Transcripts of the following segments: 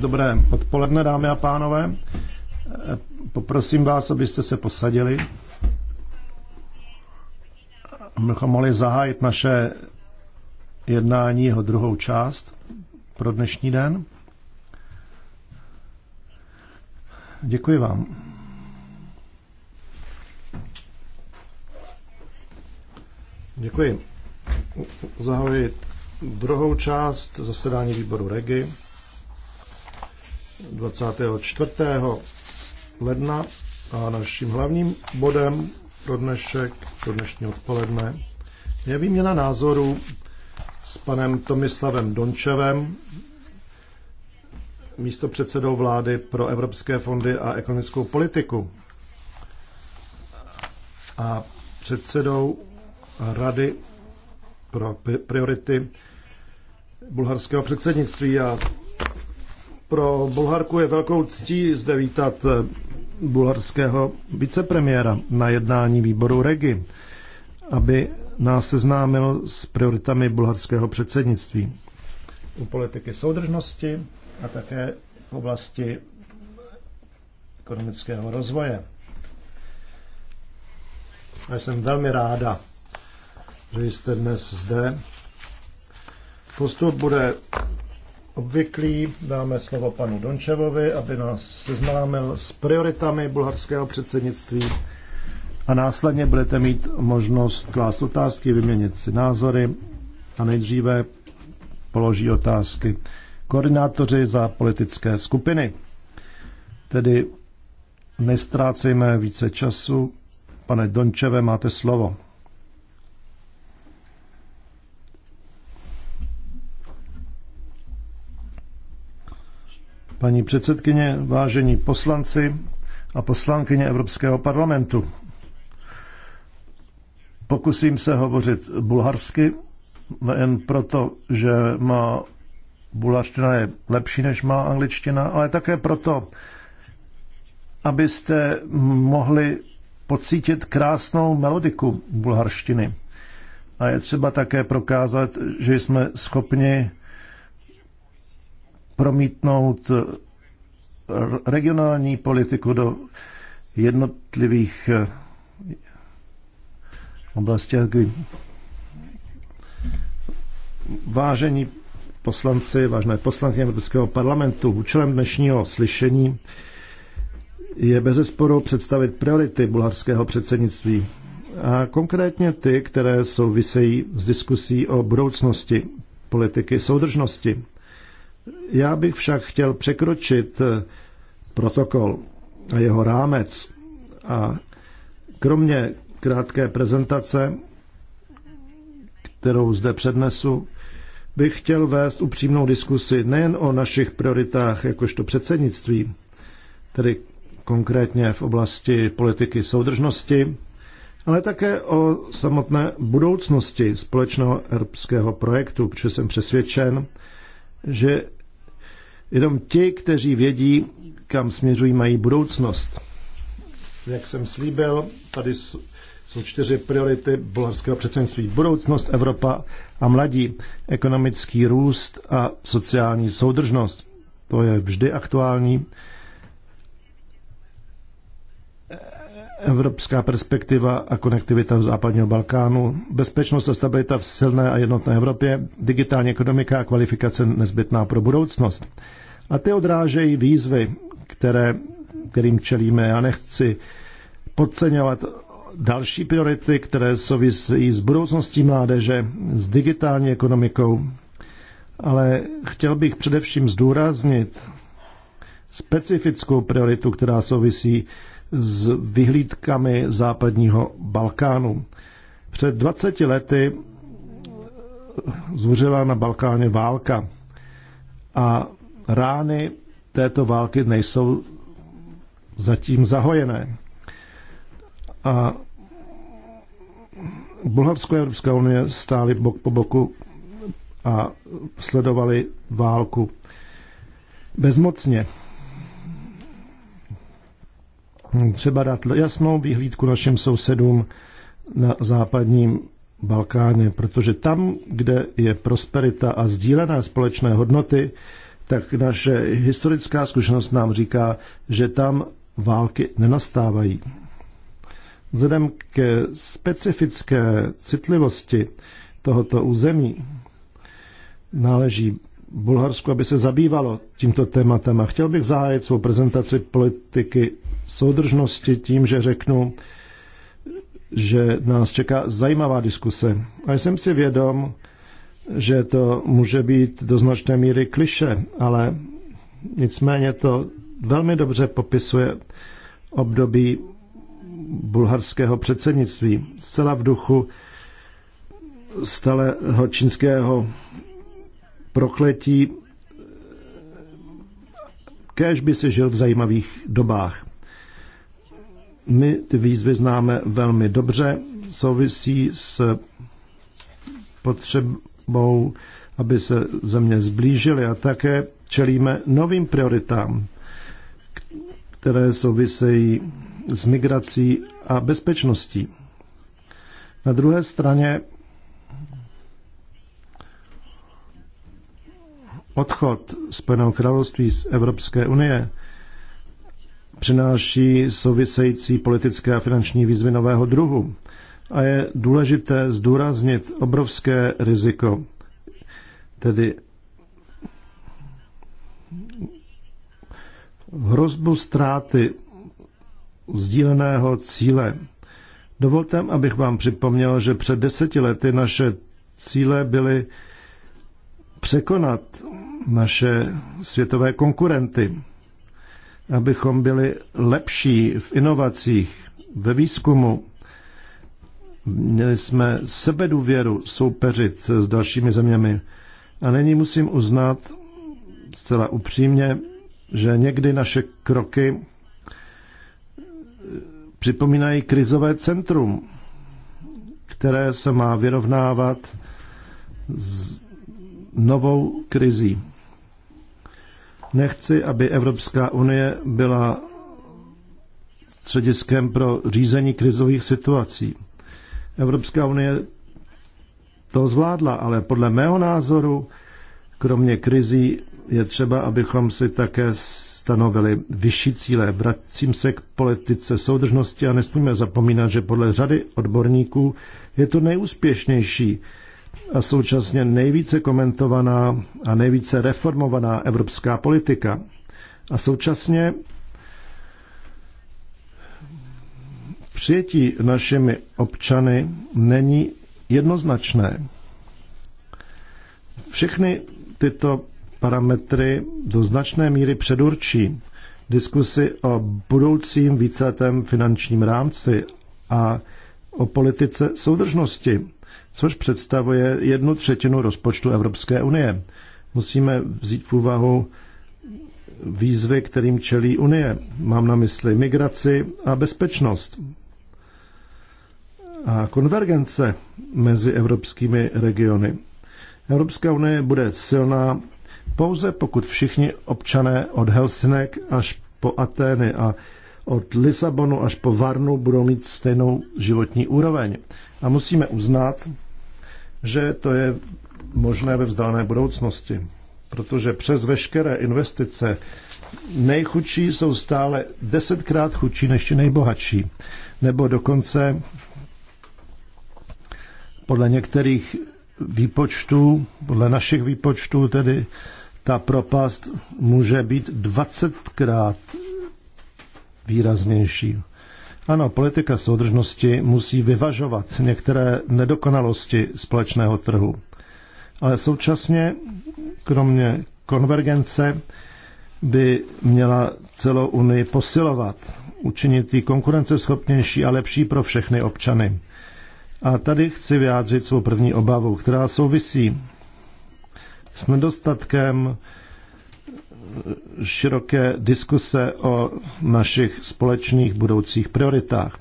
Dobré odpoledne, dámy a pánové. Poprosím vás, abyste se posadili. Abychom mohli zahájit naše jednání, jeho druhou část pro dnešní den. Děkuji vám. Děkuji. Zahajuji druhou část zasedání výboru REGI 24. ledna a naším hlavním bodem pro dnešek, pro dnešní odpoledne je výměna názorů s panem Tomislavem Dončevem, místo předsedou vlády pro evropské fondy a ekonomickou politiku a předsedou Rady pro priority bulharského předsednictví a pro Bulharku je velkou ctí zde vítat eh, bulharského vicepremiéra na jednání výboru Regi, aby nás seznámil s prioritami bulharského předsednictví u politiky soudržnosti a také v oblasti ekonomického rozvoje. A jsem velmi ráda, že jste dnes zde Postup bude obvyklý. Dáme slovo panu Dončevovi, aby nás seznámil s prioritami bulharského předsednictví a následně budete mít možnost klást otázky, vyměnit si názory a nejdříve položí otázky koordinátoři za politické skupiny. Tedy nestrácejme více času. Pane Dončeve, máte slovo. Paní předsedkyně, vážení poslanci a poslankyně Evropského parlamentu, pokusím se hovořit bulharsky, jen proto, že má bulharština je lepší, než má angličtina, ale také proto, abyste mohli pocítit krásnou melodiku bulharštiny. A je třeba také prokázat, že jsme schopni promítnout regionální politiku do jednotlivých eh, oblastí. kdy vážení poslanci, vážné poslanky Evropského parlamentu, účelem dnešního slyšení je bezesporu představit priority bulharského předsednictví a konkrétně ty, které souvisejí s diskusí o budoucnosti politiky soudržnosti. Já bych však chtěl překročit eh, protokol a jeho rámec a kromě krátké prezentace, kterou zde přednesu, bych chtěl vést upřímnou diskusi nejen o našich prioritách jakožto předsednictví, tedy konkrétně v oblasti politiky soudržnosti, ale také o samotné budoucnosti společného evropského projektu, protože jsem přesvědčen, že Jenom ti, kteří vědí, kam směřují, mají budoucnost. Jak jsem slíbil, tady jsou čtyři priority bulharského předsednictví. Budoucnost, Evropa a mladí, ekonomický růst a sociální soudržnost. To je vždy aktuální evropská perspektiva a konektivita v západního Balkánu, bezpečnost a stabilita v silné a jednotné Evropě, digitální ekonomika a kvalifikace nezbytná pro budoucnost. A ty odrážejí výzvy, které, kterým čelíme. Já nechci podceňovat další priority, které souvisí s budoucností mládeže, s digitální ekonomikou, ale chtěl bych především zdůraznit specifickou prioritu, která souvisí s vyhlídkami západního Balkánu. Před 20 lety eh, zvořila na Balkáně válka a rány této války nejsou zatím zahojené. A Bulharsko a Evropská unie stály bok po boku a sledovali válku bezmocně. Třeba dát jasnou vyhlídku našim sousedům na západním Balkáně, protože tam, kde je prosperita a sdílené společné hodnoty, tak naše historická zkušenost nám říká, že tam války nenastávají. Vzhledem ke specifické citlivosti tohoto území náleží Bulharsku, aby se zabývalo tímto tématem. A chtěl bych zahájit svou prezentaci politiky soudržnosti tím, že řeknu, že nás čeká zajímavá diskuse. A jsem si vědom, že to může být do značné míry kliše, ale nicméně to velmi dobře popisuje období bulharského předsednictví. Zcela v duchu stáleho čínského prokletí, kéž by si žil v zajímavých dobách. My ty výzvy známe velmi dobře, souvisí s potřebou, aby se země zblížily a také čelíme novým prioritám, které souvisejí s migrací a bezpečností. Na druhé straně odchod Spojeného království z Evropské unie – přináší související politické a finanční výzvy nového druhu. A je důležité zdůraznit obrovské riziko, tedy hrozbu ztráty sdíleného cíle. Dovolte, abych vám připomněl, že před deseti lety naše cíle byly překonat naše světové konkurenty abychom byli lepší v inovacích, ve výzkumu. Měli jsme sebedůvěru soupeřit s dalšími zeměmi. A nyní musím uznat zcela upřímně, že někdy naše kroky připomínají krizové centrum, které se má vyrovnávat s novou krizí. Nechci, aby Evropská unie byla střediskem pro řízení krizových situací. Evropská unie to zvládla, ale podle mého názoru, kromě krizí, je třeba, abychom si také stanovili vyšší cíle. Vracím se k politice soudržnosti a nesmíme zapomínat, že podle řady odborníků je to nejúspěšnější a současně nejvíce komentovaná a nejvíce reformovaná evropská politika. A současně přijetí našimi občany není jednoznačné. Všechny tyto parametry do značné míry předurčí diskusy o budoucím víceletém finančním rámci a o politice soudržnosti což představuje jednu třetinu rozpočtu Evropské unie. Musíme vzít v úvahu výzvy, kterým čelí Unie. Mám na mysli migraci a bezpečnost. A konvergence mezi evropskými regiony. Evropská unie bude silná pouze pokud všichni občané od Helsinek až po Atény a od Lisabonu až po Varnu budou mít stejnou životní úroveň. A musíme uznat, že to je možné ve vzdálené budoucnosti, protože přes veškeré investice nejchudší jsou stále desetkrát chudší než ti nejbohatší, nebo dokonce podle některých výpočtů, podle našich výpočtů tedy, ta propast může být 20krát výraznější. Ano, politika soudržnosti musí vyvažovat některé nedokonalosti společného trhu. Ale současně, kromě konvergence, by měla celou Unii posilovat, učinit ji konkurenceschopnější a lepší pro všechny občany. A tady chci vyjádřit svou první obavu, která souvisí s nedostatkem široké diskuse o našich společných budoucích prioritách.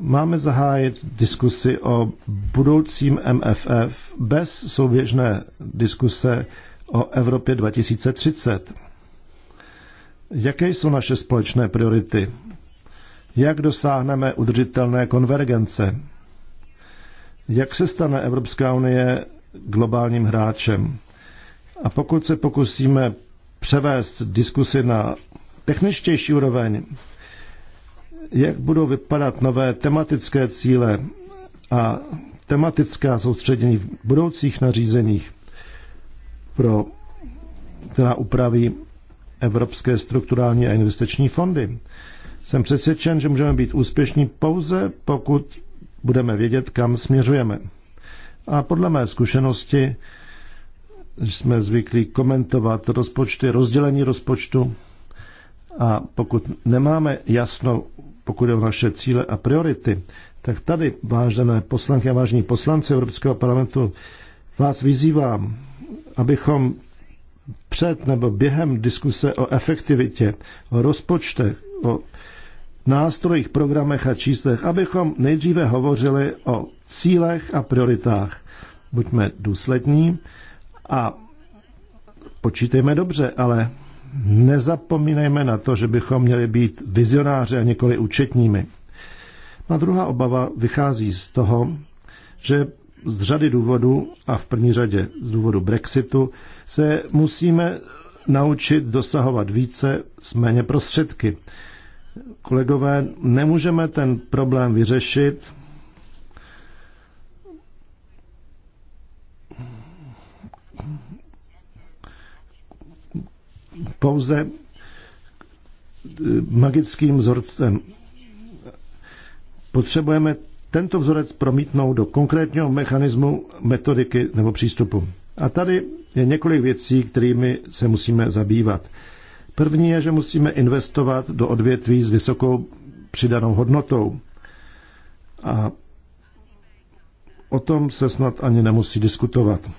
Máme zahájit diskusy o budoucím MFF bez souběžné diskuse o Evropě 2030. Jaké jsou naše společné priority? Jak dosáhneme udržitelné konvergence? Jak se stane Evropská unie globálním hráčem? A pokud se pokusíme převést diskusy na techničtější úroveň, jak budou vypadat nové tematické cíle a tematická soustředění v budoucích nařízeních, pro, která upraví evropské strukturální a investiční fondy. Jsem přesvědčen, že můžeme být úspěšní pouze, pokud budeme vědět, kam směřujeme. A podle mé zkušenosti jsme zvyklí komentovat rozpočty, rozdělení rozpočtu a pokud nemáme jasno, pokud je o naše cíle a priority, tak tady, vážené poslanky a vážení poslanci Evropského parlamentu, vás vyzývám, abychom před nebo během diskuse o efektivitě, o rozpočtech, o nástrojích, programech a číslech, abychom nejdříve hovořili o cílech a prioritách. Buďme důslední, a počítejme dobře, ale nezapomínejme na to, že bychom měli být vizionáři a nikoli účetními. A druhá obava vychází z toho, že z řady důvodů, a v první řadě z důvodu Brexitu, se musíme naučit dosahovat více s méně prostředky. Kolegové, nemůžeme ten problém vyřešit pouze eh, magickým vzorcem. Potřebujeme tento vzorec promítnout do konkrétního mechanismu, metodiky nebo přístupu. A tady je několik věcí, kterými se musíme zabývat. První je, že musíme investovat do odvětví s vysokou přidanou hodnotou. A o tom se snad ani nemusí diskutovat.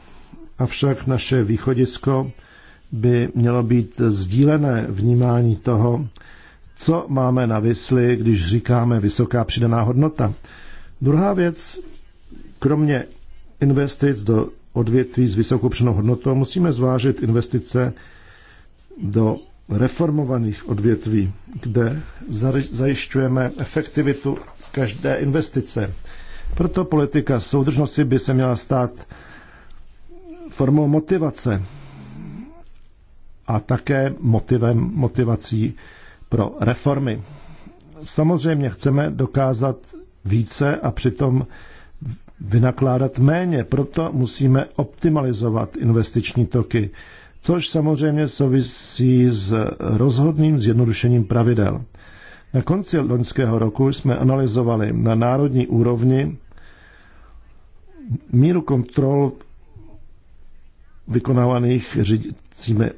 Avšak naše východisko by mělo být sdílené vnímání toho, co máme na vysli, když říkáme vysoká přidaná hodnota. Druhá věc, kromě investic do odvětví s vysokou přidanou hodnotou, musíme zvážit investice do reformovaných odvětví, kde zajišťujeme efektivitu každé investice. Proto politika soudržnosti by se měla stát formou motivace a také motivem, motivací pro reformy. Samozřejmě chceme dokázat více a přitom vynakládat méně, proto musíme optimalizovat investiční toky, což samozřejmě souvisí s rozhodným zjednodušením pravidel. Na konci loňského roku jsme analyzovali na národní úrovni míru kontrol vykonávaných řídícími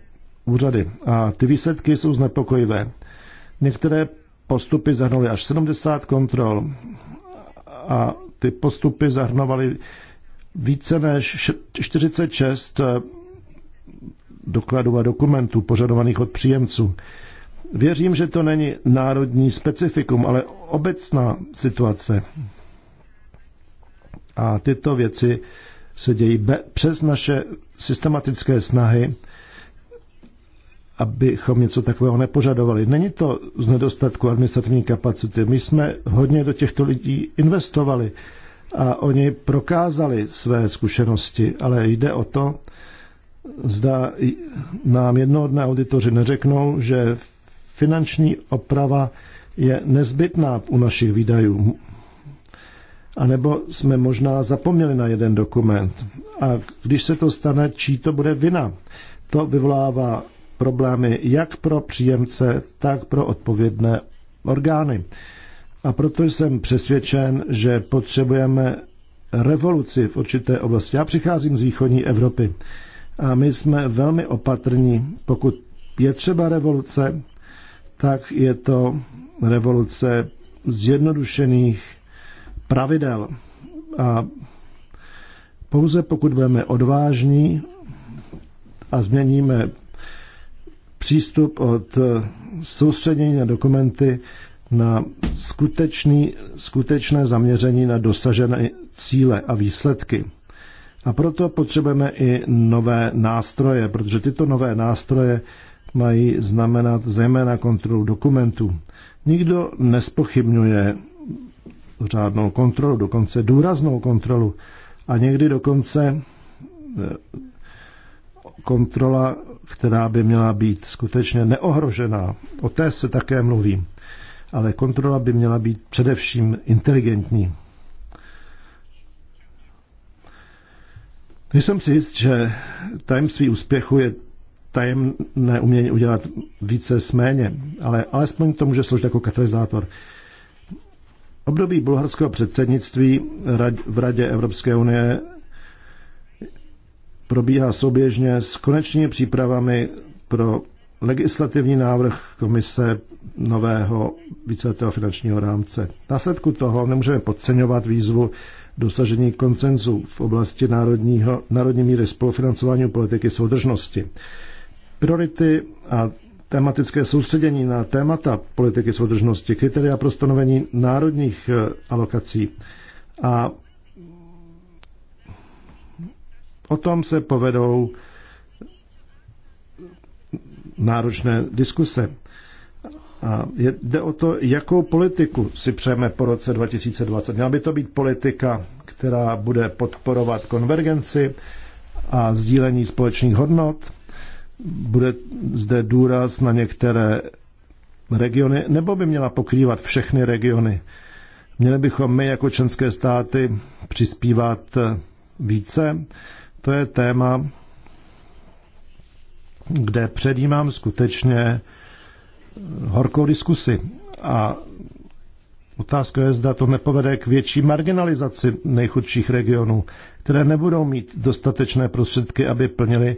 úřady. A ty výsledky jsou znepokojivé. Některé postupy zahrnovaly až 70 kontrol a ty postupy zahrnovaly více než 46 eh, dokladů a dokumentů požadovaných od příjemců. Věřím, že to není národní specifikum, ale obecná situace. A tyto věci se dějí bez, přes naše systematické snahy abychom něco takového nepožadovali. Není to z nedostatku administrativní kapacity. My jsme hodně do těchto lidí investovali a oni prokázali své zkušenosti, ale jde o to, zda nám jednoho dne auditoři neřeknou, že finanční oprava je nezbytná u našich výdajů. A nebo jsme možná zapomněli na jeden dokument. A když se to stane, čí to bude vina? To vyvolává problémy jak pro příjemce, tak pro odpovědné orgány. A proto jsem přesvědčen, že potřebujeme revoluci v určité oblasti. Já přicházím z východní Evropy a my jsme velmi opatrní. Pokud je třeba revoluce, tak je to revoluce zjednodušených pravidel. A pouze pokud budeme odvážní a změníme přístup od eh, soustředění na dokumenty na skutečný, skutečné zaměření na dosažené cíle a výsledky. A proto potřebujeme i nové nástroje, protože tyto nové nástroje mají znamenat zejména kontrolu dokumentů. Nikdo nespochybňuje řádnou kontrolu, dokonce důraznou kontrolu a někdy dokonce eh, kontrola která by měla být skutečně neohrožená. O té se také mluví. Ale kontrola by měla být především inteligentní. Jsem si jist, že tajemství úspěchu je tajemné umění udělat více s méně, ale alespoň to může sloužit jako katalyzátor. Období bulharského předsednictví v Radě Evropské unie probíhá souběžně s konečnými přípravami pro legislativní návrh komise nového víceletého finančního rámce. V následku toho nemůžeme podceňovat výzvu dosažení koncenzu v oblasti národního, národní míry spolufinancování politiky soudržnosti. Priority a tematické soustředění na témata politiky soudržnosti, kritéria pro stanovení národních eh, alokací a O tom se povedou náročné diskuse. A jde o to, jakou politiku si přejeme po roce 2020. Měla by to být politika, která bude podporovat konvergenci a sdílení společných hodnot. Bude zde důraz na některé regiony, nebo by měla pokrývat všechny regiony. Měli bychom my jako členské státy přispívat více to je téma, kde předjímám skutečně horkou diskusi. A otázka je, zda to nepovede k větší marginalizaci nejchudších regionů, které nebudou mít dostatečné prostředky, aby plnili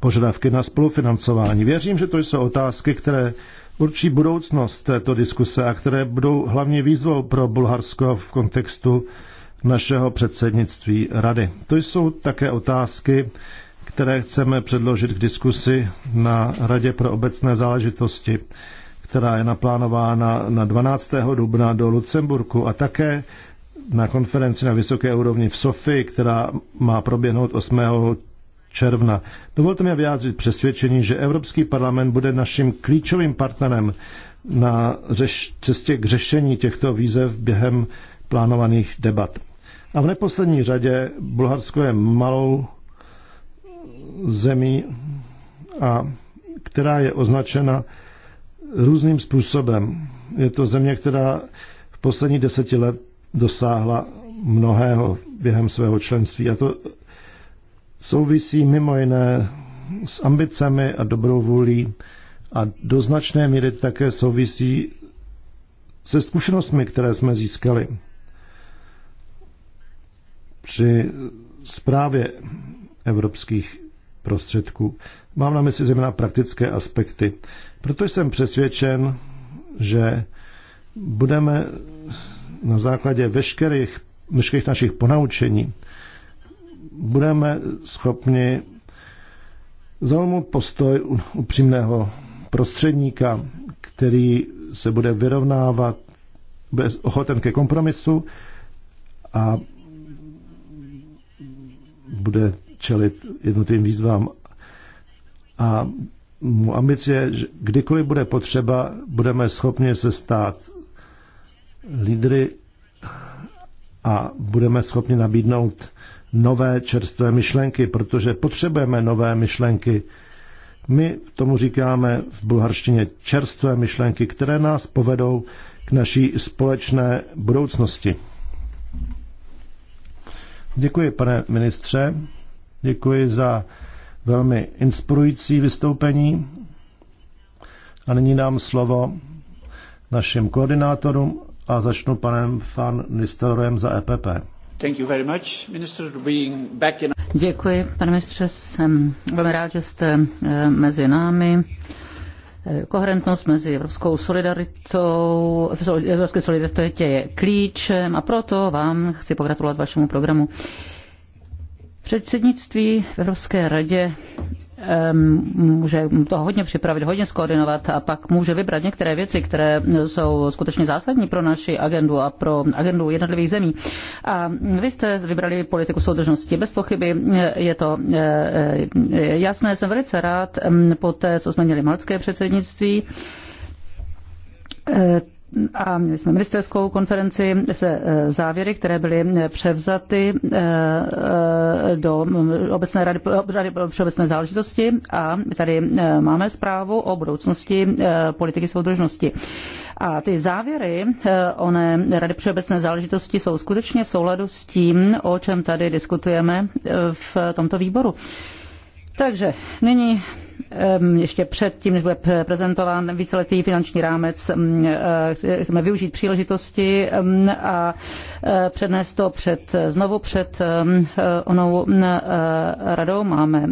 požadavky na spolufinancování. Věřím, že to jsou otázky, které určí budoucnost této diskuse a které budou hlavně výzvou pro Bulharsko v kontextu našeho předsednictví rady. To jsou také otázky, které chceme předložit k diskusi na Radě pro obecné záležitosti, která je naplánována na 12. dubna do Lucemburku a také na konferenci na vysoké úrovni v Sofii, která má proběhnout 8. června. Dovolte mi vyjádřit přesvědčení, že Evropský parlament bude naším klíčovým partnerem na řeš- cestě k řešení těchto výzev během plánovaných debat. A v neposlední řadě Bulharsko je malou zemí, a která je označena různým způsobem. Je to země, která v poslední deseti let dosáhla mnohého během svého členství. A to souvisí mimo jiné s ambicemi a dobrou vůlí a do značné míry také souvisí se zkušenostmi, které jsme získali při zprávě evropských prostředků. Mám na mysli zejména praktické aspekty. Proto jsem přesvědčen, že budeme na základě veškerých, veškerých našich ponaučení budeme schopni zaujmout postoj upřímného prostředníka, který se bude vyrovnávat, bez ochoten ke kompromisu a bude čelit jednotlivým výzvám. A mu ambice že kdykoliv bude potřeba, budeme schopni se stát lídry a budeme schopni nabídnout nové čerstvé myšlenky, protože potřebujeme nové myšlenky. My tomu říkáme v bulharštině čerstvé myšlenky, které nás povedou k naší společné budoucnosti. Děkuji, pane ministře. Děkuji za velmi inspirující vystoupení. A nyní dám slovo našim koordinátorům a začnu panem Fan Nistelrojem za EPP. Much, minister, in... Děkuji, pane ministře, jsem velmi rád, že jste eh, mezi námi. Eh, koherentnost mezi evropskou solidaritou, evropské solidaritě je klíčem a proto vám chci pogratulovat vašemu programu. Předsednictví v Evropské radě Ehm, může to hodně připravit, hodně skoordinovat a pak může vybrat některé věci, které jsou skutečně zásadní pro naši agendu a pro agendu jednotlivých zemí. A vy jste vybrali politiku soudržnosti. Bez pochyby eh, je to eh, eh, jasné. Jsem velice rád mm, po té, co jsme měli malcké předsednictví, a měli jsme ministerskou konferenci se e, závěry, které byly e, převzaty e, do obecné rady, rady všeobecné záležitosti a tady máme zprávu o budoucnosti politiky soudržnosti. A ty závěry oné Rady všeobecné záležitosti jsou skutečně v souladu s tím, o čem tady diskutujeme v tomto výboru. Takže nyní Ehm, ještě předtím, než bude prezentován víceletý finanční rámec, ehm, eh, chceme využít příležitosti ehm, a eh, přednést to před, znovu před eh, onou radou. Máme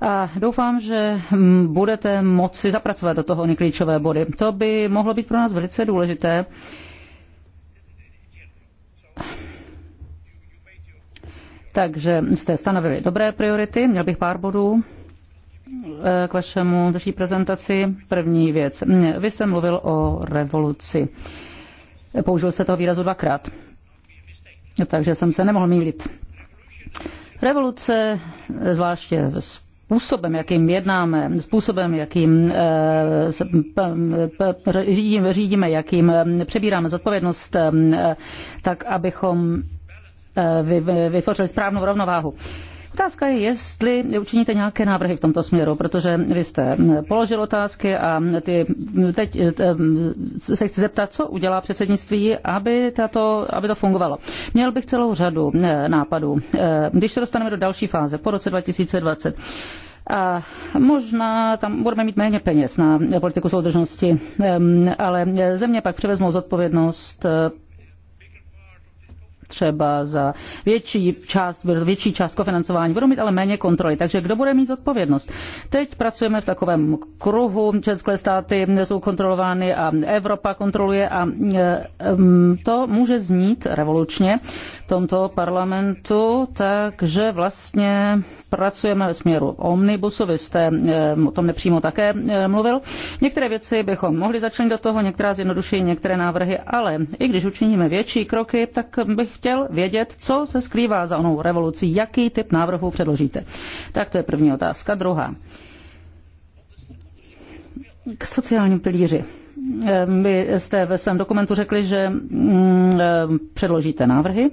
a doufám, že hm, budete moci zapracovat do toho ony klíčové body. To by mohlo být pro nás velice důležité. Takže jste stanovili dobré priority, měl bych pár bodů, Eh, k vašemu vaší prezentaci. První věc. Vy jste mluvil o revoluci. Použil jste toho výrazu dvakrát, takže jsem se nemohl mýlit. Revoluce, eh, zvláště způsobem, jakým jednáme, způsobem, jakým eh, řídíme, řídíme, jakým přebíráme zodpovědnost, tak abychom vytvořili správnou rovnováhu. Otázka je, jestli učiníte nějaké návrhy v tomto směru, protože vy jste položil otázky a ty, teď ehm, se chci zeptat, co udělá předsednictví, aby, tato, aby to fungovalo. Měl bych celou řadu eh, nápadů. Eh, když se dostaneme do další fáze, po roce 2020, a možná tam budeme mít méně peněz na politiku soudržnosti, ehm, ale země pak převezmou zodpovědnost eh, třeba za větší část, větší část kofinancování, budou mít ale méně kontroly. Takže kdo bude mít zodpovědnost? Teď pracujeme v takovém kruhu, české státy jsou kontrolovány a Evropa kontroluje a eh, mm, to může znít revolučně v tomto parlamentu, takže vlastně pracujeme ve směru omnibusu, vy jste eh, o tom nepřímo také eh, mluvil. Některé věci bychom mohli začlenit do toho, některá zjednodušení, některé návrhy, ale i když učiníme větší kroky, tak bych chtěl vědět, co se skrývá za onou revolucí, jaký typ návrhu předložíte. Tak to je první otázka. Druhá. K sociálním pilíři. Eh, vy jste ve svém dokumentu řekli, že mm, předložíte návrhy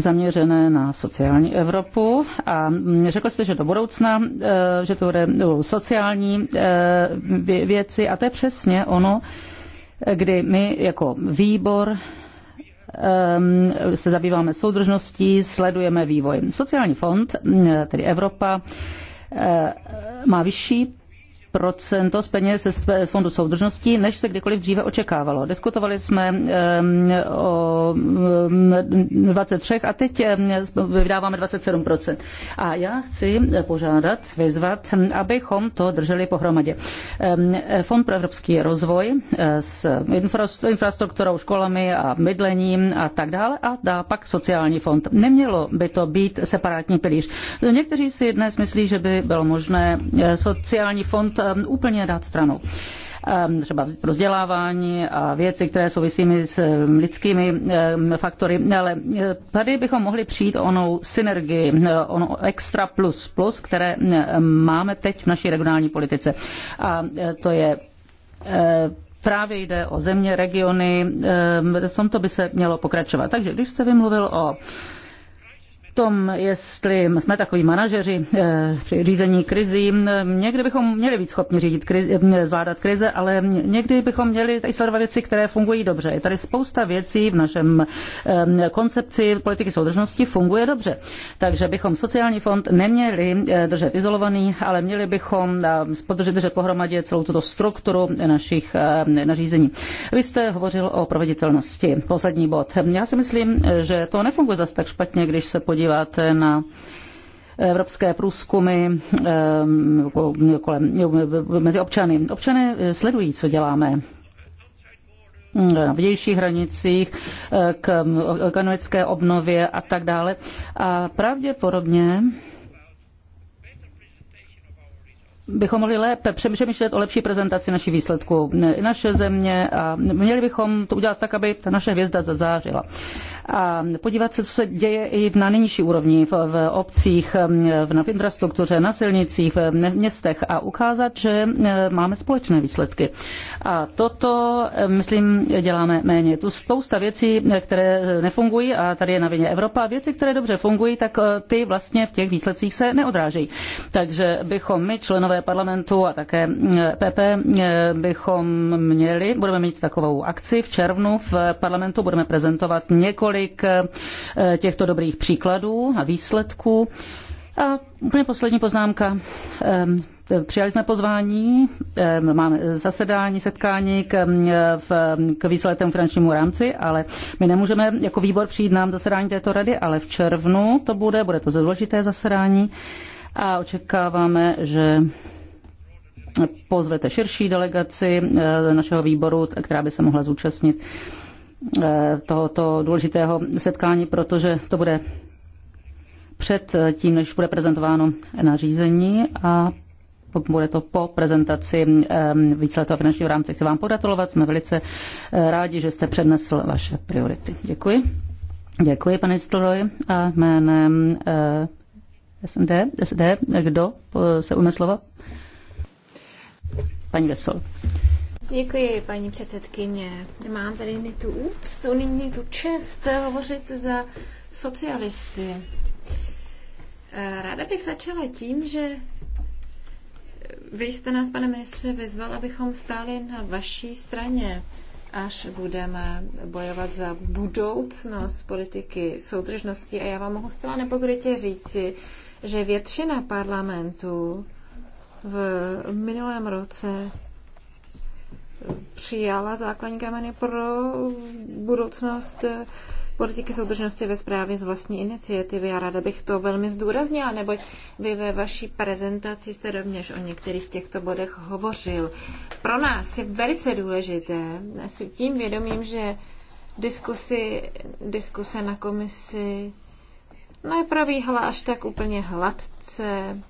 zaměřené na sociální Evropu a mm, řekl jste, že do budoucna, eh, že to bude sociální eh, věci a to je přesně ono, kdy my jako výbor ehm, se zabýváme soudržností, sledujeme vývoj. Sociální fond, eh, tedy Evropa, má vyšší procento z peněz z Fondu soudržnosti, než se kdykoliv dříve očekávalo. Diskutovali jsme o 23 a teď vydáváme 27%. A já chci požádat, vyzvat, abychom to drželi pohromadě. Fond pro evropský rozvoj eh, s infrastrukturou, školami a bydlením a tak dále a dá pak sociální fond. Nemělo by to být separátní pilíř. Někteří si dnes myslí, že by bylo možné eh, sociální fond Um, úplně dát stranou um, třeba vzdělávání a věci, které souvisí s um, lidskými faktory, ale uh, tady bychom mohli přijít onou synergii, uh, ono extra plus plus, které máme teď v naší regionální politice. A uh, to je Právě jde o země, regiony, v tomto by se mělo pokračovat. Takže když jste vymluvil o tom, jestli jsme takoví manažeři eh, při řízení krizí. Někdy bychom měli být schopni řídit krizi, eh, zvládat krize, ale někdy bychom měli tady sledovat věci, které fungují dobře. Je tady spousta věcí v našem eh, koncepci politiky soudržnosti funguje dobře. Takže bychom sociální fond neměli držet izolovaný, ale měli bychom podržet, držet pohromadě celou tuto strukturu našich nařízení. Vy jste hovořil o proveditelnosti. Poslední bod. Já si myslím, že to nefunguje zase tak špatně, když se podíváme podíváte na evropské průzkumy eh, kolem, mezi občany. občany sledují, co děláme na vnějších hranicích, eh, k ekonomické obnově a tak dále. A pravděpodobně bychom mohli lépe přemýšlet o lepší prezentaci naší výsledku naše země a měli bychom to udělat tak, aby ta naše hvězda zazářila. A podívat se, co se děje i na nejnižší úrovni, v, v obcích, v, v infrastruktuře, na silnicích, v městech a ukázat, že máme společné výsledky. A toto, myslím, děláme méně. tu spousta věcí, které nefungují a tady je na vině Evropa. Věci, které dobře fungují, tak e, ty vlastně v těch výsledcích se neodrážejí. Takže bychom my, členové členové parlamentu a také PP eh, eh, bychom měli, budeme mít takovou akci v červnu v parlamentu, budeme prezentovat několik eh, těchto dobrých příkladů a výsledků. A úplně poslední poznámka. Přijali jsme pozvání, máme zasedání, setkání k, v, k výslednému finančnímu rámci, ale my nemůžeme jako výbor přijít nám zasedání této rady, ale v červnu to bude, bude to důležité zasedání a očekáváme, že pozvete širší delegaci eh, našeho výboru, která by se mohla zúčastnit eh, tohoto důležitého setkání, protože to bude před tím, než bude prezentováno nařízení a bude to po prezentaci eh, víceletého finančního rámce. Chci vám pogratulovat, jsme velice rádi, že jste přednesl vaše priority. Děkuji. Děkuji, pane Stroj. A jménem SND, SD, kdo se ujme slova? Paní Vesel. Děkuji, paní předsedkyně. Mám tady nyní tu úctu, nyní tu čest hovořit za socialisty. Eh, ráda bych začala tím, že vy jste nás, pane ministře, vyzval, abychom stáli na vaší straně, až budeme bojovat za budoucnost politiky soudržnosti. A já vám mohu zcela nepokrytě říci, že většina parlamentů v minulém roce přijala základní kameny pro budoucnost politiky soudržnosti ve správě z vlastní iniciativy. Já ráda bych to velmi zdůraznila, neboť vy ve vaší prezentaci jste rovněž o některých těchto bodech hovořil. Pro nás je velice důležité, s tím vědomím, že diskusy, diskuse na komisi neprobíhala až tak úplně hladce.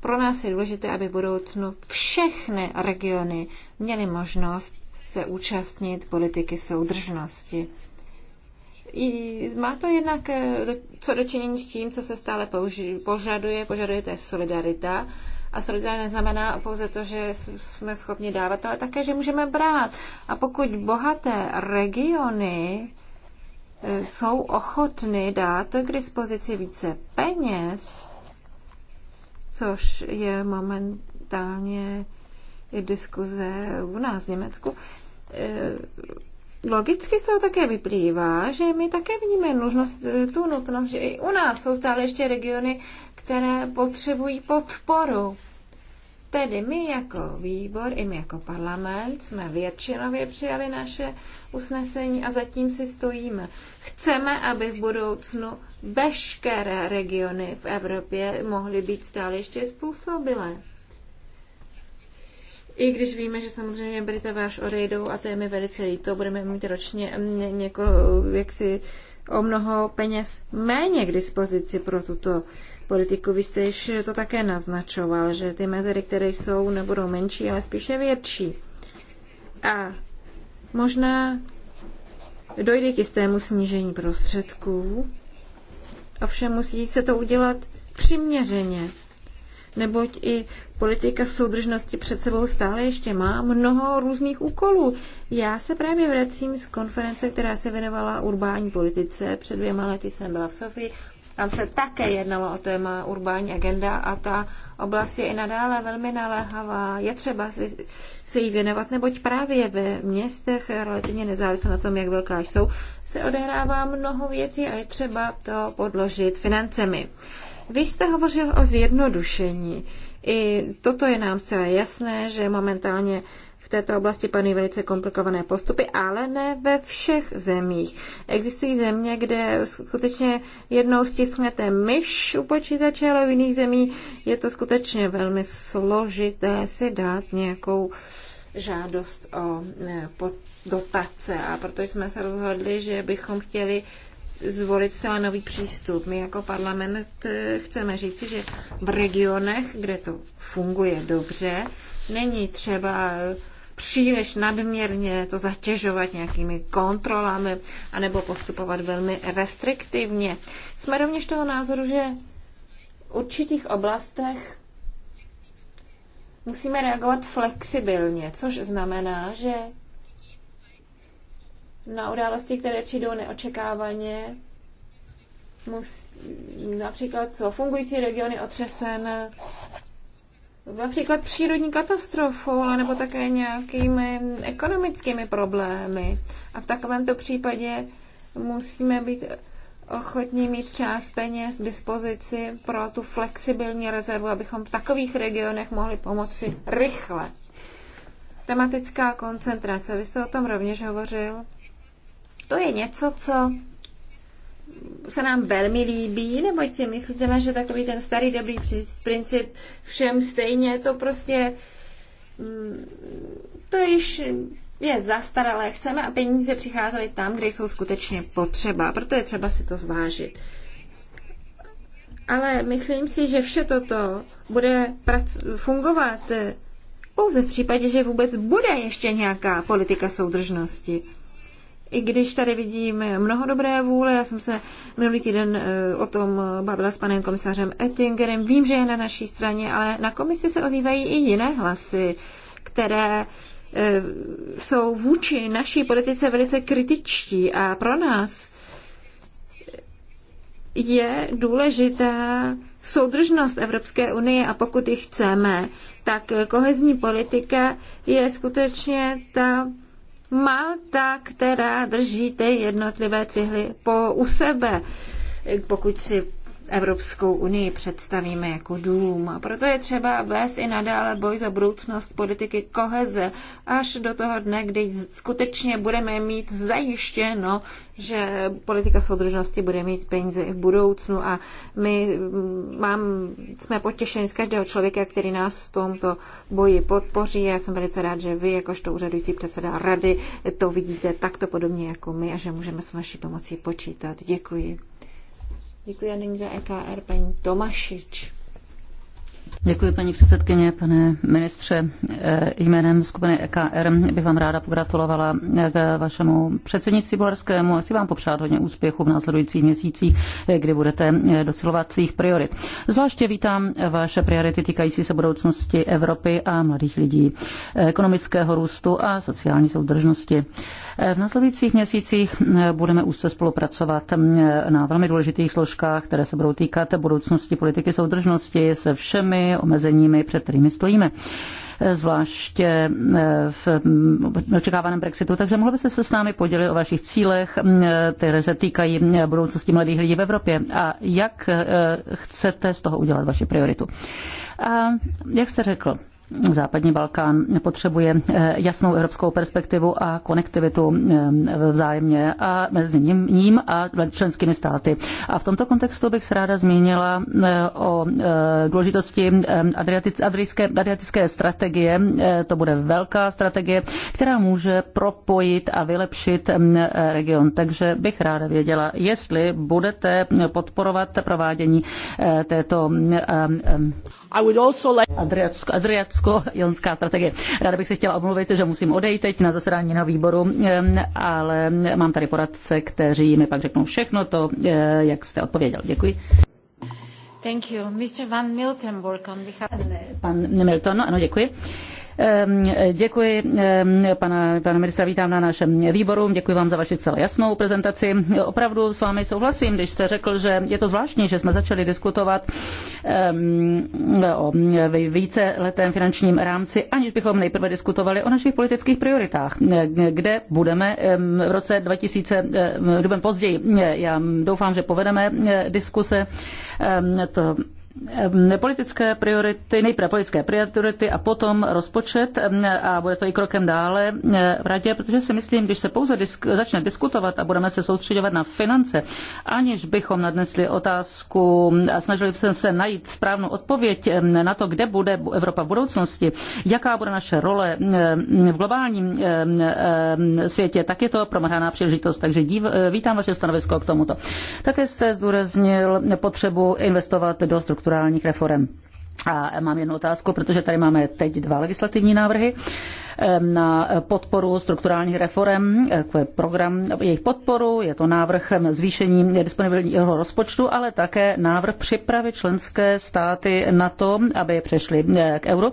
Pro nás je důležité, aby v budoucnu všechny regiony měly možnost se účastnit politiky soudržnosti. I má to jednak eh, co dočinění s tím, co se stále požaduje, požaduje to solidarita. A solidarita neznamená pouze to, že jsme schopni dávat, ale také, že můžeme brát. A pokud bohaté regiony jsou ochotny dát k dispozici více peněz, což je momentálně diskuze u nás v Německu, e, logicky se to také vyplývá, že my také vidíme nutnost, e, tu nutnost, že i u nás jsou stále ještě regiony, které potřebují podporu. Tedy my jako výbor, i my jako parlament jsme většinově přijali naše usnesení a zatím si stojíme. Chceme, aby v budoucnu veškeré regiony v Evropě mohly být stále ještě způsobilé. I když víme, že samozřejmě Britové až odejdou a to je mi velice líto, budeme mít ročně mm, jak si o mnoho peněz méně k dispozici pro tuto politiku. Vy jste již to také naznačoval, že ty mezery, které jsou, nebudou menší, ale spíše větší. A Možná dojde k jistému snížení prostředků, ovšem musí se to udělat přiměřeně, neboť i politika soudržnosti před sebou stále ještě má mnoho různých úkolů. Já se právě vracím z konference, která se věnovala urbání politice. Před dvěma lety jsem byla v Sofii tam se také jednalo o téma urbání agenda a ta oblast je i nadále velmi naléhavá. Je třeba si, se jí věnovat, neboť právě ve městech, relativně nezávisle na tom, jak velká jsou, se odehrává mnoho věcí a je třeba to podložit financemi. Vy jste hovořil o zjednodušení. I toto je nám zcela jasné, že momentálně této oblasti panují velice komplikované postupy, ale ne ve všech zemích. Existují země, kde skutečně jednou stisknete myš u počítače, ale v jiných zemích je to skutečně velmi složité si dát nějakou žádost o e, dotace. A proto jsme se rozhodli, že bychom chtěli zvolit celá nový přístup. My jako parlament e, chceme říci, že v regionech, kde to funguje dobře, není třeba příliš nadměrně to zatěžovat nějakými kontrolami anebo postupovat velmi restriktivně. Jsme rovněž toho názoru, že v určitých oblastech musíme reagovat flexibilně, což znamená, že na události, které přijdou neočekávaně, musí, například co fungující regiony otřesen například přírodní katastrofou nebo také nějakými ekonomickými problémy. A v takovémto případě musíme být ochotní mít část peněz k dispozici pro tu flexibilní rezervu, abychom v takových regionech mohli pomoci rychle. Tematická koncentrace, vy jste o tom rovněž hovořil. To je něco, co se nám velmi líbí, nebo si myslíte, že takový ten starý dobrý princip všem stejně, to prostě mm, to již je zastaralé. Chceme, a peníze přicházely tam, kde jsou skutečně potřeba. Proto je třeba si to zvážit. Ale myslím si, že vše toto bude fungovat pouze v případě, že vůbec bude ještě nějaká politika soudržnosti i když tady vidím mnoho dobré vůle, já jsem se minulý týden eh, o tom bavila s panem komisařem Ettingerem, vím, že je na naší straně, ale na komisi se ozývají i jiné hlasy, které eh, jsou vůči naší politice velice kritičtí a pro nás je důležitá soudržnost Evropské unie a pokud ji chceme, tak kohezní politika je skutečně ta Malta, která drží ty jednotlivé cihly po, u sebe. Pokud si Evropskou unii představíme jako dům. a Proto je třeba vést i nadále boj za budoucnost politiky koheze až do toho dne, kdy skutečně budeme mít zajištěno, že politika soudržnosti bude mít peníze i v budoucnu a my mm, mám, jsme potěšeni z každého člověka, který nás v tomto boji podpoří. Já jsem velice rád, že vy, jakožto úřadující předseda rady, to vidíte takto podobně jako my a že můžeme s vaší pomocí počítat. Děkuji. Děkuji a nyní za EKR paní Tomašič. Děkuji, paní předsedkyně, pane ministře. Eh, jménem skupiny EKR bych vám ráda pogratulovala k vašemu předsednictví bulharskému a chci vám popřát hodně úspěchu v následujících měsících, eh, kdy budete eh, docelovat svých priorit. Zvláště vítám vaše priority týkající se budoucnosti Evropy a mladých lidí, ekonomického růstu a sociální soudržnosti. V následujících měsících budeme úzce spolupracovat mm, na velmi důležitých složkách, které se budou týkat budoucnosti politiky soudržnosti se všemi omezeními, před kterými stojíme eh, zvláště eh, v mm, očekávaném Brexitu. Takže mohli byste se s námi podělit o vašich cílech, mm, které se týkají eh, budoucnosti mladých lidí v Evropě a jak chcete z toho udělat vaši prioritu. A jak jste řekl, západní Balkán potřebuje eh, jasnou evropskou perspektivu a konektivitu eh, vzájemně a mezi ním, ním a členskými státy. A v tomto kontextu bych se ráda zmínila eh, o důležitosti adriatické, adriatické strategie. To bude velká strategie, která může propojit a vylepšit region. Takže bych ráda věděla, jestli budete podporovat provádění této Adriatsko, Adriatsko, jonská strategie. Ráda bych se chtěla omluvit, že musím odejít teď na zasedání na výboru, ale mám tady poradce, kteří mi pak řeknou všechno to, e, jak jste odpověděl. Děkuji. Thank you. Mr. Van Miltenburg on behalf... Pan Milton, ano, děkuji. Ehm, děkuji, ehm, pana, pana ministra, vítám na našem výboru. Děkuji vám za vaši celé jasnou prezentaci. Opravdu s vámi souhlasím, když jste řekl, že je to zvláštní, že jsme začali diskutovat ehm, o víceletém finančním rámci, aniž bychom nejprve diskutovali o našich politických prioritách, kde budeme v roce 2000, duben později. Já doufám, že povedeme eh, diskuse. To Ehm, politické priority, nejprve politické priority a potom rozpočet ehm, a bude to i krokem dále ehm, v radě, protože si myslím, když se pouze disk- začne diskutovat a budeme se soustředovat na finance, aniž bychom nadnesli otázku a snažili jsme se najít správnou odpověď na to, kde bude Evropa v budoucnosti, jaká bude naše role v globálním světě, tak je to promrhaná příležitost. Takže dív, eh, vítám vaše stanovisko k tomuto. Také jste zdůraznil potřebu investovat do struktur strukturálních reform. A mám jednu otázku, protože tady máme teď dva legislativní návrhy. Eh, na podporu strukturálních reform, eh, program jejich podporu, je to návrh zvýšení disponibilního rozpočtu, ale také návrh připravit členské státy na to, aby přešly eh, k euro.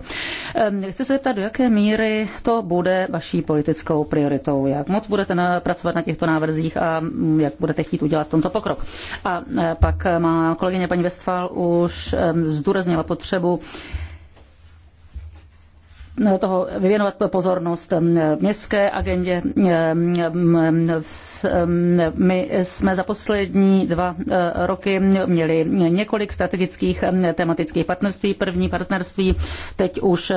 Chci se zeptat, do jaké míry to bude vaší politickou prioritou, jak moc budete pracovat na těchto návrzích a mm, jak budete chtít udělat v tomto pokrok. A pak má kolegyně paní Vestfal už zdůraznila potřebu toho věnovat pozornost městské agendě. My jsme za poslední dva roky měli několik strategických tematických partnerství. První partnerství teď už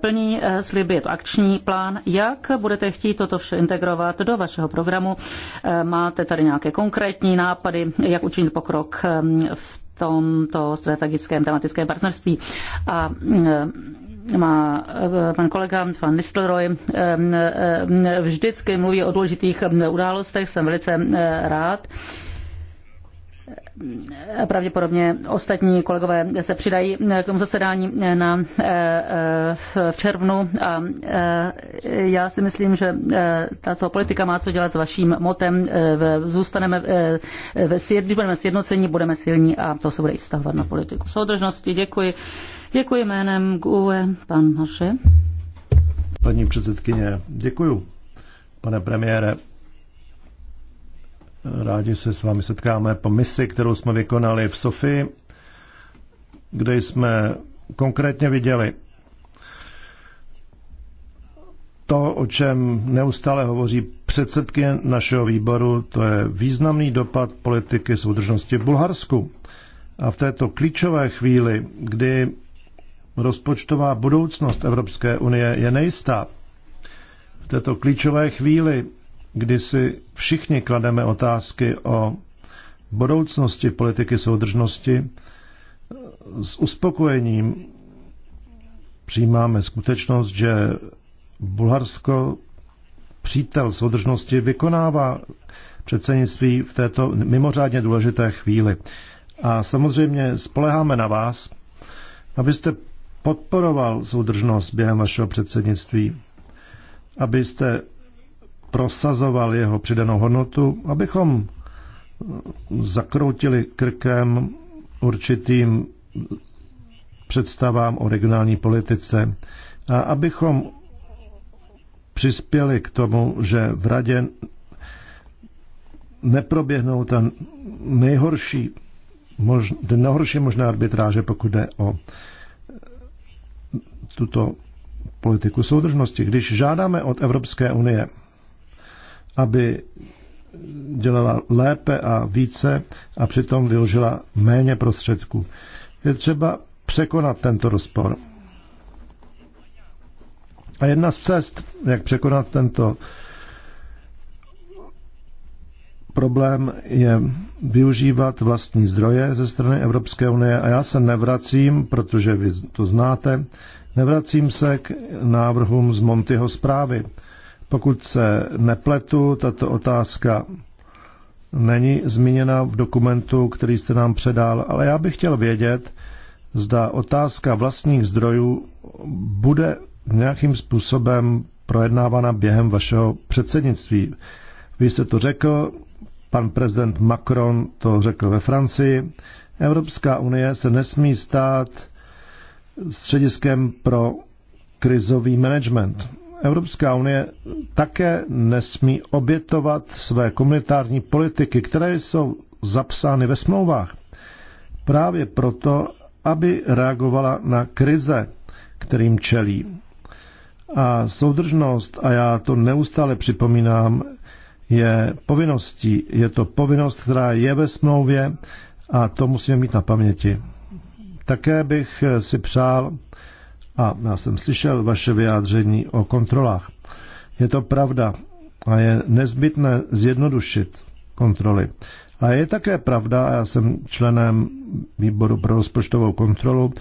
plní sliby, je to akční plán. Jak budete chtít toto vše integrovat do vašeho programu? Máte tady nějaké konkrétní nápady, jak učinit pokrok v tomto strategickém tematickém partnerství. A e, má e, pan kolega pan Nistelrooy e, vždycky mluví o důležitých událostech, jsem velice rád Pravděpodobně ostatní kolegové se přidají k tomu zasedání na, eh, eh, v červnu a eh, já si myslím, že tato politika má co dělat s vaším motem. Zůstaneme, v, když budeme sjednocení, budeme silní a to se bude i vztahovat na politiku soudržnosti. Děkuji. Děkuji jménem GUE, pan Marše. Paní předsedkyně, děkuji. Pane premiére, Rádi se s vámi setkáme po misi, kterou jsme vykonali v Sofii, kde jsme konkrétně viděli to, o čem neustále hovoří předsedkyně našeho výboru, to je významný dopad politiky soudržnosti v Bulharsku. A v této klíčové chvíli, kdy rozpočtová budoucnost Evropské unie je nejistá, v této klíčové chvíli, kdy si všichni klademe otázky o budoucnosti politiky soudržnosti, s uspokojením přijímáme skutečnost, že Bulharsko, přítel soudržnosti, vykonává předsednictví v této mimořádně důležité chvíli. A samozřejmě spoleháme na vás, abyste podporoval soudržnost během vašeho předsednictví, abyste prosazoval jeho přidanou hodnotu, abychom zakroutili krkem určitým představám o regionální politice a abychom přispěli k tomu, že v radě neproběhnou ta nejhorší, mož, ten nejhorší možná arbitráže, pokud jde o tuto politiku soudržnosti. Když žádáme od Evropské unie, aby dělala lépe a více a přitom využila méně prostředků. Je třeba překonat tento rozpor. A jedna z cest, jak překonat tento problém, je využívat vlastní zdroje ze strany Evropské unie. A já se nevracím, protože vy to znáte, nevracím se k návrhům z Montyho zprávy pokud se nepletu, tato otázka není zmíněna v dokumentu, který jste nám předal, ale já bych chtěl vědět, zda otázka vlastních zdrojů bude nějakým způsobem projednávána během vašeho předsednictví. Vy jste to řekl, pan prezident Macron to řekl ve Francii. Evropská unie se nesmí stát střediskem pro krizový management. Evropská unie také nesmí obětovat své komunitární politiky, které jsou zapsány ve smlouvách. Právě proto, aby reagovala na krize, kterým čelí. A soudržnost, a já to neustále připomínám, je povinností. Je to povinnost, která je ve smlouvě a to musíme mít na paměti. Také bych si přál, a já jsem slyšel vaše vyjádření o kontrolách. Je to pravda a je nezbytné zjednodušit kontroly. A je také pravda, a já jsem členem výboru pro rozpočtovou kontrolu,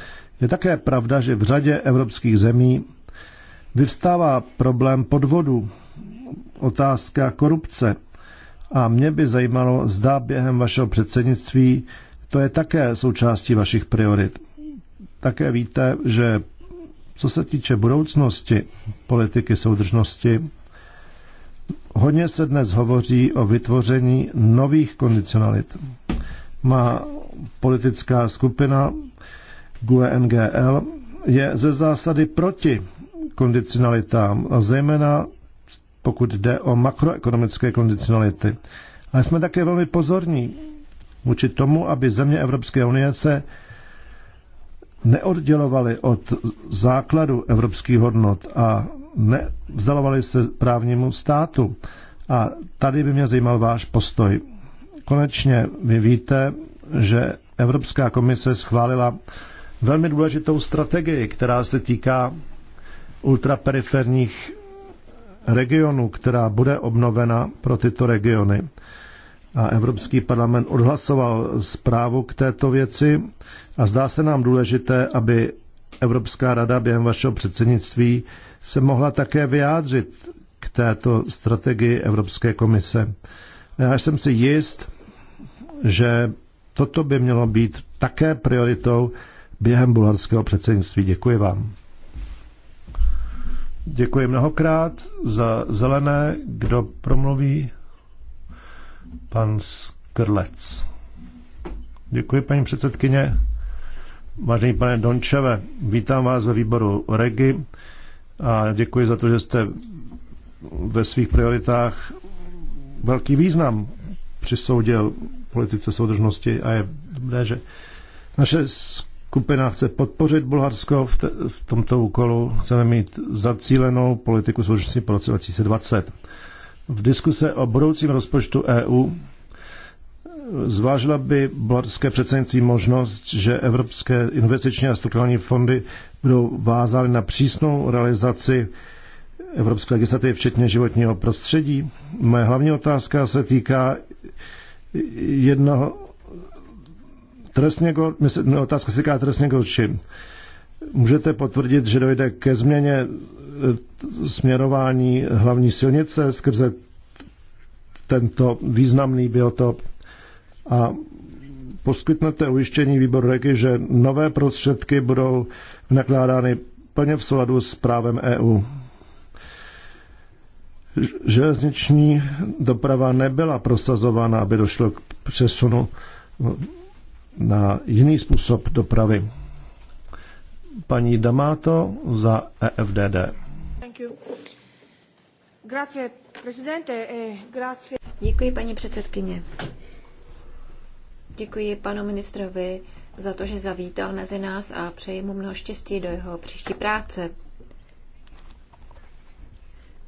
je také pravda, že v řadě evropských zemí vyvstává problém podvodu, otázka korupce. A mě by zajímalo, zda během vašeho předsednictví to je také součástí vašich priorit. Také víte, že co se týče budoucnosti politiky soudržnosti, hodně se dnes hovoří o vytvoření nových kondicionalit. Má politická skupina GUE NGL je ze zásady proti kondicionalitám, zejména pokud jde o makroekonomické kondicionality. Ale jsme také velmi pozorní vůči tomu, aby země Evropské unie se neoddělovali od základu evropských hodnot a nevzdalovali se právnímu státu. A tady by mě zajímal váš postoj. Konečně vy víte, že Evropská komise schválila velmi důležitou strategii, která se týká ultraperiferních regionů, která bude obnovena pro tyto regiony a Evropský parlament odhlasoval zprávu k této věci a zdá se nám důležité, aby Evropská rada během vašeho předsednictví se mohla také vyjádřit k této strategii Evropské komise. Já jsem si jist, že toto by mělo být také prioritou během bulharského předsednictví. Děkuji vám. Děkuji mnohokrát za zelené, kdo promluví. Pan Skrlec. Děkuji, paní předsedkyně. Vážený pane Dončeve, vítám vás ve výboru REGI a děkuji za to, že jste ve svých prioritách velký význam přisoudil politice soudržnosti a je dobré, že naše skupina chce podpořit Bulharsko v, te, v tomto úkolu. Chceme mít zacílenou politiku soudržnosti po roce 2020 v diskuse o budoucím rozpočtu EU zvážila by bolarské předsednictví možnost, že evropské investiční a strukturální fondy budou vázány na přísnou realizaci evropské legislativy, včetně životního prostředí. Moje hlavní otázka se týká jednoho trestního, otázka se týká trestního činu. Můžete potvrdit, že dojde ke změně e, směrování hlavní silnice skrze tento významný biotop a poskytnete ujištění výboru reky, že nové prostředky budou nakládány plně v souladu s právem EU. Železniční doprava nebyla prosazována, aby došlo k přesunu na jiný způsob dopravy paní Damato za EFDD. E Děkuji, paní předsedkyně. Děkuji panu ministrovi za to, že zavítal mezi nás a přeji mu mnoho štěstí do jeho příští práce.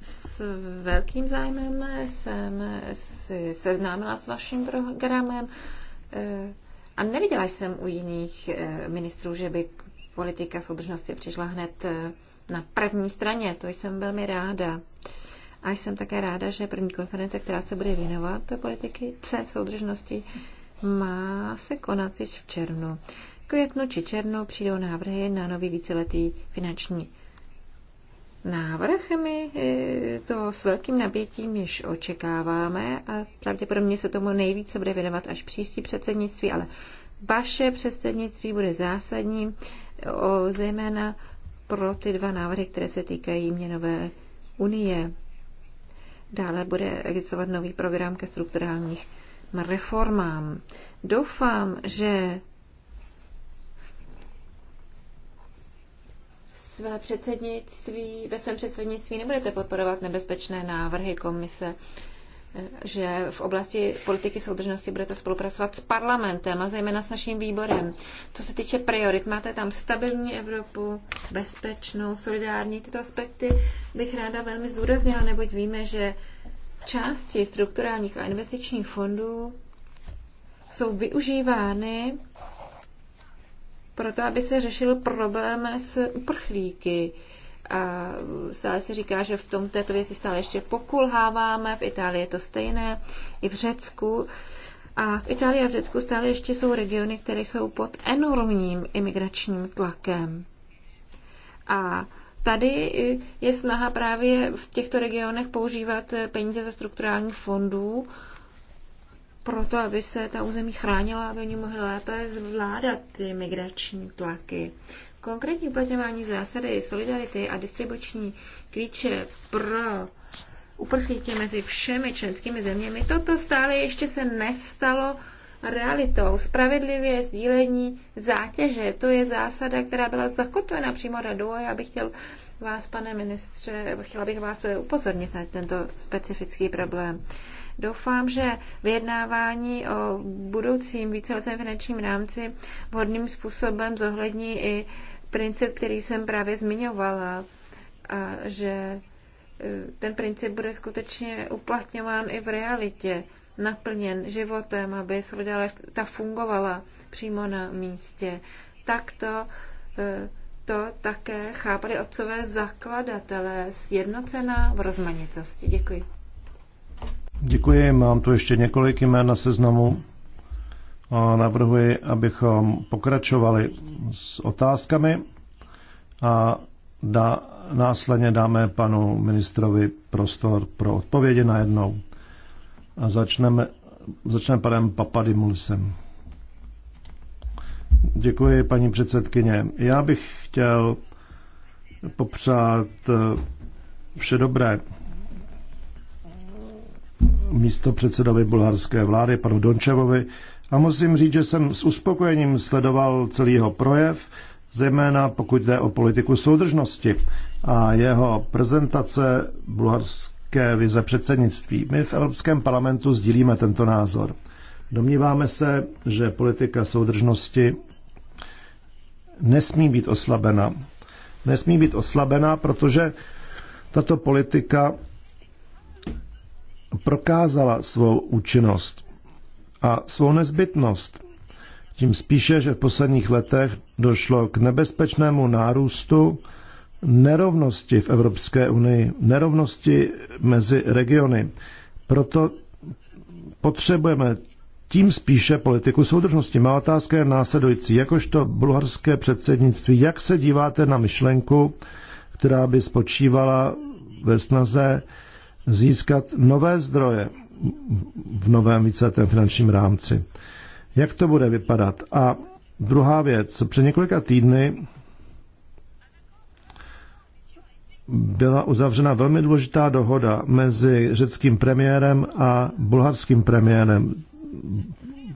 S velkým zájmem jsem si seznámila s vaším programem e, a neviděla jsem u jiných e, ministrů, že by politika soudržnosti přišla hned eh, na první straně. To jsem velmi ráda. A jsem také ráda, že první konference, která se bude věnovat politiky C soudržnosti, má se konat již v červnu. Květnu či černu přijdou návrhy na nový víceletý finanční návrh. My eh, to s velkým napětím již očekáváme a pravděpodobně se tomu nejvíce bude věnovat až příští předsednictví, ale vaše předsednictví bude zásadní o, zejména pro ty dva návrhy, které se týkají měnové unie. Dále bude existovat nový program ke strukturálních reformám. Doufám, že své předsednictví, ve svém předsednictví nebudete podporovat nebezpečné návrhy komise že v oblasti politiky soudržnosti budete spolupracovat s parlamentem a zejména s naším výborem. Co se týče priorit, máte tam stabilní Evropu, bezpečnou, solidární. Tyto aspekty bych ráda velmi zdůraznila, neboť víme, že části strukturálních a investičních fondů jsou využívány proto, aby se řešil problém s uprchlíky a stále se říká, že v tom této věci stále ještě pokulháváme, v Itálii je to stejné, i v Řecku. A v Itálii a v Řecku stále ještě jsou regiony, které jsou pod enormním imigračním tlakem. A tady je snaha právě v těchto regionech používat peníze ze strukturálních fondů, proto, aby se ta území chránila, aby oni mohli lépe zvládat ty migrační tlaky. Konkrétní uplatňování zásady solidarity a distribuční klíče pro uprchlíky mezi všemi členskými zeměmi, toto stále ještě se nestalo realitou. Spravedlivě sdílení zátěže, to je zásada, která byla zakotvena přímo radou a já bych chtěl vás, pane ministře, chtěla bych vás upozornit na tento specifický problém. Doufám, že vyjednávání o budoucím víceletém finančním rámci vhodným způsobem zohlední i princip, který jsem právě zmiňovala, a že e, ten princip bude skutečně uplatňován i v realitě, naplněn životem, aby solidarita fungovala přímo na místě. Takto e, to také chápali otcové zakladatelé, sjednocená v rozmanitosti. Děkuji. Děkuji, mám tu ještě několik jmén na seznamu. A navrhuji, abychom pokračovali s otázkami a dá, následně dáme panu ministrovi prostor pro odpovědi na jednou. A začneme, začneme panem Papadimulisem. Děkuji, paní předsedkyně. Já bych chtěl popřát eh, vše dobré místo předsedovi bulharské vlády, panu Dončevovi, a musím říct, že jsem s uspokojením sledoval celý jeho projev, zejména pokud jde o politiku soudržnosti a jeho prezentace bulharské vize předsednictví. My v Evropském parlamentu sdílíme tento názor. Domníváme se, že politika soudržnosti nesmí být oslabena. Nesmí být oslabena, protože tato politika prokázala svou účinnost a svou nezbytnost. Tím spíše, že v posledních letech došlo k nebezpečnému nárůstu nerovnosti v Evropské unii, nerovnosti mezi regiony. Proto potřebujeme tím spíše politiku soudržnosti. Má otázka je následující. Jakožto bulharské předsednictví, jak se díváte na myšlenku, která by spočívala ve snaze získat nové zdroje v novém víceletém finančním rámci. Jak to bude vypadat? A druhá věc, před několika týdny byla uzavřena velmi důležitá dohoda mezi řeckým premiérem a bulharským premiérem,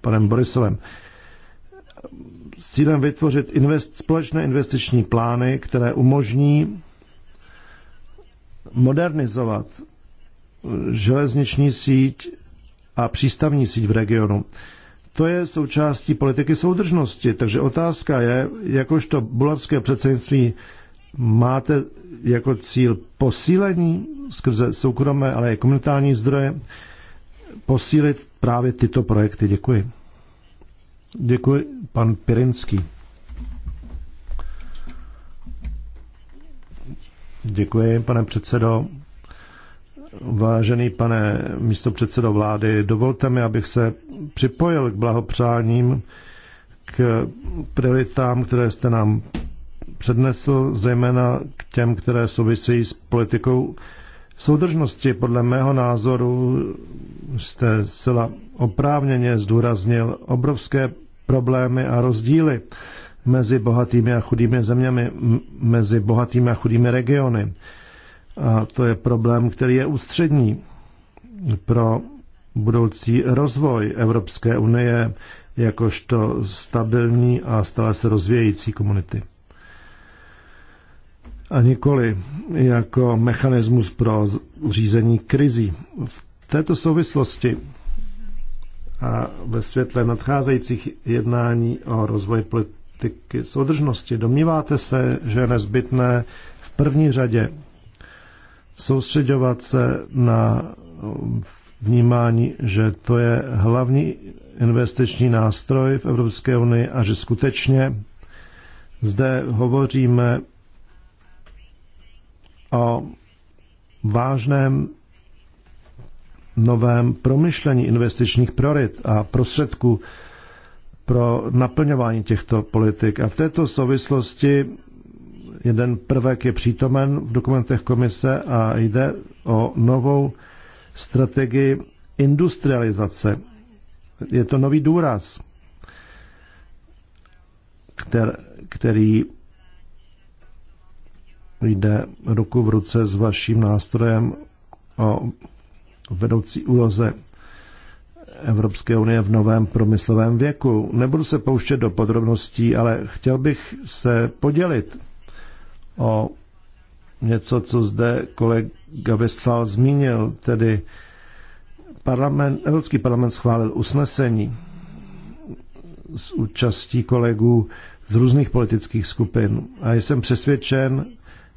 panem Borisovem, s cílem vytvořit invest, společné investiční plány, které umožní modernizovat železniční síť a přístavní síť v regionu. To je součástí politiky soudržnosti, takže otázka je, jakožto bulharské předsednictví máte jako cíl posílení skrze soukromé, ale i komunitární zdroje, posílit právě tyto projekty. Děkuji. Děkuji, pan Pirinský. Děkuji, pane předsedo. Vážený pane místopředsedo vlády, dovolte mi, abych se připojil k blahopřáním k prioritám, které jste nám přednesl, zejména k těm, které souvisejí s politikou soudržnosti. Podle mého názoru jste zcela oprávněně zdůraznil obrovské problémy a rozdíly mezi bohatými a chudými zeměmi, mezi bohatými a chudými regiony. A to je problém, který je ústřední pro budoucí rozvoj Evropské unie jakožto stabilní a stále se rozvějící komunity. A nikoli jako mechanismus pro řízení krizí. V této souvislosti a ve světle nadcházejících jednání o rozvoji politiky soudržnosti, domníváte se, že je nezbytné v první řadě soustředovat se na vnímání, že to je hlavní investiční nástroj v Evropské unii a že skutečně zde hovoříme o vážném novém promyšlení investičních priorit a prostředků pro naplňování těchto politik. A v této souvislosti jeden prvek je přítomen v dokumentech komise a jde o novou strategii industrializace. Je to nový důraz, který, který jde ruku v ruce s vaším nástrojem o vedoucí úloze Evropské unie v novém promyslovém věku. Nebudu se pouštět do podrobností, ale chtěl bych se podělit o něco, co zde kolega Westphal zmínil, tedy parlament, Evropský parlament schválil usnesení s účastí kolegů z různých politických skupin. A jsem přesvědčen,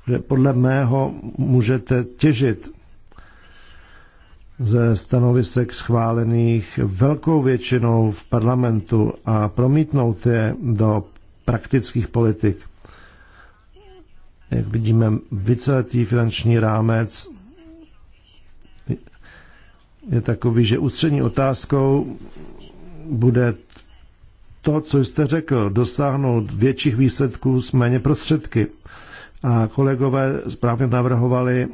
že podle mého můžete těžit ze stanovisek schválených velkou většinou v parlamentu a promítnout je do praktických politik. Jak vidíme, víceletý finanční rámec je takový, že ústřední otázkou bude to, co jste řekl, dosáhnout větších výsledků s méně prostředky. A kolegové správně navrhovali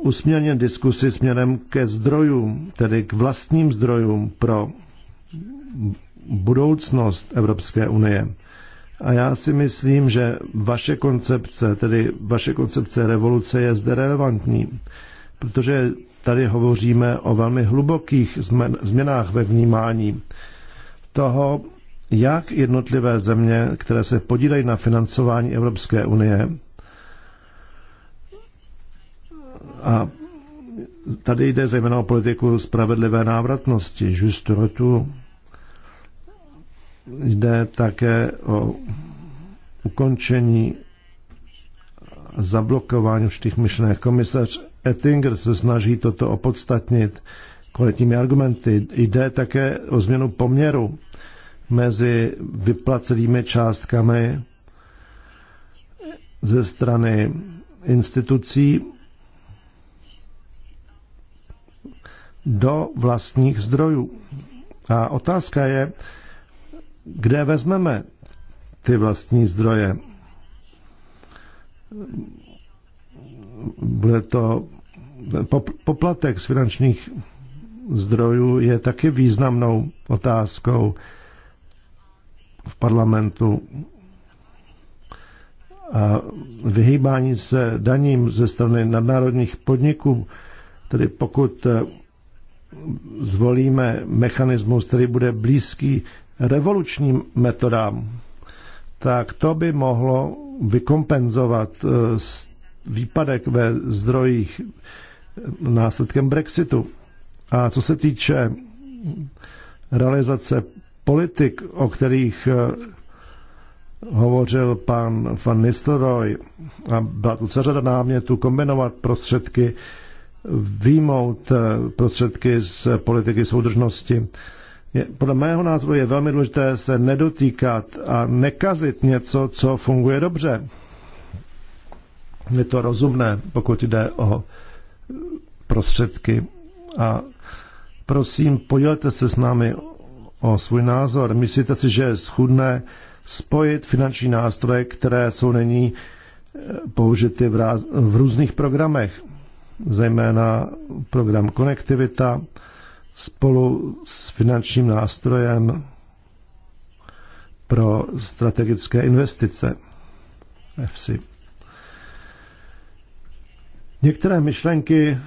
usměrně diskusy směrem ke zdrojům, tedy k vlastním zdrojům pro budoucnost Evropské unie. A já si myslím, že vaše koncepce, tedy vaše koncepce revoluce je zde relevantní, protože tady hovoříme o velmi hlubokých změnách ve vnímání toho, jak jednotlivé země, které se podílejí na financování Evropské unie, a tady jde zejména o politiku spravedlivé návratnosti, juste retour, Jde také o ukončení zablokování těch myšlenek. Komisař Ettinger se snaží toto opodstatnit kvalitními argumenty. Jde také o změnu poměru mezi vyplacenými částkami ze strany institucí do vlastních zdrojů. A otázka je, kde vezmeme ty vlastní zdroje. Bude to poplatek z finančních zdrojů je taky významnou otázkou v parlamentu. A vyhýbání se daním ze strany nadnárodních podniků, tedy pokud eh, zvolíme mechanismus, který bude blízký revolučním metodám, tak to by mohlo vykompenzovat eh, výpadek ve zdrojích eh, následkem Brexitu. A co se týče realizace politik, o kterých eh, hovořil pan Van Nistelrooy a byla tu řada námětů kombinovat prostředky, výmout prostředky z politiky soudržnosti je, podle mého názoru je velmi důležité se nedotýkat a nekazit něco, co funguje dobře. Je to rozumné, pokud jde o prostředky. A prosím, podělte se s námi o svůj názor. Myslíte si, že je schudné spojit finanční nástroje, které jsou není eh, použity v, ráz, v různých programech, zejména program Konektivita, spolu s finančním nástrojem pro strategické investice FC. Některé myšlenky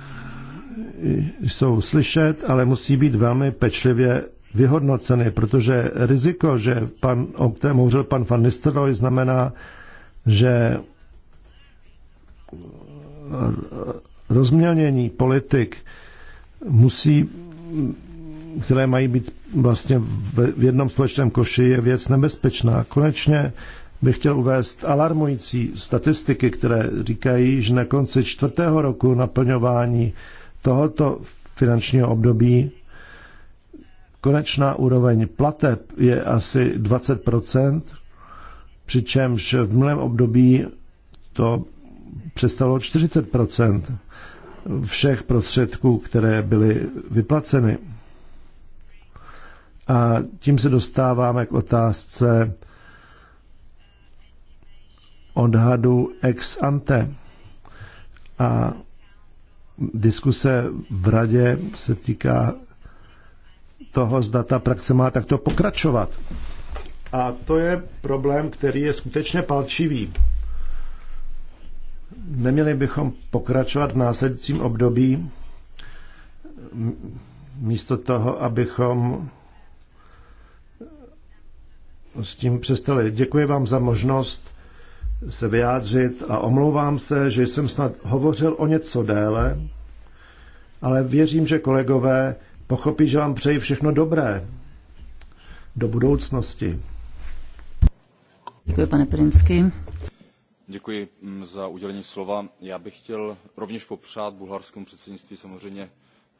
jsou slyšet, ale musí být velmi pečlivě vyhodnoceny, protože riziko, že pan, o kterém hovořil pan van Nistelrooy, znamená, že rozmělnění politik musí které mají být vlastně v jednom společném koši, je věc nebezpečná. Konečně bych chtěl uvést alarmující statistiky, které říkají, že na konci čtvrtého roku naplňování tohoto finančního období konečná úroveň plateb je asi 20%, přičemž v minulém období to přestalo 40% všech prostředků, které byly vyplaceny. A tím se dostáváme k otázce odhadu ex ante. A diskuse v radě se týká toho, zda ta praxe má takto pokračovat. A to je problém, který je skutečně palčivý. Neměli bychom pokračovat v následujícím období, místo toho, abychom s tím přestali. Děkuji vám za možnost se vyjádřit a omlouvám se, že jsem snad hovořil o něco déle, ale věřím, že kolegové pochopí, že vám přeji všechno dobré do budoucnosti. Děkuji, pane Prinsky. Mm, za Já bych chtěl rovněž popřát bulharskému předsednictví samozřejmě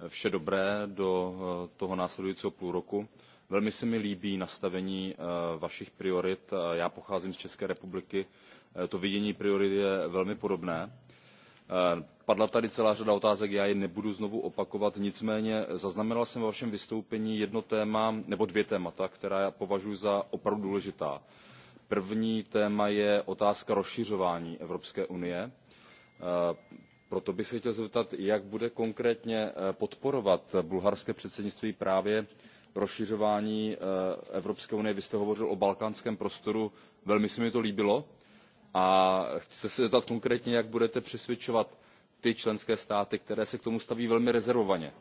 vše dobré do eh, toho následujícího půlroku. Velmi se mi líbí nastavení eh, vašich priorit. Eh, já pocházím z České republiky. To vidění priorit je velmi podobné. Padla tady celá řada otázek, já je nebudu znovu opakovat, nicméně zaznamenal jsem ve vašem vystoupení jedno téma nebo dvě témata, která považuji za opravdu důležitá první téma je otázka rozšiřování evropské unie eh, proto bych se chtěl zeptat jak bude konkrétně eh, podporovat bulharské předsednictví právě rozšiřování eh, evropské unie. vy jste hovořil o balkánském prostoru velmi se mi to líbilo a chci se zeptat konkrétně jak budete přesvědčovat ty členské státy které se k tomu staví velmi rezervovaně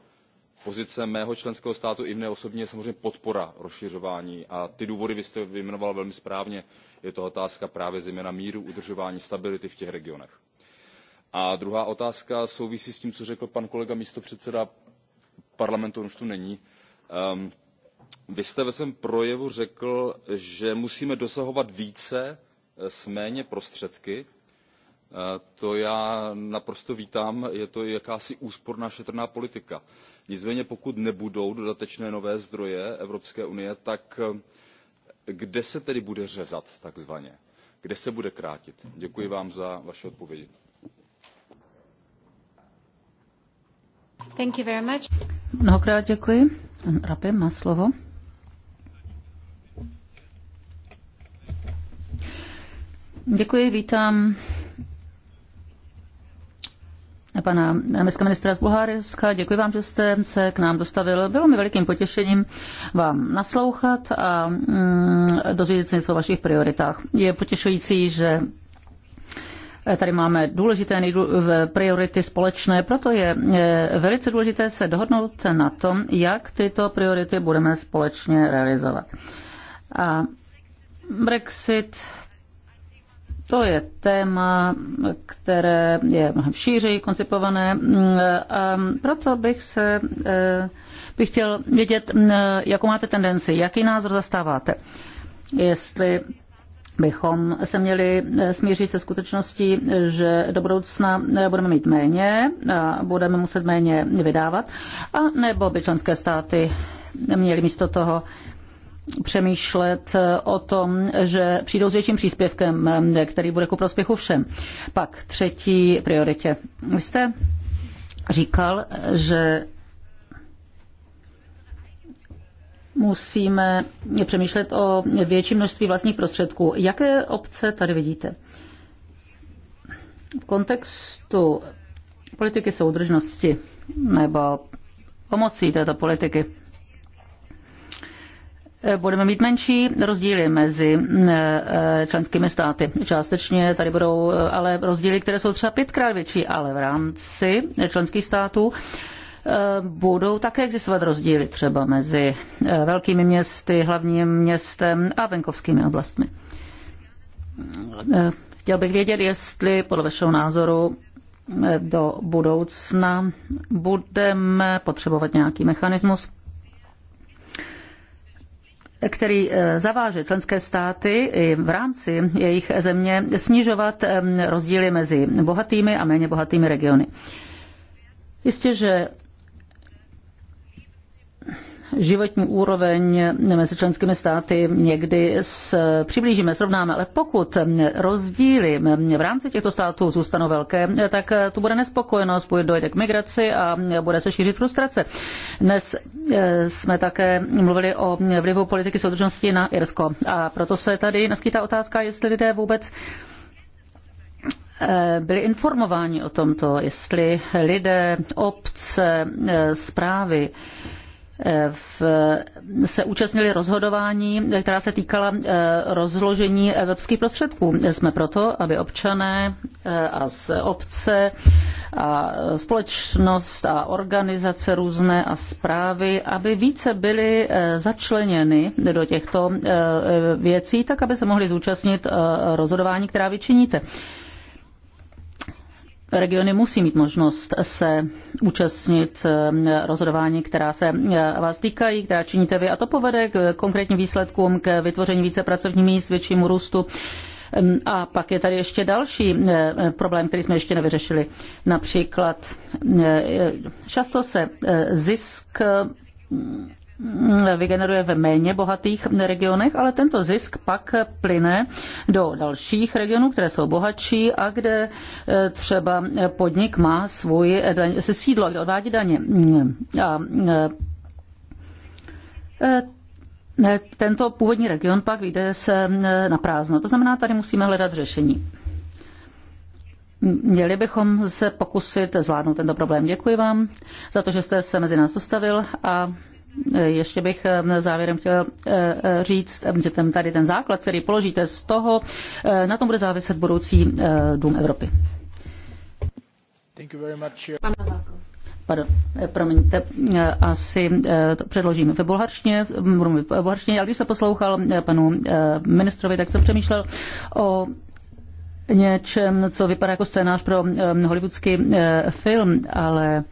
pozice mého členského státu i mne osobně je samozřejmě podpora rozšiřování a ty důvody vy jste vyjmenoval velmi správně je to otázka právě zejména míru udržování stability v těch regionech. a druhá otázka souvisí s tím co řekl pan kolega místopředseda parlamentu on už tu není um, vy jste ve svém projevu řekl že musíme dosahovat více eh, s méně prostředky eh, to já naprosto vítám je to jakási úsporná šetrná politika nicméně pokud nebudou dodatečné nové zdroje evropské unie tak eh, kde se tedy bude řezat takzvaně kde se bude krátit? děkuji vám za vaše odpovědi. Thank you very much. Mnohokrát děkuji. Pan má slovo. Děkuji, vítám pana náměstka ministra z Bulharska. Děkuji vám, že jste se k nám dostavil. Bylo mi velikým potěšením vám naslouchat a mm, dozvědět se něco o vašich prioritách. Je potěšující, že Tady máme důležité priority společné, proto je e, velice důležité se dohodnout na tom, jak tyto priority budeme společně realizovat. A Brexit to je téma, které je mnohem šířeji koncipované mm, a proto bych se eh, bych chtěl vědět, mm, jakou máte tendenci, jaký názor zastáváte. Jestli bychom se měli eh, smířit se skutečností, že do budoucna eh, budeme mít méně, budeme muset méně vydávat, a nebo by členské státy měly místo toho přemýšlet eh, o tom, že přijdou s větším příspěvkem, eh, který bude ku prospěchu všem. Pak třetí prioritě. Vy jste říkal, že musíme přemýšlet o větší množství vlastních prostředků. Jaké obce tady vidíte? V kontextu politiky soudržnosti nebo pomocí této politiky Eh, budeme mít menší rozdíly mezi mm, eh, členskými státy. Částečně tady budou eh, ale rozdíly, které jsou třeba pětkrát větší, ale v rámci členských států budou také existovat rozdíly třeba mezi velkými městy, hlavním městem a venkovskými oblastmi. Chtěl bych vědět, jestli podle vašeho názoru do budoucna budeme potřebovat nějaký mechanismus, který eh, zaváže členské státy i v rámci jejich země snižovat eh, rozdíly mezi bohatými a méně bohatými regiony. Jistě, že životní úroveň mezi členskými státy někdy s, přiblížíme, srovnáme, ale pokud rozdíly v rámci těchto států zůstanou velké, tak tu bude nespokojenost, bude dojde k migraci a bude se šířit frustrace. Dnes eh, jsme také mluvili o vlivu politiky soudržnosti na Irsko a proto se tady naskytá otázka, jestli lidé vůbec eh, byli informováni o tomto, jestli lidé, obce, eh, zprávy v, se účastnili rozhodování, která se týkala eh, rozložení evropských prostředků. Jsme proto, aby občané eh, a z obce a společnost a organizace různé a zprávy, aby více byly eh, začleněny do těchto věcí, tak aby se mohli zúčastnit rozhodování, která vyčiníte. činíte. Regiony musí mít možnost se účastnit eh, rozhodování, která se eh, vás týkají, která činíte vy a to povede k konkrétním výsledkům, k vytvoření více pracovních míst, většímu růstu. Mm, a pak je tady ještě další eh, problém, který jsme ještě nevyřešili. Například často se zisk mm, vygeneruje ve méně bohatých regionech, ale tento zisk pak plyne do dalších regionů, které jsou bohatší a kde e, třeba podnik má svůj daň, sídlo, kde odvádí daně. A e, e, tento původní region pak vyjde se na prázdno. To znamená, tady musíme hledat řešení. Měli bychom se pokusit zvládnout tento problém. Děkuji vám za to, že jste se mezi nás dostavil a ještě bych eh, závěrem chtěla eh, eh, říct, že ten, tady ten základ, který položíte z toho, na tom bude záviset budoucí Dům Evropy. Thank you very much. Pardon, promiňte, asi to předložím ve bulharštině, budu mluvit v bulharštině, ale když jsem poslouchal panu ministrovi, tak jsem přemýšlel o něčem, co vypadá jako scénář pro hollywoodský film, ale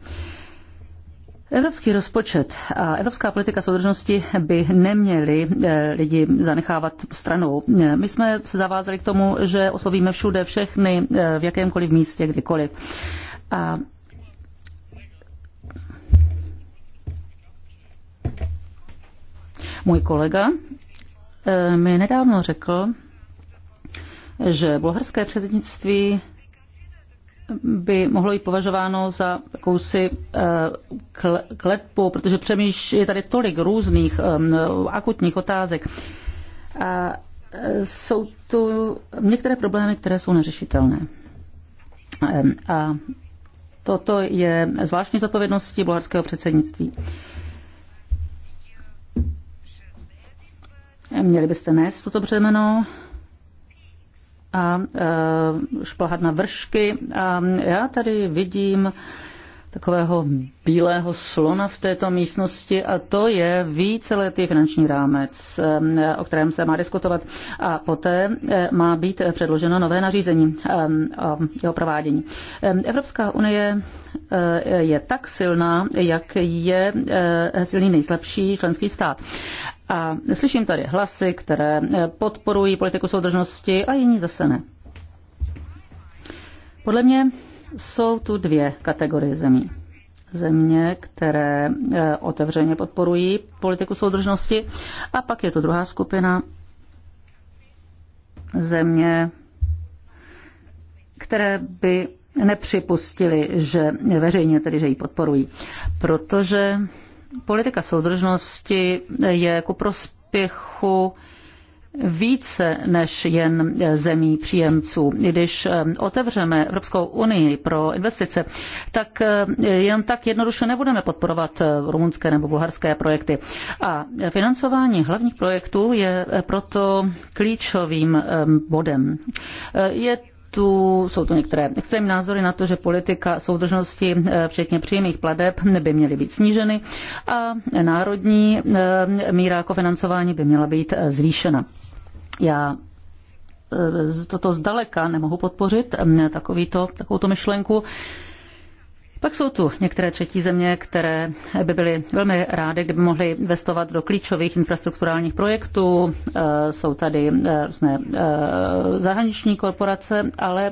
Evropský rozpočet a evropská politika soudržnosti by neměli eh, lidi zanechávat stranou. Eh, my jsme se zavázali k tomu, že oslovíme všude všechny eh, v jakémkoliv místě, kdykoliv. A můj kolega mi nedávno řekl, že bulharské předsednictví by mohlo být považováno za jakousi eh, kletbu, protože přemýš je tady tolik různých akutních otázek. A eh, jsou tu některé problémy, které jsou neřešitelné. A toto je zvláštní zodpovědností bulharského předsednictví. Měli byste nést toto břemeno, a e, šplhat na vršky. A já tady vidím takového bílého slona v této místnosti a to je víceletý finanční rámec, eh, o kterém se má diskutovat a poté eh, má být předloženo nové nařízení eh, o jeho provádění. Evropská unie je tak silná, jak je silný nejslabší členský stát. A slyším tady hlasy, které podporují politiku soudržnosti a jiní zase ne. Podle mě jsou tu dvě kategorie zemí. Země, které eh, otevřeně podporují politiku soudržnosti. A pak je to druhá skupina země, které by nepřipustili, že veřejně tedy, že ji podporují. Protože politika soudržnosti je ku prospěchu více než jen eh, zemí příjemců. Když eh, otevřeme Evropskou unii pro investice, tak eh, jen tak jednoduše nebudeme podporovat rumunské nebo bulharské projekty. A financování hlavních projektů je proto klíčovým bodem. Je tu, jsou tu některé extrémní názory na to, že politika soudržnosti, včetně přímých pladeb, by měly být sníženy a národní míra kofinancování by měla být zvýšena. Já eh, toto zdaleka nemohu podpořit, eh, takovýto, takovouto myšlenku. Pak jsou tu některé třetí země, které by byly velmi rády, kdyby mohly investovat do klíčových infrastrukturálních projektů. Eh, jsou tady různé zahraniční korporace, ale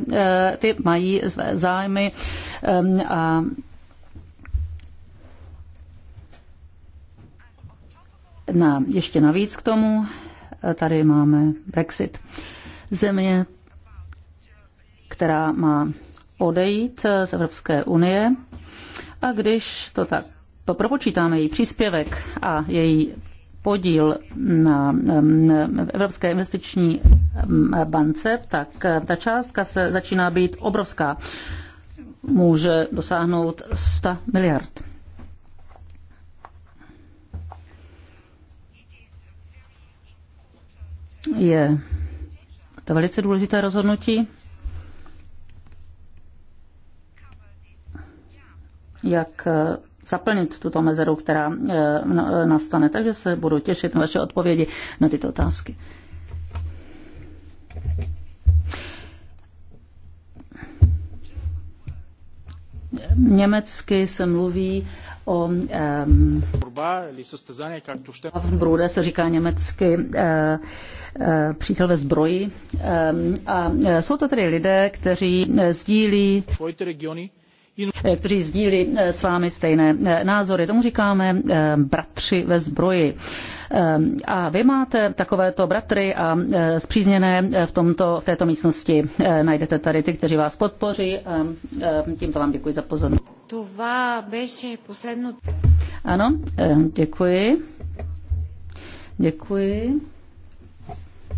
ty mají své zájmy a na, ještě navíc k tomu Tady máme Brexit. Země, která má odejít z Evropské unie. A když to tak to propočítáme její příspěvek a její podíl na Evropské investiční bance, tak eh, ta částka se začíná být obrovská. Může dosáhnout 100 miliard. Je to velice důležité rozhodnutí. Jak eh, zaplnit tuto mezeru, která eh, eh, nastane. Takže se budu těšit na vaše odpovědi na tyto otázky. Německy se mluví o um, Brude se říká německy uh, uh, přítel ve zbroji. Um, a jsou to tedy lidé, kteří sdílí Eh, kteří sdílí eh, s vámi stejné eh, názory. Tomu říkáme bratři ve zbroji. A vy máte takovéto bratry a zpřízněné v, tomto, v této místnosti. Najdete tady ty, kteří vás podpoří. Tímto vám děkuji za pozornost. Ano, děkuji. Děkuji.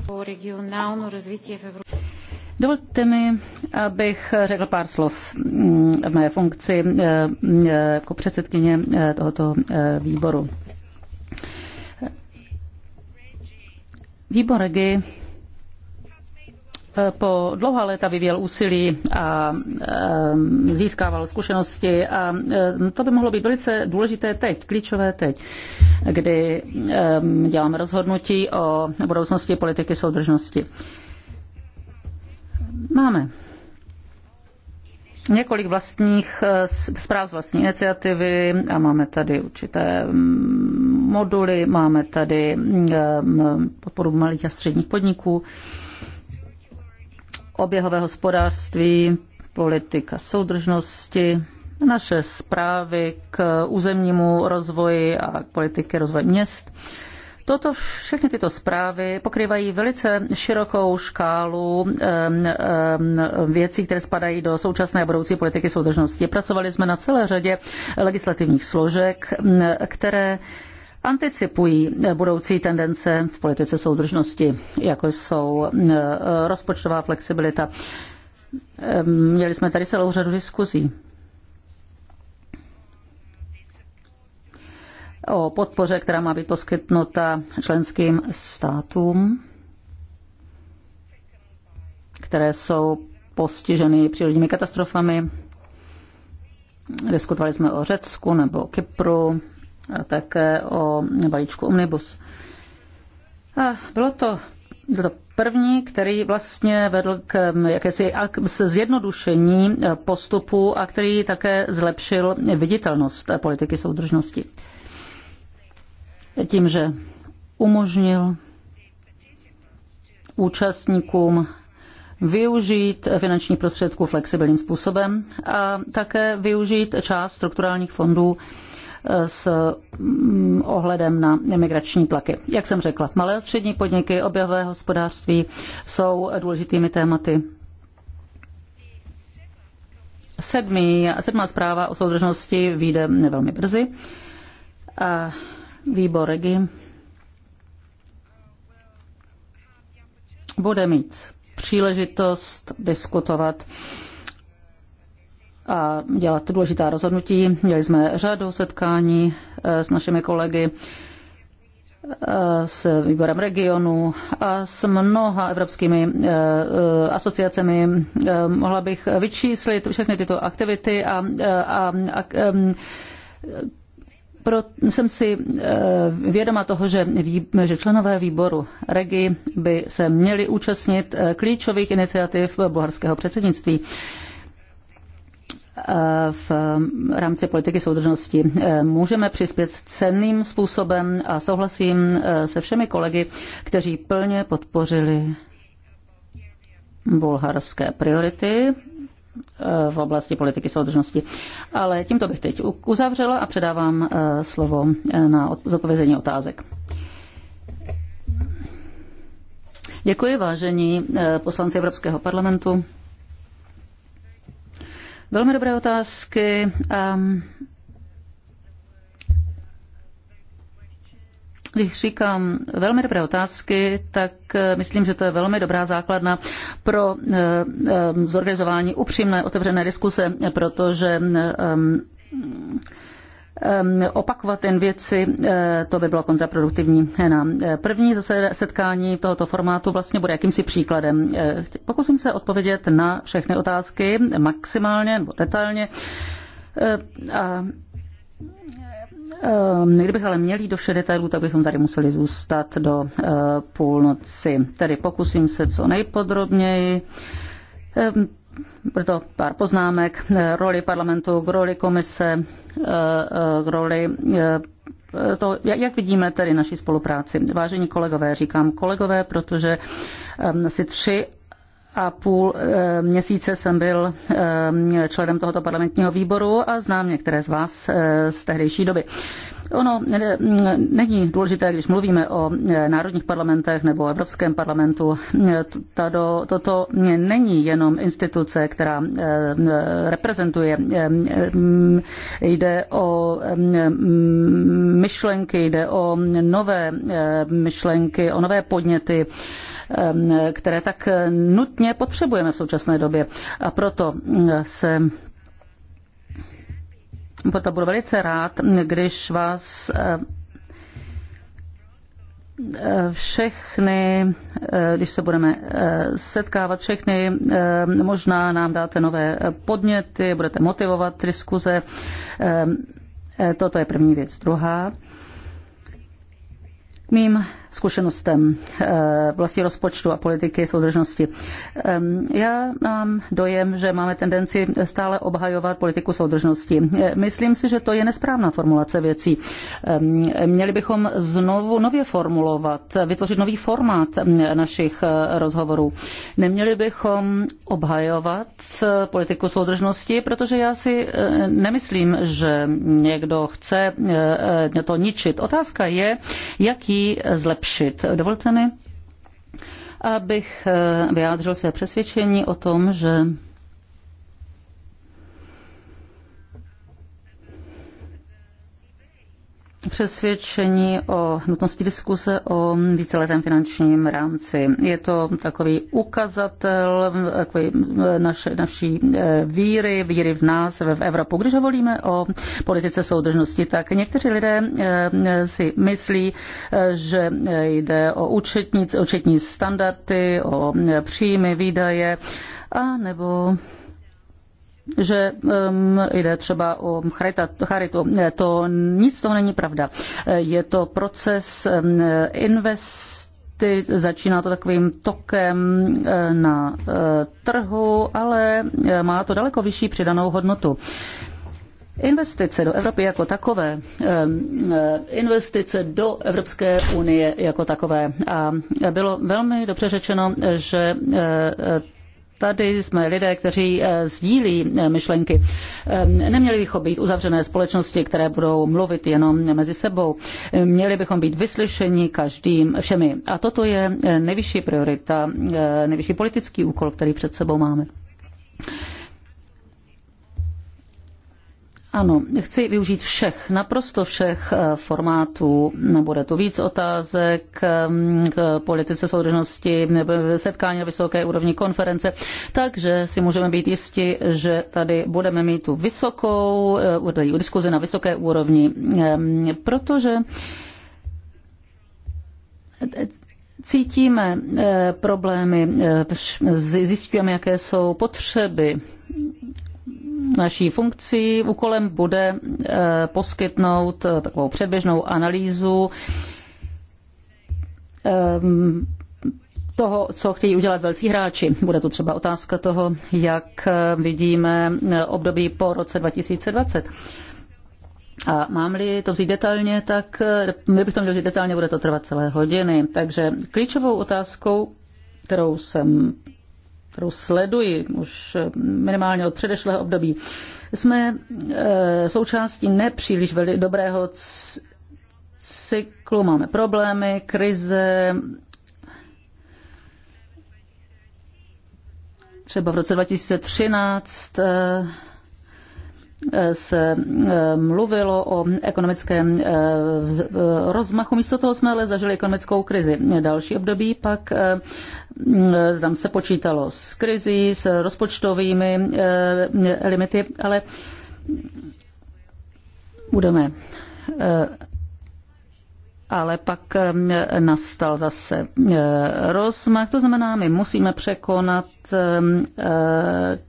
Po regionálnu развитие v Evropě. Dovolte mi, abych řekl pár slov mm, v mé funkci eh, eh, jako předsedkyně eh, tohoto výboru. Výbor Regi po dlouhá léta vyvíjel úsilí a získával zkušenosti a to by mohlo být velice důležité teď, klíčové teď, kdy děláme rozhodnutí o budoucnosti politiky soudržnosti. Máme několik vlastních eh, zpráv z vlastní iniciativy a máme tady určité mm, moduly, máme tady mm, eh, mm, podporu malých a středních podniků, oběhové hospodářství, politika soudržnosti, naše zprávy k územnímu rozvoji a k politiky rozvoje měst. Toto, všechny tyto zprávy pokrývají velice širokou škálu věcí, které spadají do současné a budoucí politiky soudržnosti. Pracovali jsme na celé řadě legislativních složek, které anticipují budoucí tendence v politice soudržnosti, jako jsou rozpočtová flexibilita. Měli jsme tady celou řadu diskuzí o podpoře, která má být poskytnuta členským státům, které jsou postiženy přírodními katastrofami. Diskutovali jsme o Řecku nebo Kypru a také o balíčku Omnibus. A bylo to, bylo to první, který vlastně vedl k jakési zjednodušení postupu a který také zlepšil viditelnost politiky soudržnosti tím, že umožnil účastníkům využít finanční prostředků flexibilním způsobem a také využít část strukturálních fondů eh, s mm, ohledem na migrační tlaky. Jak jsem řekla, malé a střední podniky, objevové hospodářství jsou důležitými tématy. Sedmý, sedmá zpráva o soudržnosti vyjde velmi brzy. A Výbor Regi bude mít příležitost diskutovat a dělat důležitá rozhodnutí. Měli jsme řadu setkání eh, s našimi kolegy eh, s výborem regionu a s mnoha evropskými eh, asociacemi. Mohla bych vyčíslit všechny tyto aktivity a, a, a pro, jsem si eh, vědoma toho, že, že členové výboru REGI by se měli účastnit eh, klíčových iniciativ bulharského předsednictví eh, v rámci politiky soudržnosti. Můžeme přispět cenným způsobem a souhlasím se všemi kolegy, kteří plně podpořili bulharské priority v oblasti politiky soudržnosti. Ale tímto bych teď uzavřela a předávám eh, slovo eh, na zodpovězení otázek. Děkuji, vážení eh, poslanci Evropského parlamentu. Velmi dobré otázky. Ehm, Když říkám velmi dobré otázky, tak eh, myslím, že to je velmi dobrá základna pro eh, eh, zorganizování upřímné otevřené diskuse, protože opakovat jen věci, to by bylo kontraproduktivní. Na první setkání tohoto formátu vlastně bude jakýmsi příkladem. Pokusím se odpovědět na všechny otázky maximálně nebo detailně. A Ehm, kdybych ale měl jít do vše detailů, tak bychom tady museli zůstat do eh, půlnoci. Tedy pokusím se co nejpodrobněji. Ehm, proto pár poznámek eh, roli parlamentu, k roli komise, eh, k roli to, jak vidíme tedy naši spolupráci. Vážení kolegové, říkám kolegové, protože asi ehm, tři a půl eh, měsíce jsem byl eh, členem tohoto parlamentního výboru a znám některé z vás eh, z tehdejší doby. Ono není důležité, když mluvíme o národních parlamentech nebo o Evropském parlamentu, tato, toto není jenom instituce, která reprezentuje. Jde o myšlenky, jde o nové myšlenky, o nové podněty Ehm, které tak nutně potřebujeme v současné době. A proto mm, se proto budu velice rád, když vás ehm, všechny, ehm, když se budeme setkávat, všechny možná nám dáte nové podněty, budete motivovat diskuze. E, toto je první věc. Druhá. Mým zkušenostem vlastně rozpočtu a politiky soudržnosti. Já mám dojem, že máme tendenci stále obhajovat politiku soudržnosti. Eh, myslím si, že to je nesprávná formulace věcí. Měli bychom znovu nově formulovat, vytvořit nový formát našich eh, rozhovorů. Neměli bychom obhajovat politiku soudržnosti, protože já si nemyslím, že někdo chce to ničit. Otázka je, jaký zlepšení zlepšit. Dovolte mi, abych eh, vyjádřil své přesvědčení o tom, že přesvědčení o nutnosti diskuse o víceletém finančním rámci. Je to takový ukazatel takový eh, naše, naší eh, víry, víry v nás, v Evropu. Když hovoríme o politice soudržnosti, tak někteří lidé eh, si myslí, že jde o účetní, účetní standardy, o příjmy, výdaje a nebo že um, jde třeba o charitu. To nic to není pravda. Je to proces um, invest ty, začíná to takovým tokem uh, na uh, trhu, ale uh, má to daleko vyšší přidanou hodnotu. Investice do Evropy jako takové, um, investice do Evropské unie jako takové. A bylo velmi dobře řečeno, že tady jsme lidé, kteří eh, sdílí eh, myšlenky. Eh, neměli bychom být uzavřené společnosti, které budou mluvit jenom mezi sebou. Měli bychom být vyslyšeni každým všemi. A toto je nejvyšší priorita, nejvyšší politický úkol, který před sebou máme. Ano, chci využít všech, naprosto všech eh, formátů. Bude tu víc otázek mm, k politice soudržnosti, setkání na vysoké úrovni konference, takže si můžeme být jisti, že tady budeme mít tu vysokou eh, diskuzi na vysoké úrovni, ehm, protože eh, cítíme problémy, zjistíme, jaké jsou potřeby naší funkcí úkolem bude eh, poskytnout eh, takovou předběžnou analýzu eh, toho, co chtějí udělat velcí hráči. Bude to třeba otázka toho, jak vidíme období po roce 2020. A mám-li to vzít detailně, tak kdybych to měl vzít detailně, bude to trvat celé hodiny. Takže klíčovou otázkou, kterou jsem kterou sleduji už minimálně od předešlého období, jsme eh, součástí nepříliš veli dobrého cyklu. Máme problémy, krize, třeba v roce 2013 se eh, mluvilo o ekonomickém eh, eh, rozmachu. Místo toho jsme ale zažili ekonomickou krizi. Další období pak tam se počítalo s krizí, s rozpočtovými limity, ale budeme ale pak nastal zase rozmach. To znamená, my musíme překonat eh,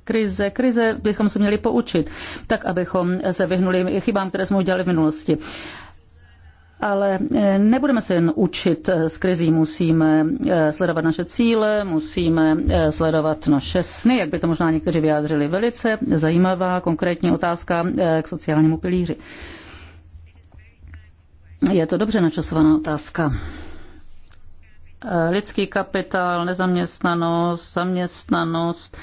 krize. Krize bychom se měli poučit, tak abychom se vyhnuli chybám, které jsme udělali v minulosti. Ale eh, nebudeme se jen učit eh, z krizí, musíme sledovat naše cíle, musíme sledovat naše sny, jak by to možná někteří vyjádřili. Velice zajímavá konkrétní otázka k sociálnímu pilíři. Je to dobře načasovaná otázka. Lidský kapitál, nezaměstnanost, zaměstnanost,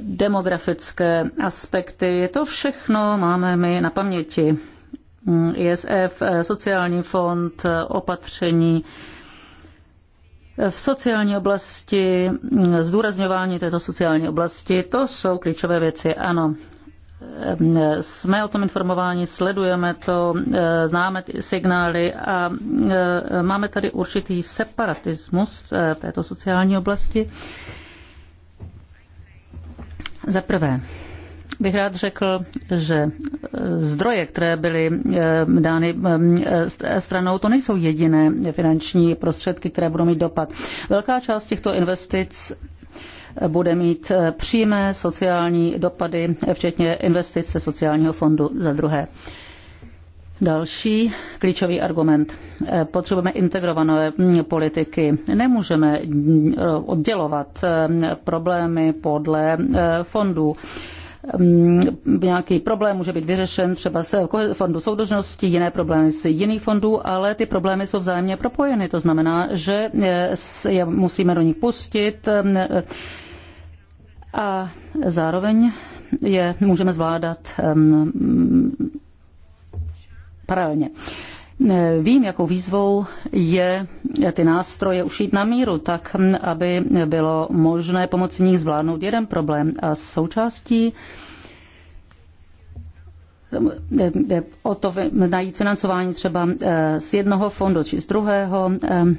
demografické aspekty, to všechno máme my na paměti. ISF, sociální fond, opatření, v sociální oblasti, zdůrazňování této sociální oblasti, to jsou klíčové věci. Ano, jsme o tom informováni, sledujeme to, známe ty signály a e, máme tady určitý separatismus e, v této sociální oblasti. Za prvé, bych rád řekl, že e, zdroje, které byly dány stranou, to nejsou jediné finanční prostředky, které budou mít dopad. Velká část těchto investic bude mít eh, přímé sociální dopady, včetně investice sociálního fondu za druhé. Další klíčový argument. Eh, potřebujeme integrované mm, politiky. Nemůžeme mm, eh, oddělovat problémy podle fondů. Mm, nějaký problém může být vyřešen třeba z fondu soudržnosti, jiné problémy z jiných fondů, ale ty problémy jsou vzájemně propojeny. To znamená, že je musíme do nich pustit mm, a zároveň je můžeme zvládat mm, paralelně. Vím, jakou výzvou je ty nástroje ušít na míru, tak hm, aby bylo možné pomocí nich zvládnout jeden problém. A součástí hm, jde o to najít financování třeba eh, z jednoho fondu či z druhého. Hm,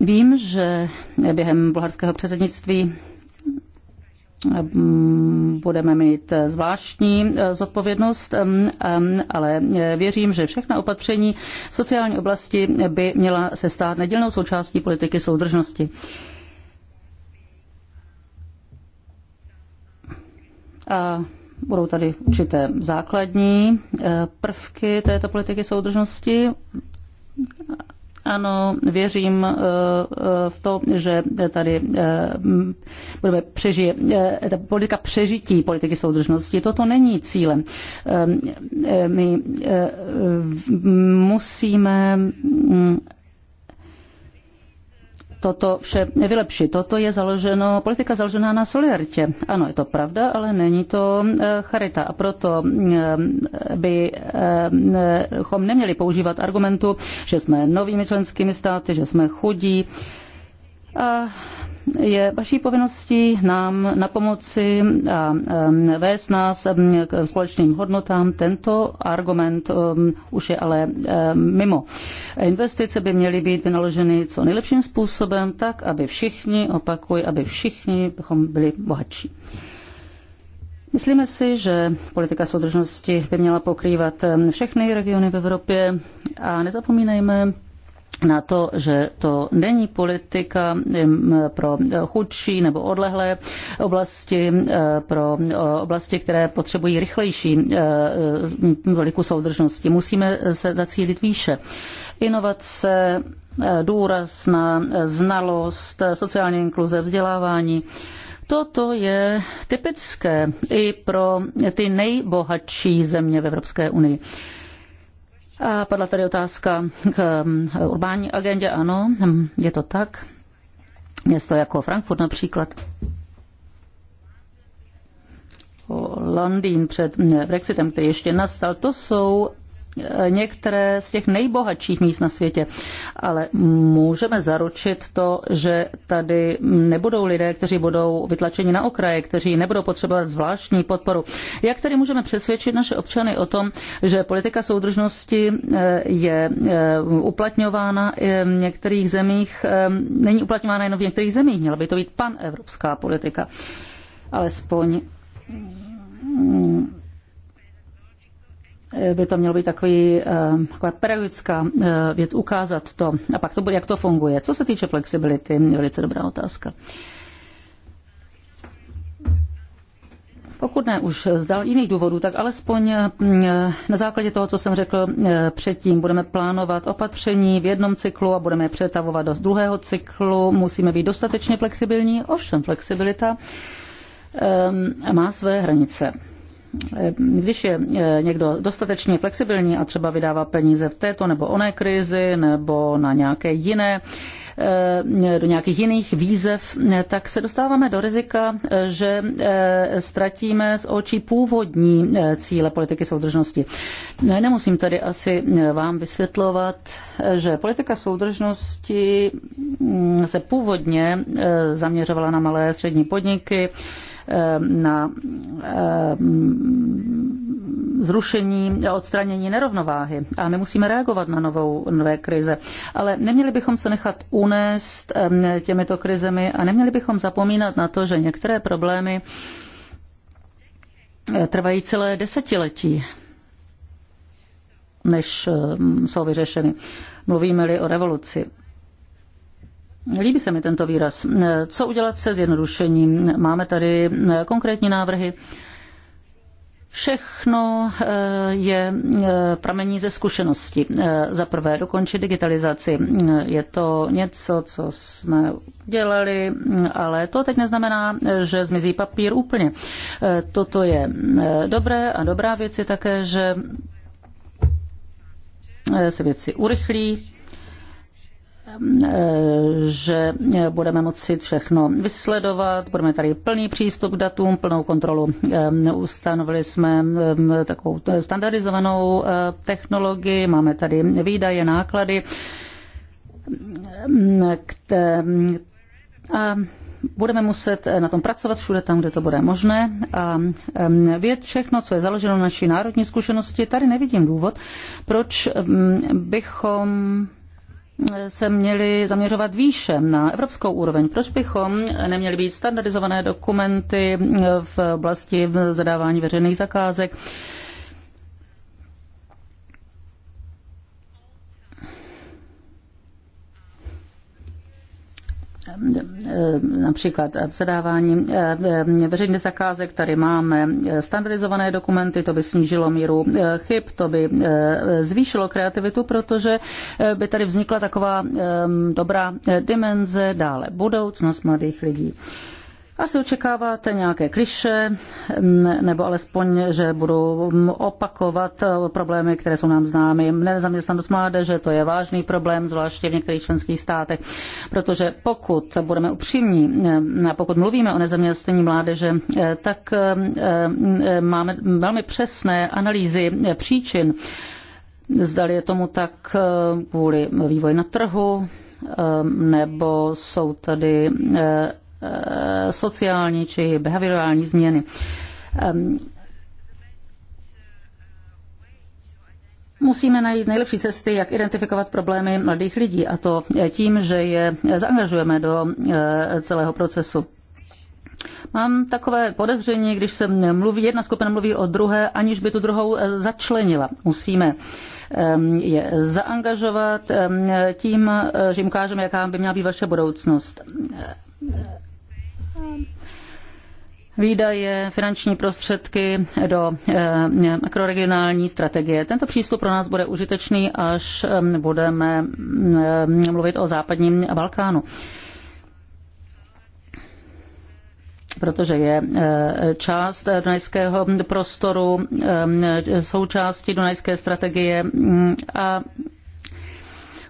vím, že během bulharského předsednictví Mm, budeme mít zvláštní eh, zodpovědnost, mm, mm, ale eh, věřím, že všechna opatření v sociální oblasti by měla se stát nedělnou součástí politiky soudržnosti. A budou tady určité základní eh, prvky této politiky soudržnosti ano, věřím eh, eh, v to, že tady eh, budeme přežije, ta politika přežití politiky soudržnosti, toto není cílem. My musíme mm, toto vše vylepšit. Toto je založeno, politika založená na solidaritě. Ano, je to pravda, ale není to eh, charita. A proto eh, bychom eh, neměli používat argumentu, že jsme novými členskými státy, že jsme chudí, Eh, je vaší povinností nám na pomoci a eh, vést nás eh, k společným hodnotám. Tento argument už je ale mimo. Investice by měly být vynaloženy co nejlepším způsobem, tak, aby všichni, opakuj, aby všichni bychom byli bohatší. Myslíme si, že politika soudržnosti by měla pokrývat všechny regiony v Evropě a nezapomínejme na to, že to není politika pro chudší nebo odlehlé oblasti, eh, pro eh, oblasti, které potřebují rychlejší eh, velikou soudržnosti. Musíme se zacílit výše. Inovace, důraz na znalost, sociální inkluze, vzdělávání toto je typické i pro ty nejbohatší země v Evropské unii. A padla tady otázka k um, urbání agendě. Ano, hm, je to tak. Město jako Frankfurt například. Londýn před eh, Brexitem, který ještě nastal, to jsou Eh, některé z těch nejbohatších míst na světě. Ale můžeme zaručit to, že tady nebudou lidé, kteří budou vytlačeni na okraje, kteří nebudou potřebovat zvláštní podporu. Jak tedy můžeme přesvědčit naše občany o tom, že politika soudržnosti eh, je eh, uplatňována v některých zemích, není uplatňována jen v některých zemích, měla by to být panevropská politika. Alespoň mm, Eh, by to mělo být takový, eh, taková pedagogická eh, věc, ukázat to. A pak to bude, jak to funguje. Co se týče flexibility, velice dobrá otázka. Pokud ne už z jiných důvodů, tak alespoň na základě toho, co jsem řekl předtím, budeme plánovat opatření v jednom cyklu a budeme je přetavovat do druhého cyklu. Musíme být dostatečně flexibilní, ovšem flexibilita má své hranice. Eh, když je eh, někdo dostatečně flexibilní a třeba vydává peníze v této nebo oné krizi nebo na nějaké jiné, eh, do nějakých jiných výzev, tak se dostáváme do rizika, že ztratíme z očí původní cíle politiky soudržnosti. Nemusím tady asi vám vysvětlovat, že politika soudržnosti mm, se původně zaměřovala na malé a střední podniky, Eh, na eh, zrušení a odstranění nerovnováhy. A my musíme reagovat na novou, nové krize. Ale neměli bychom se nechat unést eh, těmito krizemi a neměli bychom zapomínat na to, že některé problémy trvají celé desetiletí, než jsou vyřešeny. Mluvíme-li o revoluci Líbí se mi tento výraz. Co udělat se zjednodušením? Máme tady eh, konkrétní návrhy. Všechno eh, je eh, pramení ze zkušenosti. Za prvé dokončit digitalizaci. Je to něco, co jsme dělali, ale to teď neznamená, že zmizí papír úplně. Toto je dobré a dobrá věc je také, že se věci urychlí, Ehm, eh, že budeme moci všechno vysledovat, budeme tady plný přístup k datům, plnou kontrolu. Ehm, ustanovili jsme ehm, takovou standardizovanou eh, technologii, máme tady výdaje, náklady, a budeme muset eh, na tom pracovat všude tam, kde to bude možné a vědět všechno, co je založeno na naší národní zkušenosti. Tady nevidím důvod, proč bychom se měly zaměřovat výše na evropskou úroveň. Proč bychom neměli být standardizované dokumenty v oblasti zadávání veřejných zakázek? Eh, například zadávání eh, veřejné zakázek. Tady máme eh, standardizované dokumenty, to by snížilo míru chyb, to by zvýšilo kreativitu, protože by tady vznikla taková dobrá dimenze, dále budoucnost mladých lidí. Asi očekáváte nějaké kliše, nebo alespoň, že budou opakovat e, problémy, které jsou nám známy. Nezaměstnanost mládeže, to je vážný problém, zvláště v některých členských státech, protože pokud budeme upřímní, pokud mluvíme o nezaměstnaní mládeže, e, tak e, máme velmi přesné analýzy příčin. Zdali je tomu tak kvůli vývoji na trhu, nebo jsou tady Eh, sociální či behaviorální změny. Musíme najít nejlepší cesty, jak identifikovat problémy mladých lidí, a to tím, že je zaangažujeme do eh, celého procesu. Mám takové podezření, když se mluví, jedna skupina mluví o druhé, aniž by tu druhou eh, začlenila. Musíme je zaangažovat tím, že jim ukážeme, jaká by měla být vaše budoucnost výdaje, finanční prostředky do eh, makroregionální strategie. Tento přístup pro nás bude užitečný, až budeme mluvit o západním Balkánu. protože je eh, část dunajského prostoru, součástí dunajské strategie mm, a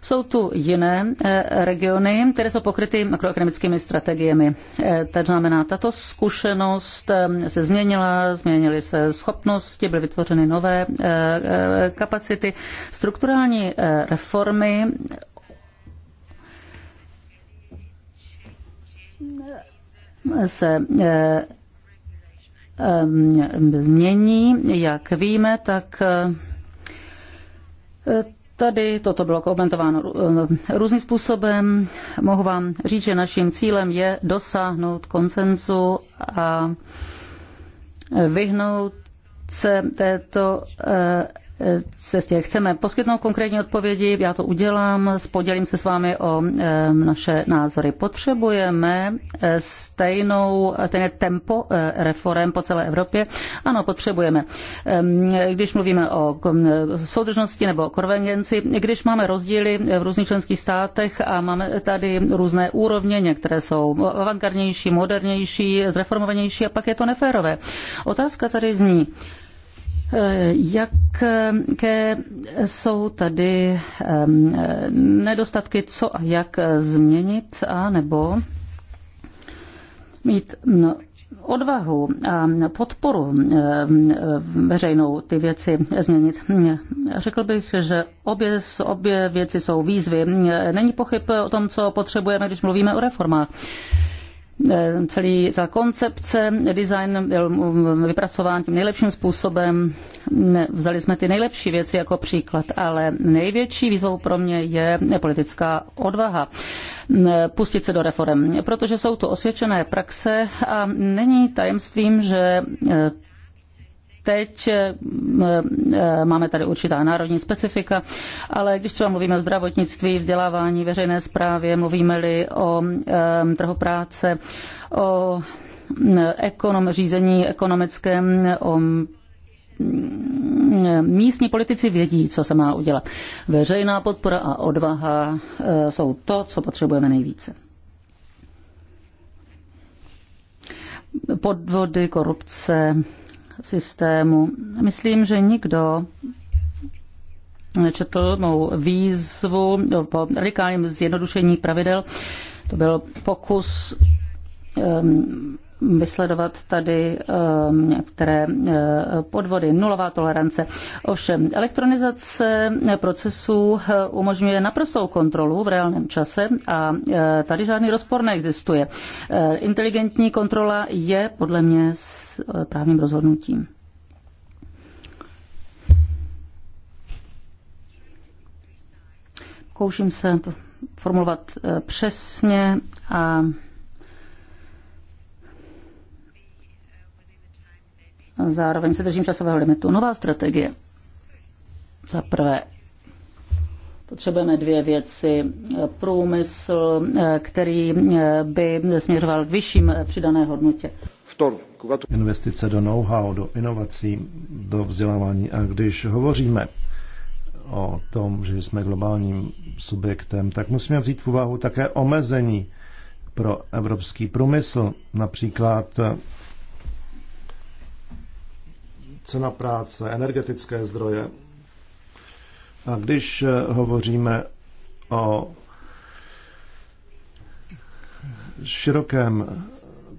jsou tu jiné eh, regiony, které jsou pokryty makroekonomickými strategiemi. Eh, to znamená, tato zkušenost eh, se změnila, změnily se schopnosti, byly vytvořeny nové kapacity. Strukturální reformy se mění, jak víme, tak Tady toto bylo komentováno eh, různým způsobem. Mohu vám říct, že naším cílem je dosáhnout konsenzu a vyhnout se této eh, cestě. Chceme poskytnout konkrétní odpovědi, já to udělám, spodělím se s vámi o naše názory. Potřebujeme e, stejnou, stejné tempo e, reform po celé Evropě? Ano, potřebujeme. Když mluvíme o soudržnosti nebo konvergenci, když máme rozdíly v různých členských státech a máme tady různé úrovně, některé jsou avantgardnější, modernější, zreformovanější a pak je to neférové. Otázka tady zní, Jaké jsou tady nedostatky, co a jak změnit, a nebo mít no, odvahu a podporu veřejnou ty věci změnit. Řekl bych, že obě, obě věci jsou výzvy. Není pochyb o tom, co potřebujeme, když mluvíme o reformách. Eh, celý, celá koncepce, design byl mm, mm, vypracován tím nejlepším způsobem. Vzali jsme ty nejlepší věci jako příklad, ale největší výzvou pro mě je politická odvaha mm, eh, pustit se do reform, protože jsou to osvědčené praxe a není tajemstvím, že eh, teď eh, eh, máme tady určitá národní specifika, ale když třeba mluvíme o zdravotnictví, vzdělávání, veřejné správě, mluvíme-li o eh, trhu práce, o ekonom, řízení ekonomickém, o místní politici vědí, co se má udělat. Veřejná podpora a odvaha jsou to, co potřebujeme nejvíce. Podvody, korupce, systému. Myslím, že nikdo nečetl mou výzvu po radikálním zjednodušení pravidel. To byl pokus um, vysledovat tady ehm, některé eh, podvody, nulová tolerance. Ovšem, elektronizace procesů eh, umožňuje naprostou kontrolu v reálném čase a eh, tady žádný rozpor neexistuje. Inteligentní kontrola je podle mě s právním rozhodnutím. Pokouším se to formulovat přesně a Zároveň se držím časového limitu. Nová strategie. Za prvé, potřebujeme dvě věci. Průmysl, který eh, by směřoval k vyšším eh, přidané hodnotě. Investice do know-how, do inovací, do vzdělávání. A když hovoříme o tom, že jsme globálním subjektem, tak musíme vzít v úvahu také omezení pro evropský průmysl, například cena práce, energetické zdroje. A když eh, hovoříme o širokém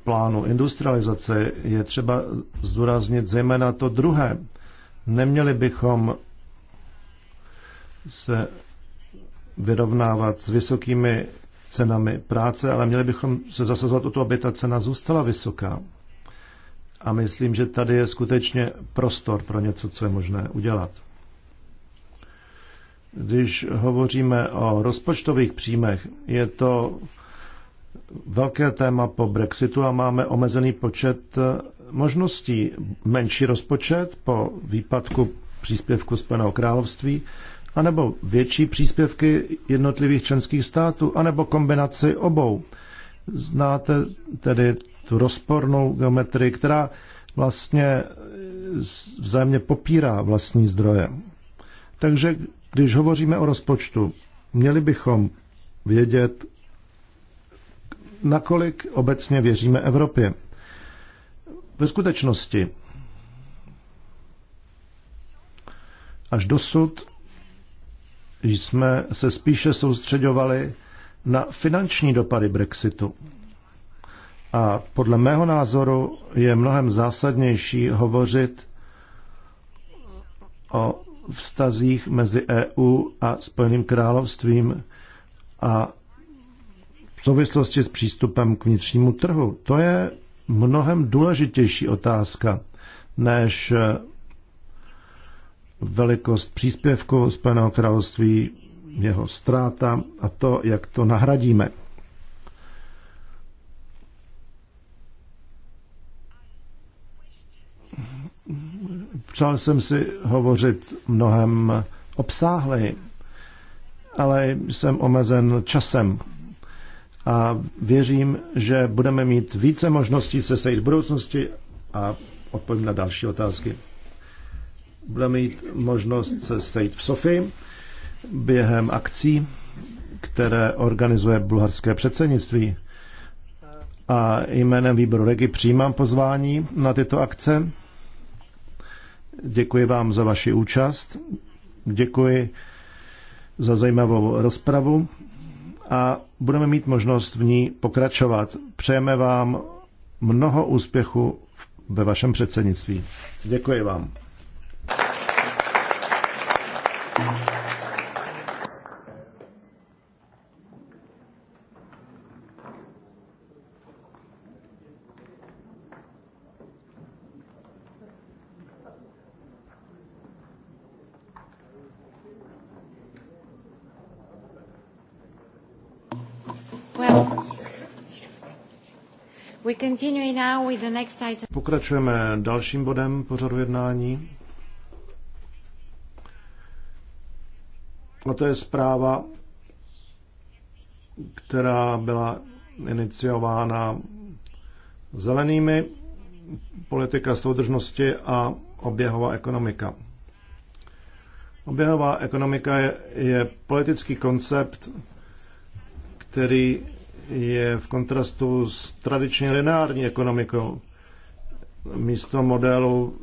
plánu industrializace, je třeba zdůraznit zejména to druhé. Neměli bychom se vyrovnávat s vysokými cenami práce, ale měli bychom se zasazovat o to, aby ta cena zůstala vysoká. A myslím, že tady je skutečně prostor pro něco, co je možné udělat. Když hovoříme o rozpočtových příjmech, je to velké téma po Brexitu a máme omezený počet možností. Menší rozpočet po výpadku příspěvku Spojeného království, anebo větší příspěvky jednotlivých členských států, anebo kombinaci obou. Znáte tedy tu rozpornou geometrii, která vlastně vzájemně popírá vlastní zdroje. Takže když hovoříme o rozpočtu, měli bychom vědět, nakolik obecně věříme Evropě. Ve skutečnosti až dosud jsme se spíše soustředovali na finanční dopady Brexitu. A podle mého názoru je mnohem zásadnější hovořit o vztazích mezi EU a Spojeným královstvím a v souvislosti s přístupem k vnitřnímu trhu. To je mnohem důležitější otázka než velikost příspěvku Spojeného království, jeho ztráta a to, jak to nahradíme. přál jsem si hovořit mnohem obsáhleji, ale jsem omezen časem. A věřím, že budeme mít více možností se sejít v budoucnosti a odpovím na další otázky. Budeme mít možnost se sejít v Sofii během akcí, které organizuje bulharské předsednictví. A jménem výboru Regi přijímám pozvání na tyto akce Děkuji vám za vaši účast. Děkuji za zajímavou rozpravu a budeme mít možnost v ní pokračovat. Přejeme vám mnoho úspěchu ve vašem předsednictví. Děkuji vám. Pokračujeme dalším bodem pořadu jednání. A to je zpráva, která byla iniciována zelenými, politika soudržnosti a oběhová ekonomika. Oběhová ekonomika je, je politický koncept, který je v kontrastu s tradičně lineární ekonomikou. Místo modelu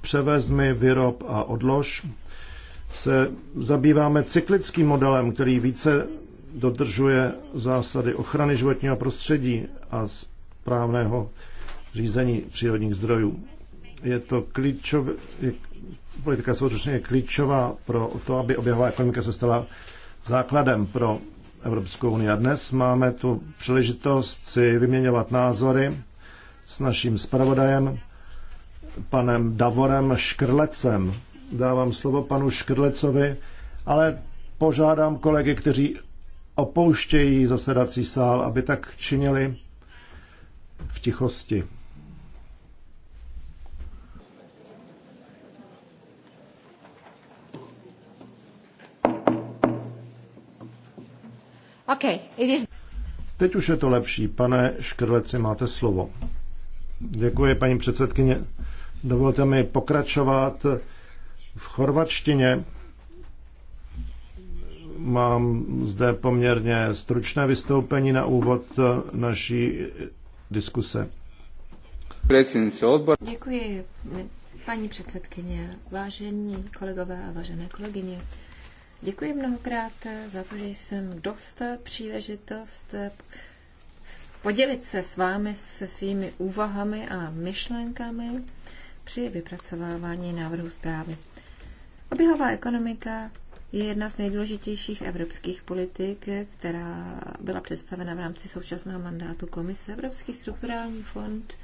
převezmi, vyrob a odlož se zabýváme cyklickým modelem, který více dodržuje zásady ochrany životního prostředí a správného řízení přírodních zdrojů. Je to klíčové, politika současně je klíčová pro to, aby oběhová ekonomika se stala základem pro Evropskou unii. A dnes máme tu příležitost si vyměňovat názory s naším zpravodajem, panem Davorem Škrlecem. Dávám slovo panu Škrlecovi, ale požádám kolegy, kteří opouštějí zasedací sál, aby tak činili v tichosti. Okay, it is... Teď už je to lepší. Pane Škrleci, máte slovo. Děkuji, paní předsedkyně. Dovolte mi pokračovat v chorvatštině. Mám zde poměrně stručné vystoupení na úvod naší diskuse. Děkuji, paní předsedkyně, vážení kolegové a vážené kolegyně. Děkuji mnohokrát eh, za to, že jsem dostal eh, příležitost eh, podělit se s vámi se svými úvahami a myšlenkami při vypracovávání návrhu zprávy. Oběhová ekonomika je jedna z nejdůležitějších evropských politik, která byla představena v rámci současného mandátu Komise. Evropský strukturální fond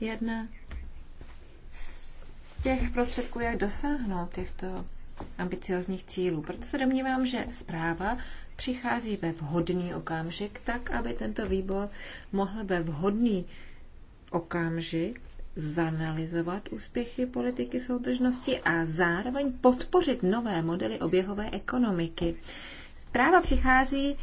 jedna z těch prostředků, jak dosáhnout těchto ambiciozních cílů. Proto se domnívám, že zpráva přichází ve vhodný okamžik, tak aby tento výbor mohl ve vhodný okamžik zanalizovat úspěchy politiky soudržnosti a zároveň podpořit nové modely oběhové ekonomiky. Zpráva přichází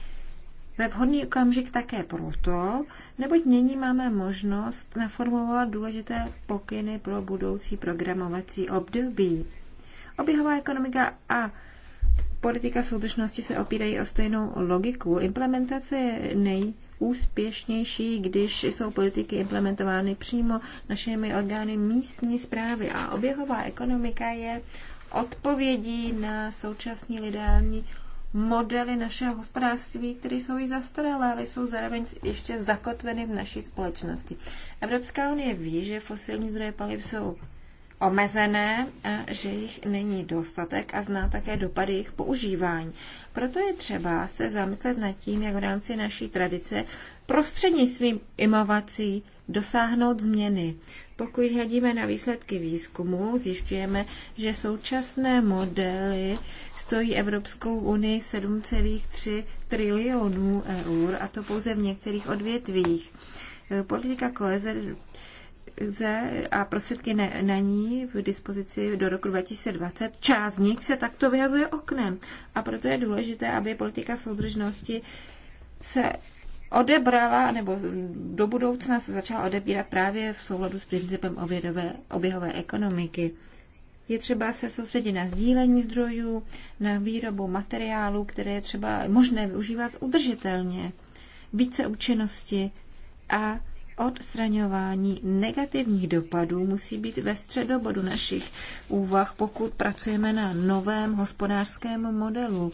ve vhodný okamžik také proto, neboť nyní máme možnost naformulovat důležité pokyny pro budoucí programovací období. Oběhová ekonomika a politika soudržnosti se opírají o stejnou logiku. Implementace je nejúspěšnější, když jsou politiky implementovány přímo našimi orgány místní zprávy. A oběhová ekonomika je odpovědí na současní lidální modely našeho hospodářství, které jsou i zastaralé, ale jsou zároveň ještě zakotveny v naší společnosti. Evropská unie ví, že fosilní zdroje paliv jsou omezené, že jich není dostatek a zná také dopady jejich používání. Proto je třeba se zamyslet nad tím, jak v rámci naší tradice prostřednictvím inovací dosáhnout změny. Pokud hledíme na výsledky výzkumu, zjišťujeme, že současné modely stojí Evropskou unii 7,3 trilionů eur, a to pouze v některých odvětvích. Politika koheze a prostředky ne, na ní v dispozici do roku 2020. Část z nich se takto vyhazuje oknem. A proto je důležité, aby politika soudržnosti se odebrala, nebo do budoucna se začala odebírat právě v souladu s principem obědové, oběhové ekonomiky. Je třeba se soustředit na sdílení zdrojů, na výrobu materiálů, které je třeba možné využívat udržitelně, více účinnosti a odstraňování negativních dopadů musí být ve středobodu našich úvah, pokud pracujeme na novém hospodářském modelu.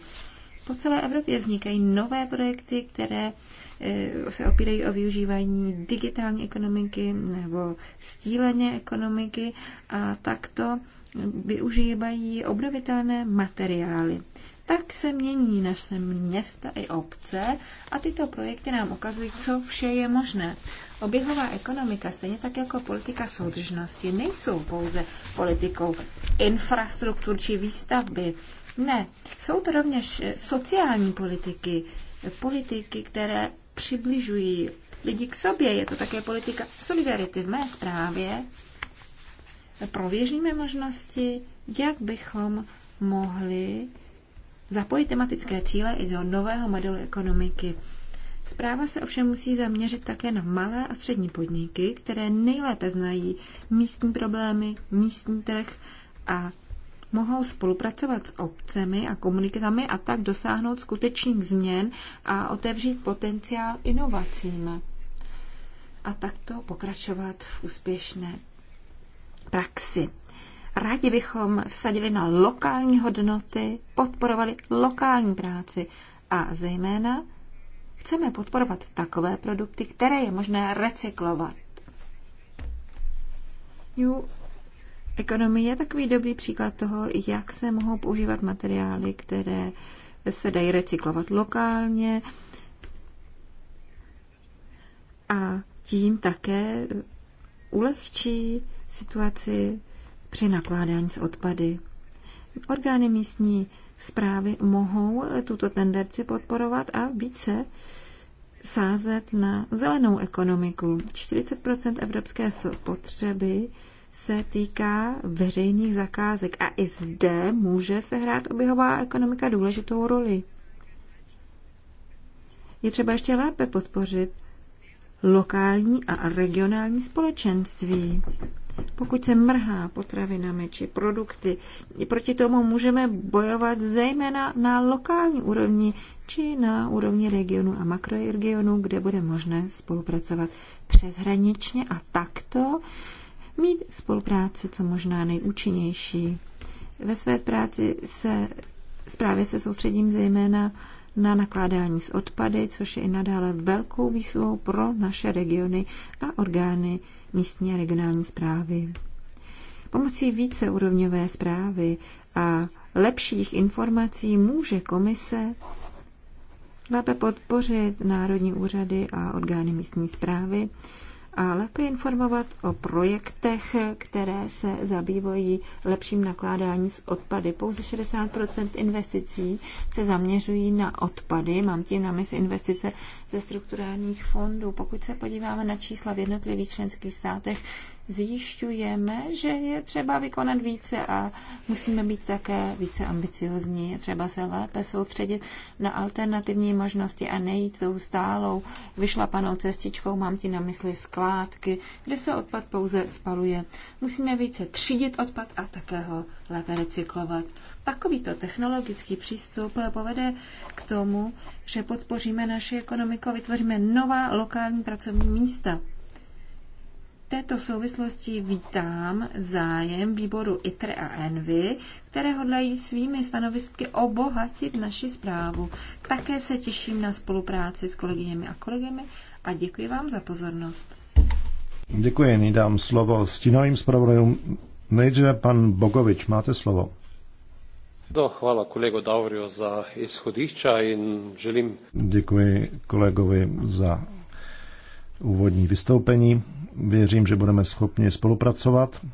Po celé Evropě vznikají nové projekty, které eh, se opírají o využívání digitální ekonomiky nebo stíleně ekonomiky a takto využívají obnovitelné materiály. Tak se mění naše města i obce a tyto projekty nám ukazují, co vše je možné. Oběhová ekonomika, stejně tak jako politika soudržnosti, nejsou pouze politikou infrastruktur či výstavby. Ne, jsou to rovněž eh, sociální politiky, eh, politiky, které přibližují lidi k sobě. Je to také politika solidarity v mé zprávě. Prověříme možnosti, jak bychom mohli zapojit tematické cíle i do nového modelu ekonomiky. Zpráva se ovšem musí zaměřit také na malé a střední podniky, které nejlépe znají místní problémy, místní trh a mohou spolupracovat s obcemi a komunitami a tak dosáhnout skutečných změn a otevřít potenciál inovacím. A takto pokračovat v úspěšné praxi. Rádi bychom vsadili na lokální hodnoty, podporovali lokální práci a zejména chceme podporovat takové produkty, které je možné recyklovat. New ekonomie je takový dobrý příklad toho, jak se mohou používat materiály, které se dají recyklovat lokálně a tím také ulehčí situaci při nakládání s odpady. Orgány místní zprávy mohou tuto tendenci podporovat a více sázet na zelenou ekonomiku. 40 evropské spotřeby se týká veřejných zakázek a i zde může se hrát oběhová ekonomika důležitou roli. Je třeba ještě lépe podpořit lokální a regionální společenství. Pokud se mrhá potravinami či produkty, proti tomu můžeme bojovat zejména na lokální úrovni či na úrovni regionu a makroregionu, kde bude možné spolupracovat přeshraničně a takto mít spolupráci co možná nejúčinnější. Ve své práci se, zprávě se soustředím zejména na nakládání s odpady, což je i nadále velkou výzvou pro naše regiony a orgány místní a regionální zprávy. Pomocí víceúrovňové zprávy a lepších informací může komise lépe podpořit národní úřady a orgány místní zprávy a lépe informovat o projektech, které se zabývají lepším nakládání s odpady. Pouze 60 investicí se zaměřují na odpady, mám tím na mysli investice ze strukturálních fondů. Pokud se podíváme na čísla v jednotlivých členských státech, zjišťujeme, že je třeba vykonat více a musíme být také více ambiciozní. Je třeba se lépe soustředit na alternativní možnosti a nejít tou stálou vyšlapanou cestičkou, mám ti na mysli skládky, kde se odpad pouze spaluje. Musíme více třídit odpad a také ho lépe recyklovat. Takovýto technologický přístup povede k tomu, že podpoříme naši ekonomiku a vytvoříme nová lokální pracovní místa této souvislosti vítám zájem výboru ITRE a ENVY, které hodlají svými stanovisky obohatit naši zprávu. Také se těším na spolupráci s kolegyněmi a kolegy a děkuji vám za pozornost. Děkuji, nyní dám slovo stínovým zpravodajům. Nejdříve pan Bogovič, máte slovo. No, chvala kolego Davorju za ischodiča in želim... Děkuji kolegovi za úvodní vystoupení. Věřím, že budeme schopni spolupracovat.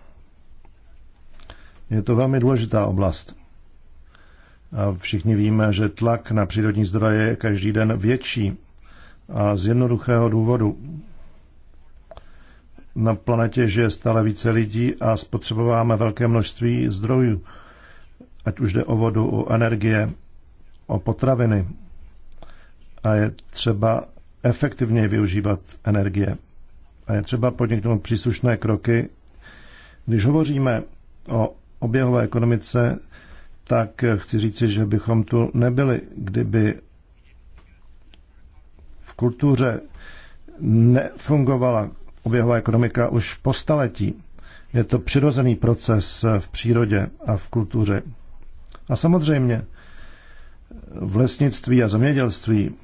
Je to velmi důležitá oblast. A všichni víme, že tlak na přírodní zdroje je každý den větší a z jednoduchého důvodu. Na planetě žije stále více lidí a spotřebováme velké množství zdrojů, ať už jde o vodu, o energie, o potraviny. A je třeba efektivně využívat energie a je třeba podniknout příslušné kroky. Když hovoříme o oběhové ekonomice, tak chci říci, že bychom tu nebyli, kdyby v kultuře nefungovala oběhová ekonomika už po staletí. Je to přirozený proces v přírodě a v kultuře. A samozřejmě v lesnictví a zemědělství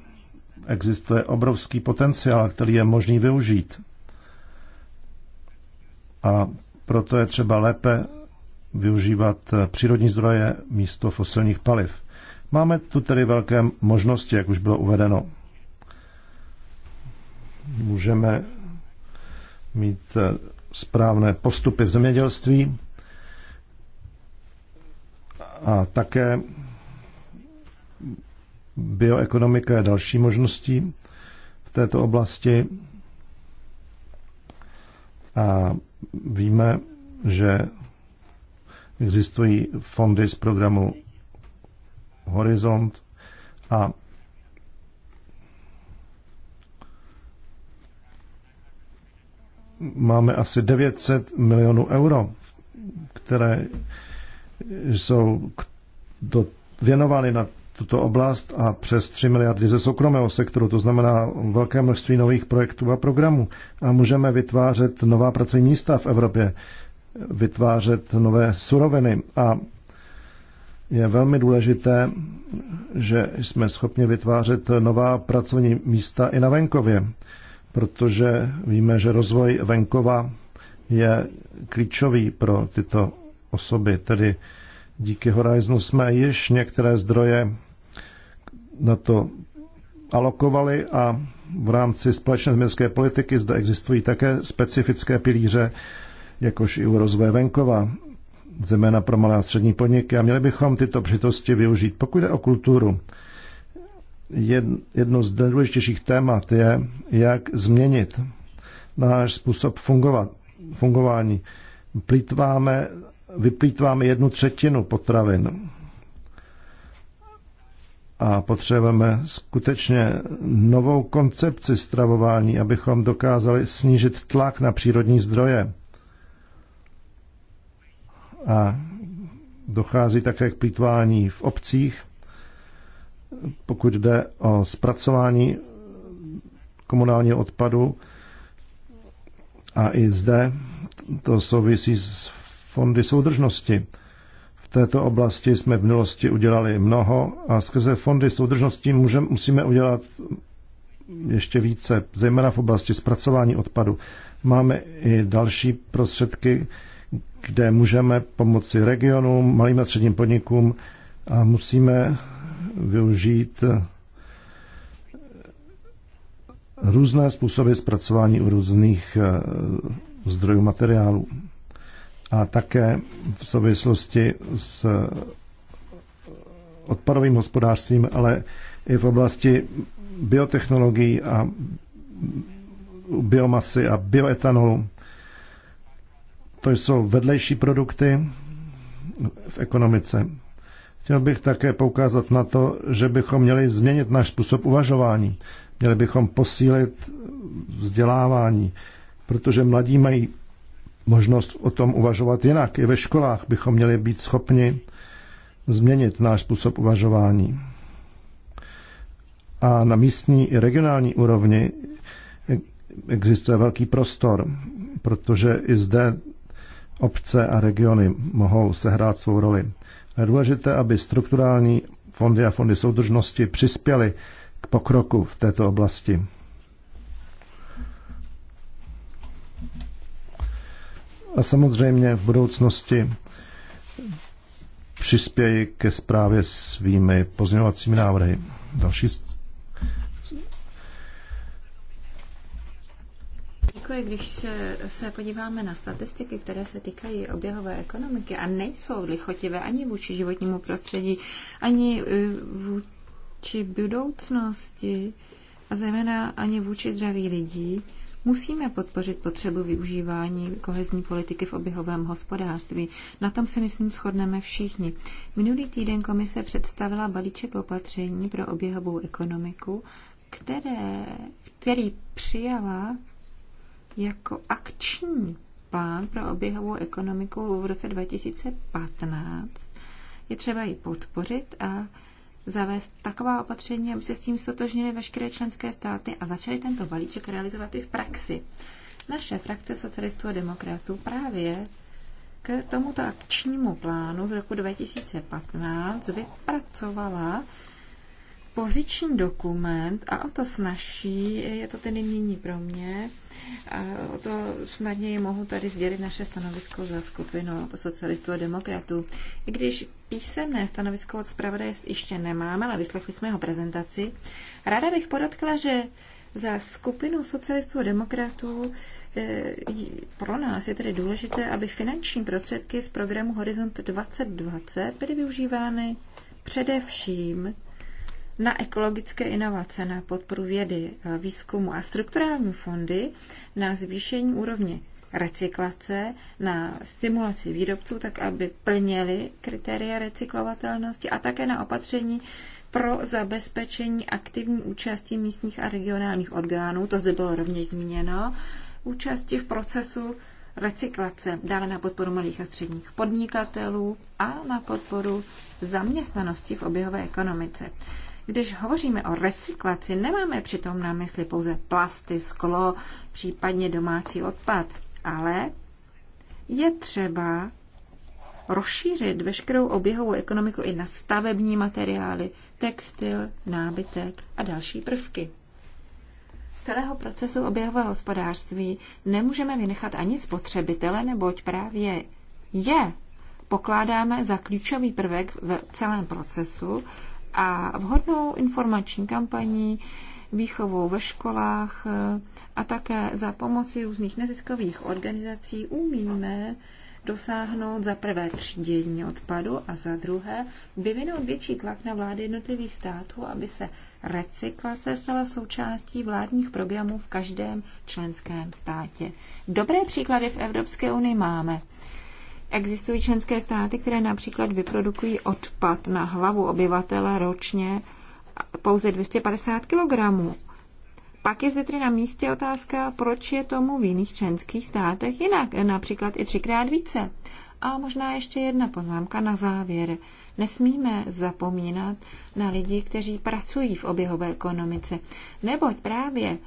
existuje obrovský potenciál, který je možný využít a proto je třeba lépe využívat přírodní zdroje místo fosilních paliv. Máme tu tedy velké možnosti, jak už bylo uvedeno. Můžeme mít správné postupy v zemědělství a také bioekonomika je další možností v této oblasti. A Víme, že existují fondy z programu Horizont a máme asi 900 milionů euro, které jsou do, věnovány na tuto oblast a přes 3 miliardy ze soukromého sektoru, to znamená velké množství nových projektů a programů. A můžeme vytvářet nová pracovní místa v Evropě, vytvářet nové suroviny a je velmi důležité, že jsme schopni vytvářet nová pracovní místa i na venkově, protože víme, že rozvoj venkova je klíčový pro tyto osoby. Tedy díky Horizonu jsme již některé zdroje na to alokovali a v rámci společné zemědělské politiky zde existují také specifické pilíře, jakož i u rozvoje venkova, zejména pro malé a střední podniky. A měli bychom tyto přitosti využít. Pokud jde o kulturu, jedno z nejdůležitějších témat je, jak změnit náš způsob fungovat, fungování. Plítváme, vyplýtváme jednu třetinu potravin a potřebujeme skutečně novou koncepci stravování, abychom dokázali snížit tlak na přírodní zdroje. A dochází také k plítvání v obcích, pokud jde o zpracování komunálního odpadu. A i zde to souvisí s fondy soudržnosti této oblasti jsme v minulosti udělali mnoho a skrze fondy soudržnosti můžem, musíme udělat ještě více, zejména v oblasti zpracování odpadu. Máme i další prostředky, kde můžeme pomoci regionům, malým a středním podnikům a musíme využít různé způsoby zpracování u různých eh, zdrojů materiálů a také v souvislosti s odpadovým hospodářstvím, ale i v oblasti biotechnologií a biomasy a bioetanolu. To jsou vedlejší produkty v ekonomice. Chtěl bych také poukázat na to, že bychom měli změnit náš způsob uvažování. Měli bychom posílit vzdělávání, protože mladí mají možnost o tom uvažovat jinak. I ve školách bychom měli být schopni změnit náš způsob uvažování. A na místní i regionální úrovni existuje velký prostor, protože i zde obce a regiony mohou sehrát svou roli. je důležité, aby strukturální fondy a fondy soudržnosti přispěly k pokroku v této oblasti. A samozřejmě v budoucnosti přispěji ke zprávě svými pozměňovacími návrhy. Další. Děkuji, když se podíváme na statistiky, které se týkají oběhové ekonomiky a nejsou lichotivé ani vůči životnímu prostředí, ani e, vůči budoucnosti a zejména ani vůči zdraví lidí, Musíme podpořit potřebu využívání kohezní politiky v oběhovém hospodářství. Na tom se, myslím, shodneme všichni. Minulý týden komise představila balíček opatření pro oběhovou ekonomiku, které, který přijala jako akční plán pro oběhovou ekonomiku v roce 2015. Je třeba ji podpořit a zavést taková opatření, aby se s tím sotožnili veškeré členské státy a začali tento balíček realizovat i v praxi. Naše frakce socialistů a demokratů právě k tomuto akčnímu plánu z roku 2015 vypracovala poziční dokument a o to snaží, je to tedy nyní pro mě a o to snadněji mohu tady sdělit naše stanovisko za skupinu socialistů a demokratů. I když písemné stanovisko od zpravodaje ještě nemáme, ale vyslechli jsme jeho prezentaci. Ráda bych podotkla, že za skupinu socialistů a demokratů eh, pro nás je tedy důležité, aby finanční prostředky z programu Horizont 2020 byly využívány především na ekologické inovace, na podporu vědy, výzkumu a strukturální fondy na zvýšení úrovně recyklace, na stimulaci výrobců, tak aby plněli kritéria recyklovatelnosti a také na opatření pro zabezpečení aktivní účasti místních a regionálních orgánů, to zde bylo rovněž zmíněno, účasti v procesu recyklace, dále na podporu malých a středních podnikatelů a na podporu zaměstnanosti v oběhové ekonomice. Když hovoříme o recyklaci, nemáme přitom na mysli pouze plasty, sklo, případně domácí odpad ale je třeba rozšířit veškerou oběhovou ekonomiku i na stavební materiály, textil, nábytek a další prvky. Z celého procesu oběhového hospodářství nemůžeme vynechat ani spotřebitele, neboť právě je pokládáme za klíčový prvek v celém procesu a vhodnou informační kampaní výchovou ve školách eh, a také za pomoci různých neziskových organizací umíme dosáhnout za prvé třídění odpadu a za druhé vyvinout větší tlak na vlády jednotlivých států, aby se recyklace stala součástí vládních programů v každém členském státě. Dobré příklady v Evropské unii máme. Existují členské státy, které například vyprodukují odpad na hlavu obyvatele ročně pouze 250 kg. Pak je zde tedy na místě otázka, proč je tomu v jiných členských státech jinak, například i třikrát více. A možná ještě jedna poznámka na závěr. Nesmíme zapomínat na lidi, kteří pracují v oběhové ekonomice, neboť právě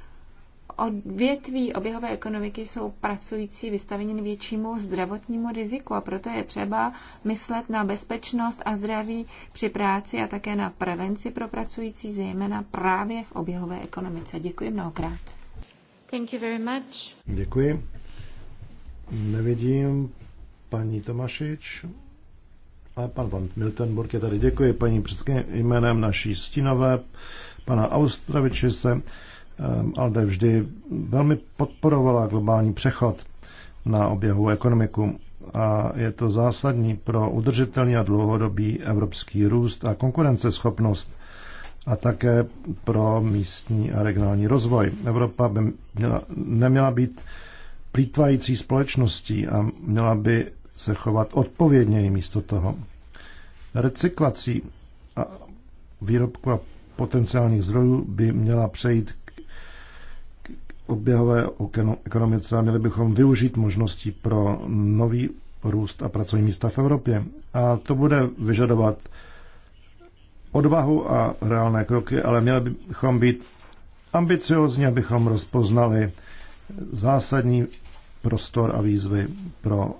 odvětví oběhové ekonomiky jsou pracující vystaveni většímu zdravotnímu riziku a proto je třeba myslet na bezpečnost a zdraví při práci a také na prevenci pro pracující, zejména právě v oběhové ekonomice. Děkuji mnohokrát. Thank you very much. Děkuji. Nevidím paní Tomašič, ale pan Van Miltenburg je tady. Děkuji paní předsedkyně jménem naší stínové, pana Austraviče se Ehm, ALDE vždy velmi podporovala globální přechod na oběhovou ekonomiku a je to zásadní pro udržitelný a dlouhodobý evropský růst a konkurenceschopnost a také pro místní a regionální rozvoj. Evropa by měla, neměla být plítvající společností a měla by se chovat odpovědněji místo toho. Recyklací a výrobku a potenciálních zdrojů by měla přejít oběhové ekonomice a měli bychom využít možností pro nový růst a pracovní místa v Evropě. A to bude vyžadovat odvahu a reálné kroky, ale měli bychom být ambiciozní, abychom rozpoznali zásadní prostor a výzvy pro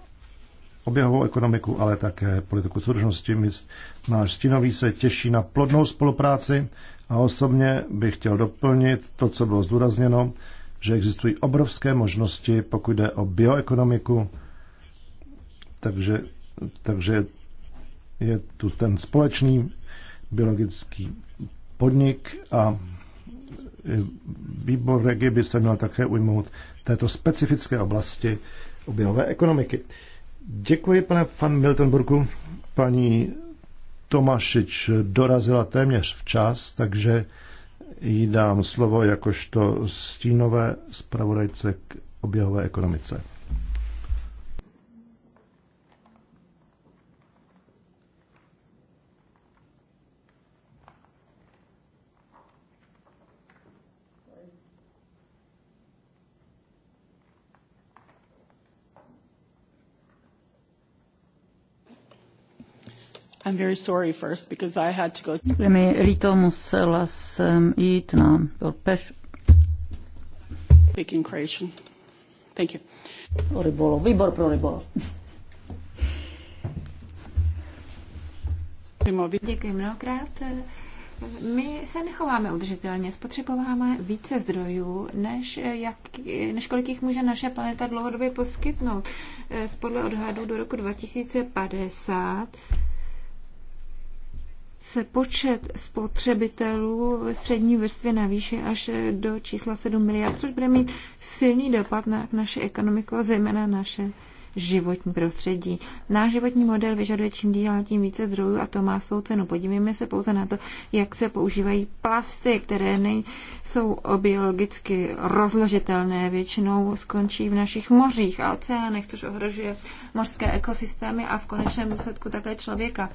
oběhovou ekonomiku, ale také politiku soudržnosti. Náš stínový se těší na plodnou spolupráci a osobně bych chtěl doplnit to, co bylo zdůrazněno, že existují obrovské možnosti, pokud jde o bioekonomiku, takže, takže je tu ten společný biologický podnik a výbor regi by se měl také ujmout této specifické oblasti oběhové ekonomiky. Děkuji, pane van Miltenburgu. Paní Tomášič dorazila téměř včas, takže jí dám slovo jakožto stínové zpravodajce k oběhové ekonomice. I'm very sorry first, because I had to go. Je mi líto, musela jsem jít na Peš. Speaking Croatian. Thank you. výbor pro rybolo. Děkuji mnohokrát. My se nechováme udržitelně, spotřebováme více zdrojů, než, jak, než kolik jich může naše planeta dlouhodobě poskytnout. Eh, Podle odhadu do roku 2050 se počet spotřebitelů ve střední vrstvě navýší až do čísla 7 miliard, což bude mít silný dopad na naši ekonomiku a zejména naše životní prostředí. Náš životní model vyžaduje čím dál tím více zdrojů a to má svou cenu. Podívejme se pouze na to, jak se používají plasty, které nejsou biologicky rozložitelné, většinou skončí v našich mořích a oceánech, což ohrožuje mořské ekosystémy a v konečném důsledku také člověka.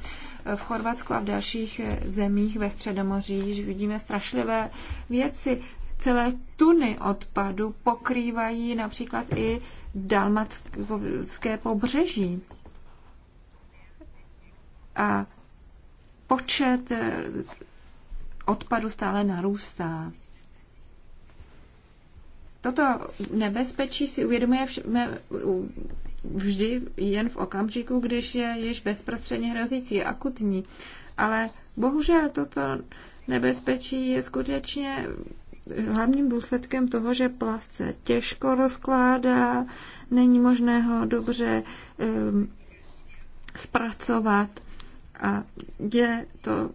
V Chorvatsku a v dalších zemích ve Středomoří vidíme strašlivé věci. Celé tuny odpadu pokrývají například i dalmatské pobřeží. A počet eh, odpadu stále narůstá. Toto nebezpečí si uvědomuje vždy jen v okamžiku, když je již bezprostředně hrozící, a akutní. Ale bohužel toto nebezpečí je skutečně hlavním důsledkem toho, že plast se těžko rozkládá, není možné ho dobře um, zpracovat a je to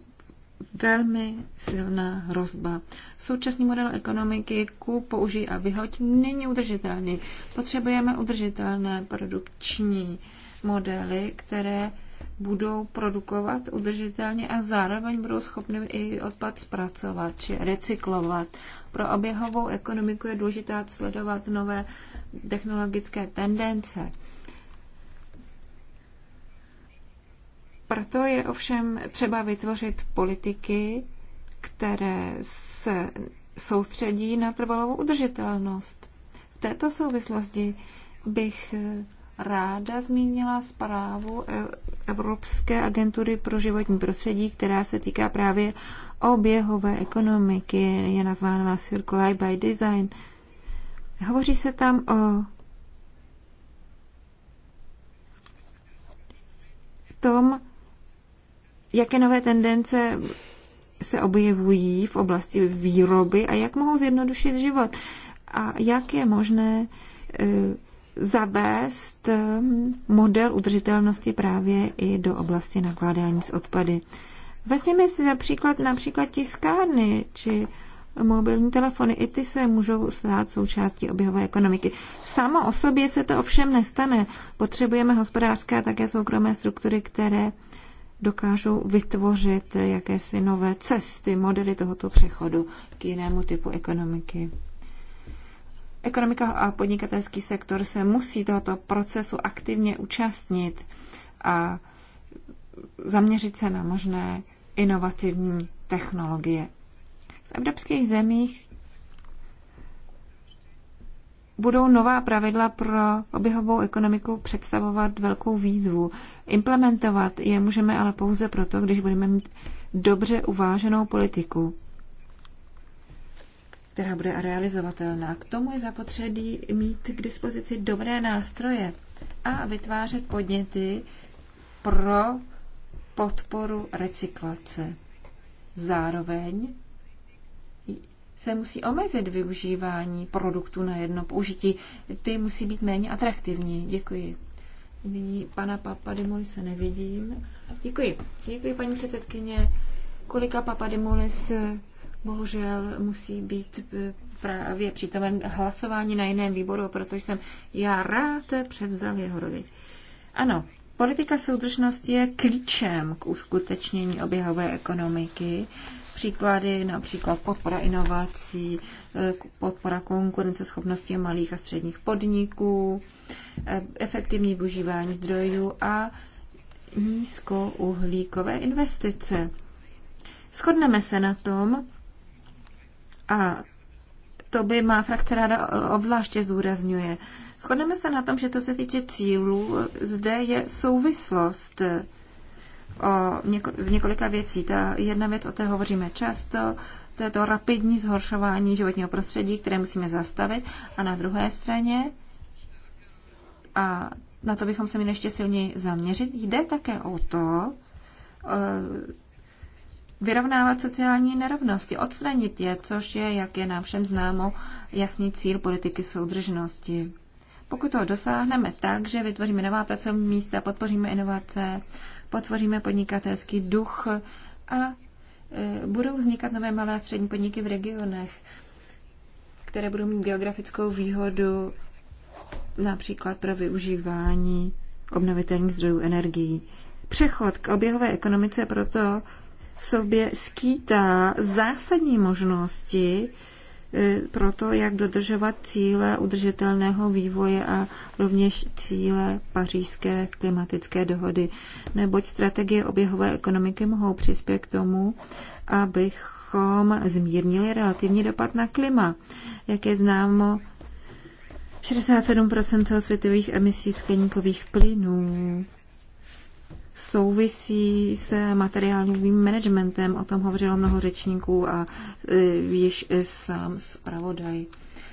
velmi silná hrozba. Současný model ekonomiky ku použij a vyhoď není udržitelný. Potřebujeme udržitelné produkční modely, které budou produkovat udržitelně a zároveň budou schopny i odpad zpracovat či recyklovat. Pro oběhovou ekonomiku je důležité sledovat nové technologické tendence. Proto je ovšem třeba vytvořit politiky, které se soustředí na trvalou udržitelnost. V této souvislosti bych ráda zmínila zprávu e- Evropské agentury pro životní prostředí, která se týká právě oběhové ekonomiky, je nazvána Circular by Design. Hovoří se tam o tom, jaké nové tendence se objevují v oblasti výroby a jak mohou zjednodušit život a jak je možné e, zavést ehm, model udržitelnosti právě i do oblasti nakládání s odpady. Vezměme si například, například tiskárny či mobilní telefony, i ty se můžou stát součástí oběhové ekonomiky. Samo o sobě se to ovšem nestane. Potřebujeme hospodářské a také soukromé struktury, které dokážou vytvořit jakési nové cesty, modely tohoto přechodu k jinému typu ekonomiky. Ekonomika a podnikatelský sektor se musí tohoto procesu aktivně účastnit a zaměřit se na možné inovativní technologie. V evropských zemích budou nová pravidla pro oběhovou ekonomiku představovat velkou výzvu. Implementovat je můžeme ale pouze proto, když budeme mít dobře uváženou politiku která bude realizovatelná. K tomu je zapotřebí mít k dispozici dobré nástroje a vytvářet podněty pro podporu recyklace. Zároveň se musí omezit využívání produktů na jedno použití. Ty musí být méně atraktivní. Děkuji. Nyní pana Papadimoli se nevidím. Děkuji. Děkuji, paní předsedkyně. Kolika Papadimulis bohužel musí být eh, právě přítomen hlasování na jiném výboru, protože jsem já rád převzal jeho roli. Ano, politika soudržnosti je klíčem k uskutečnění oběhové ekonomiky. Příklady například podpora inovací, eh, podpora konkurenceschopnosti malých a středních podniků, eh, efektivní využívání zdrojů a nízkouhlíkové investice. Shodneme se na tom, a to by má frakce ráda obzvláště zdůrazňuje. Shodneme se na tom, že to se týče cílů, zde je souvislost eh, o něko, v několika věcí. Ta jedna věc, o té hovoříme často, to je to rapidní zhoršování životního prostředí, které musíme zastavit. A na druhé straně, a na to bychom se měli ještě silněji zaměřit, jde také o to, eh, vyrovnávat sociální nerovnosti, odstranit je, což je, jak je nám všem známo, jasný cíl politiky soudržnosti. Pokud to dosáhneme tak, že vytvoříme nová pracovní místa, podpoříme inovace, podpoříme podnikatelský duch a e, budou vznikat nové malé a střední podniky v regionech, které budou mít geografickou výhodu například pro využívání obnovitelných zdrojů energií. Přechod k oběhové ekonomice proto v sobě skýtá zásadní možnosti e, pro to, jak dodržovat cíle udržitelného vývoje a rovněž cíle pařížské klimatické dohody. Neboť strategie oběhové ekonomiky mohou přispět k tomu, abychom zmírnili relativní dopad na klima. Jak je známo, 67 celosvětových emisí skleníkových plynů souvisí s materiálním managementem, o tom hovořilo mnoho řečníků a e, již sám zpravodaj.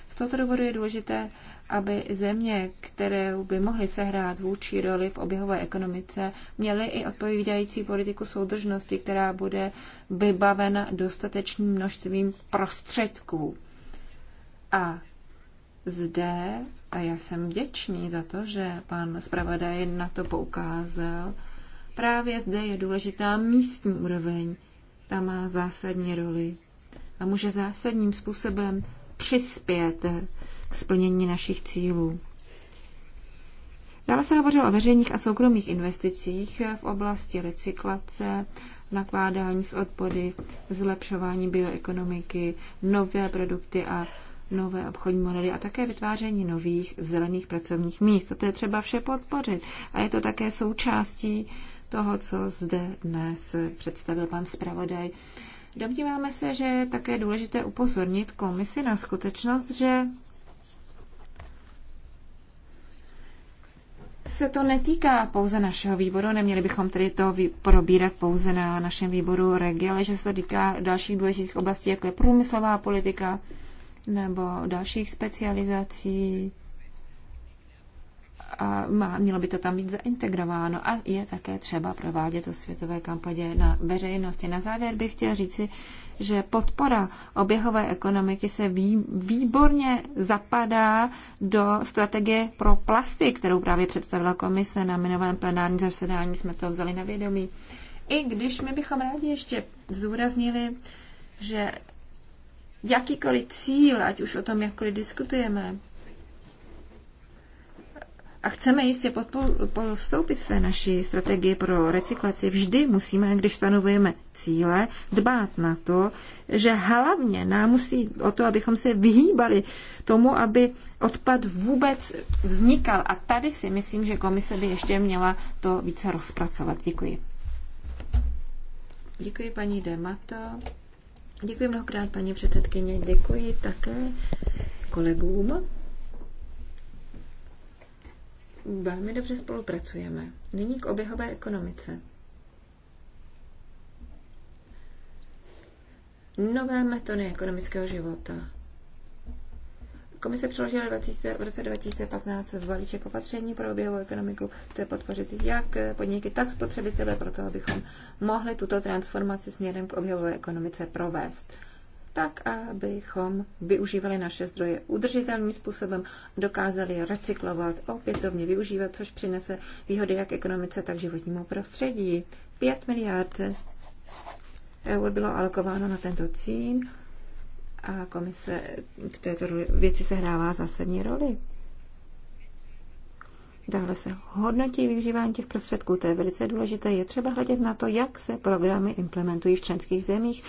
Z tohoto důvodu je důležité, aby země, které by mohly sehrát vůči roli v oběhové ekonomice, měly i odpovídající politiku soudržnosti, která bude vybavena dostatečným množstvím prostředků. A zde, a já jsem vděčný za to, že pan zpravodaj na to poukázal, Právě zde je důležitá místní úroveň. Ta má zásadní roli a může zásadním způsobem přispět k splnění našich cílů. Dále se hovořilo o veřejných a soukromých investicích v oblasti recyklace, nakládání s odpady, zlepšování bioekonomiky, nové produkty a nové obchodní modely a také vytváření nových zelených pracovních míst. To je třeba vše podpořit a je to také součástí toho, co zde dnes představil pan zpravodaj. Domníváme se, že je také důležité upozornit komisi na skutečnost, že se to netýká pouze našeho výboru, neměli bychom tedy to probírat pouze na našem výboru regi, ale že se to týká dalších důležitých oblastí, jako je průmyslová politika nebo dalších specializací, a má, mělo by to tam být zaintegrováno a je také třeba provádět to světové kampaně na veřejnosti. Na závěr bych chtěl říci, že podpora oběhové ekonomiky se vý, výborně zapadá do strategie pro plasty, kterou právě představila komise na minovém plenárním zasedání, jsme to vzali na vědomí. I když my bychom rádi ještě zúraznili, že jakýkoliv cíl, ať už o tom jakkoliv diskutujeme, a chceme jistě postoupit v té naší strategii pro recyklaci, vždy musíme, když stanovujeme cíle, dbát na to, že hlavně nám musí o to, abychom se vyhýbali tomu, aby odpad vůbec vznikal. A tady si myslím, že komise by ještě měla to více rozpracovat. Děkuji. Děkuji paní Demato. Děkuji mnohokrát paní předsedkyně. Děkuji také kolegům velmi dobře spolupracujeme. Nyní k oběhové ekonomice. Nové metody ekonomického života. Komise přeložila 20, v roce 2015 v balíček opatření pro oběhovou ekonomiku. Chce podpořit jak podniky, tak spotřebitele, proto abychom mohli tuto transformaci směrem k oběhové ekonomice provést tak abychom využívali naše zdroje udržitelným způsobem, dokázali je recyklovat, opětovně využívat, což přinese výhody jak ekonomice, tak životnímu prostředí. 5 miliard eur bylo alokováno na tento cíl a komise v této věci sehrává zásadní roli. Dále se hodnotí využívání těch prostředků, to je velice důležité. Je třeba hledět na to, jak se programy implementují v členských zemích.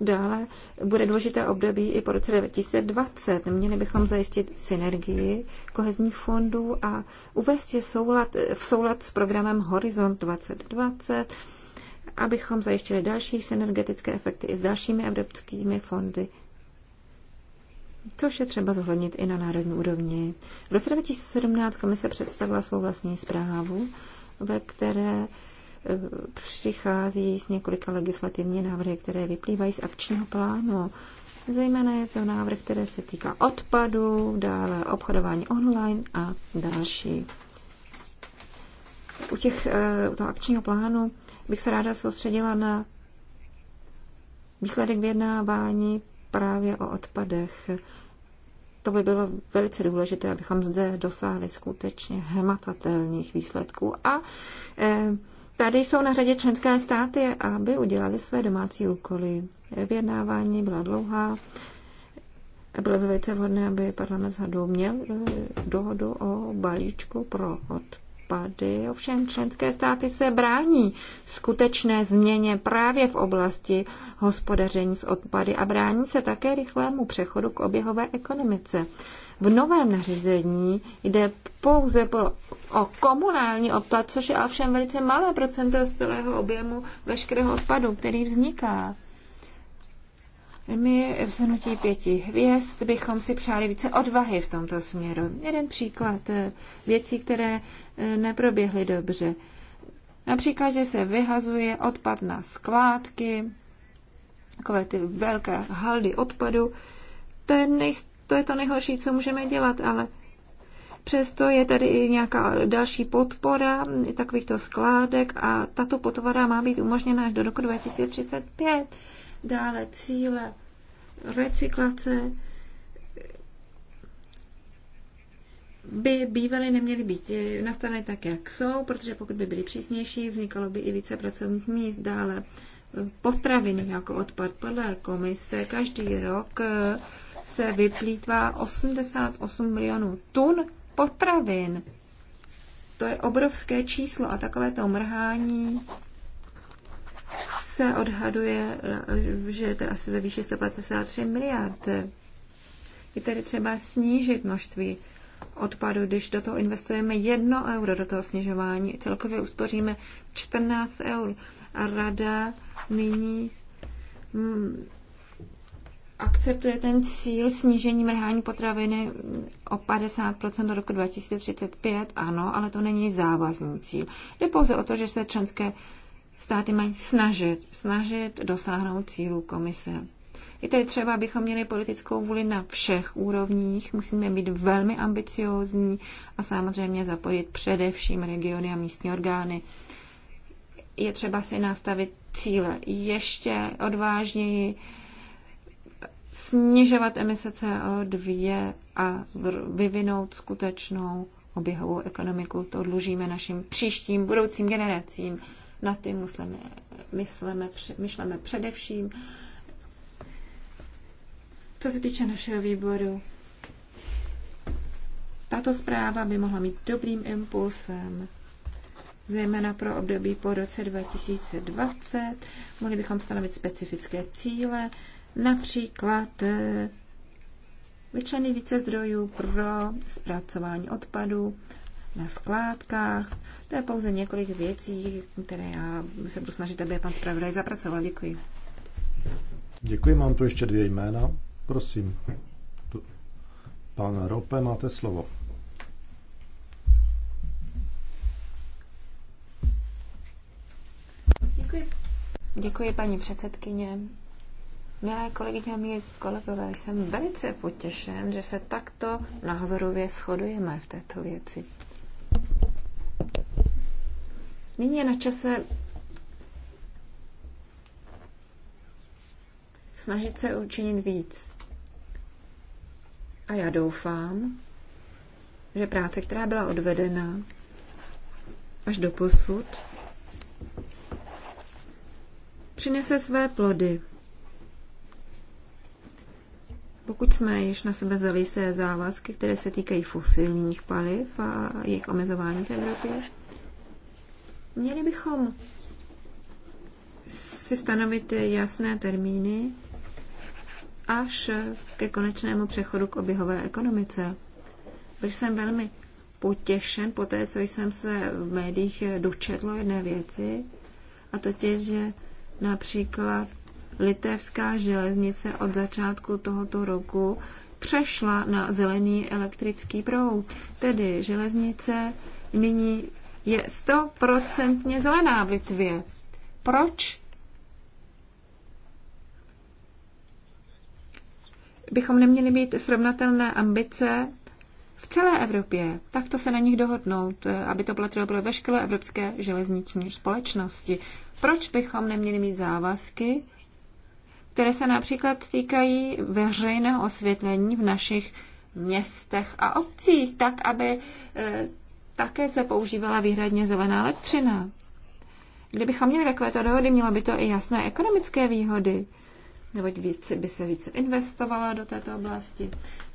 Dále bude důležité období i po roce 2020. Měli bychom zajistit synergii kohezních fondů a uvést je soulad, v soulad s programem Horizont 2020, abychom zajistili další synergetické efekty i s dalšími evropskými fondy což je třeba zohlednit i na národní úrovni. V roce 2017 komise představila svou vlastní zprávu, ve které eh, přichází s několika legislativní návrhy, které vyplývají z akčního plánu. Zejména je to návrh, které se týká odpadu, dále obchodování online a další. U, těch, eh, u toho akčního plánu bych se ráda soustředila na výsledek vyjednávání právě o odpadech. To by bylo velice důležité, abychom zde dosáhli skutečně hematatelných výsledků. A eh, tady jsou na řadě členské státy, aby udělali své domácí úkoly. Vyjednávání byla dlouhá, bylo by velice vhodné, aby parlament zhadu měl eh, dohodu o balíčku pro odpad dopady, ovšem členské státy se brání skutečné změně právě v oblasti hospodaření s odpady a brání se také rychlému přechodu k oběhové ekonomice. V novém nařízení jde pouze po, o komunální odpad, což je ovšem velice malé procento z celého objemu veškerého odpadu, který vzniká. My v Znutí pěti hvězd bychom si přáli více odvahy v tomto směru. Jeden příklad eh, věcí, které neproběhly dobře. Například, že se vyhazuje odpad na skládky, takové ty velké haldy odpadu. To je, nej, to je to nejhorší, co můžeme dělat, ale Přesto je tady i nějaká další podpora takovýchto skládek a tato podpora má být umožněna až do roku 2035. Dále cíle recyklace by bývaly neměly být eh, nastaveny tak, jak jsou, protože pokud by byly přísnější, vznikalo by i více pracovních míst. Dále eh, potraviny jako odpad podle komise každý rok eh, se vyplýtvá 88 milionů tun potravin. To je obrovské číslo a takovéto mrhání se odhaduje, že to je asi ve výši 153 miliard. Je tedy třeba snížit množství odpadu, když do toho investujeme jedno euro do toho snižování, celkově uspoříme 14 eur. A rada nyní hmm, akceptuje ten cíl snížení mrhání potraviny o 50% do roku 2035, ano, ale to není závazný cíl. Jde pouze o to, že se členské státy mají snažit, snažit dosáhnout cílů komise. I je třeba, abychom měli politickou vůli na všech úrovních. Musíme být velmi ambiciózní a samozřejmě zapojit především regiony a místní orgány. Je třeba si nastavit cíle ještě odvážněji, snižovat emise CO2 a vyvinout skutečnou oběhovou ekonomiku. To dlužíme našim příštím budoucím generacím. Na ty myslíme myslíme, mysleme především co se týče našeho výboru, tato zpráva by mohla mít dobrým impulsem, zejména pro období po roce 2020. Mohli bychom stanovit specifické cíle, například eh, vyčlenit více zdrojů pro zpracování odpadu na skládkách. To je pouze několik věcí, které já se budu snažit, aby pan zpravodaj zapracoval. Děkuji. Děkuji, mám tu ještě dvě jména. Prosím, pan Rope, máte slovo. Děkuji. Děkuji, paní předsedkyně. Milé kolegyně a milí kolegové, jsem velice potěšen, že se takto názorově shodujeme v této věci. Nyní je na čase snažit se učinit víc. A já doufám, že práce, která byla odvedena až do posud, přinese své plody. Pokud jsme již na sebe vzali své závazky, které se týkají fosilních paliv a jejich omezování v Evropě, měli bychom si stanovit jasné termíny, až ke konečnému přechodu k oběhové ekonomice. Byl jsem velmi potěšen po té, co jsem se v médiích dočetl jedné věci, a totiž, že například litevská železnice od začátku tohoto roku přešla na zelený elektrický proud. Tedy železnice nyní je stoprocentně zelená v Litvě. Proč bychom neměli mít srovnatelné ambice v celé Evropě. Takto se na nich dohodnout, aby to platilo pro veškeré evropské železniční společnosti. Proč bychom neměli mít závazky, které se například týkají veřejného osvětlení v našich městech a obcích, tak aby e, také se používala výhradně zelená elektřina. Kdybychom měli takovéto dohody, mělo by to i jasné ekonomické výhody neboť víc, by se více investovala do této oblasti.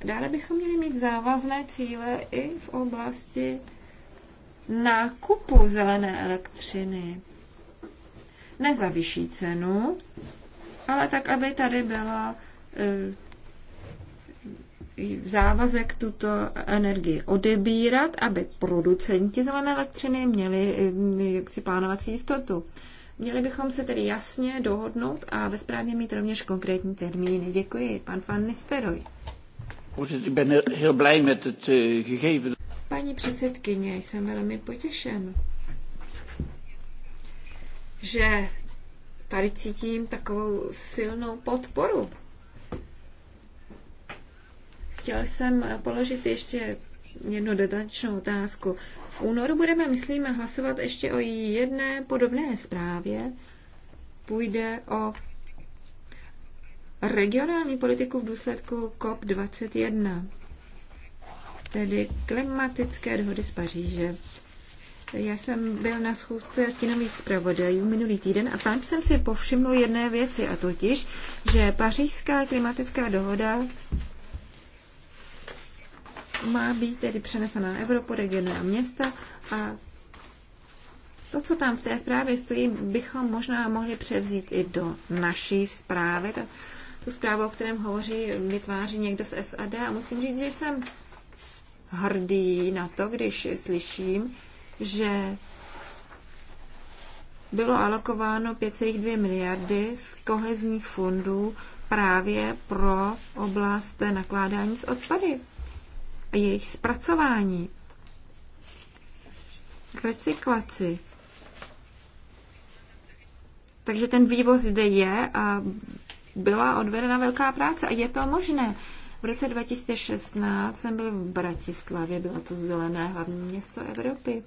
Dále bychom měli mít závazné cíle i v oblasti nákupu zelené elektřiny. Ne za vyšší cenu, ale tak, aby tady byla eh, závazek tuto energii odebírat, aby producenti zelené elektřiny měli eh, jaksi plánovací jistotu. Měli bychom se tedy jasně dohodnout a ve správně mít rovněž konkrétní termíny. Děkuji, pan Van Nisteroj. Eh, Paní předsedkyně, jsem velmi potěšen, že tady cítím takovou silnou podporu. Chtěl jsem položit ještě jednu dodatečnou otázku. V únoru budeme, myslíme, hlasovat ještě o jedné podobné zprávě. Půjde o regionální politiku v důsledku COP21, tedy klimatické dohody z Paříže. Já jsem byl na schůzce stínových zpravodajů minulý týden a tam jsem si povšiml jedné věci, a totiž, že pařížská klimatická dohoda má být tedy přenesena na Evropu, regiony a města a to, co tam v té zprávě stojí, bychom možná mohli převzít i do naší zprávy. Ta, tu zprávu, o kterém hovoří, vytváří někdo z SAD a musím říct, že jsem hrdý na to, když slyším, že bylo alokováno 5,2 miliardy z kohezních fondů právě pro oblast nakládání s odpady a jejich zpracování, recyklaci. Takže ten vývoz zde je a byla odvedena velká práce a je to možné. V roce 2016 jsem byl v Bratislavě, bylo to zelené hlavní město Evropy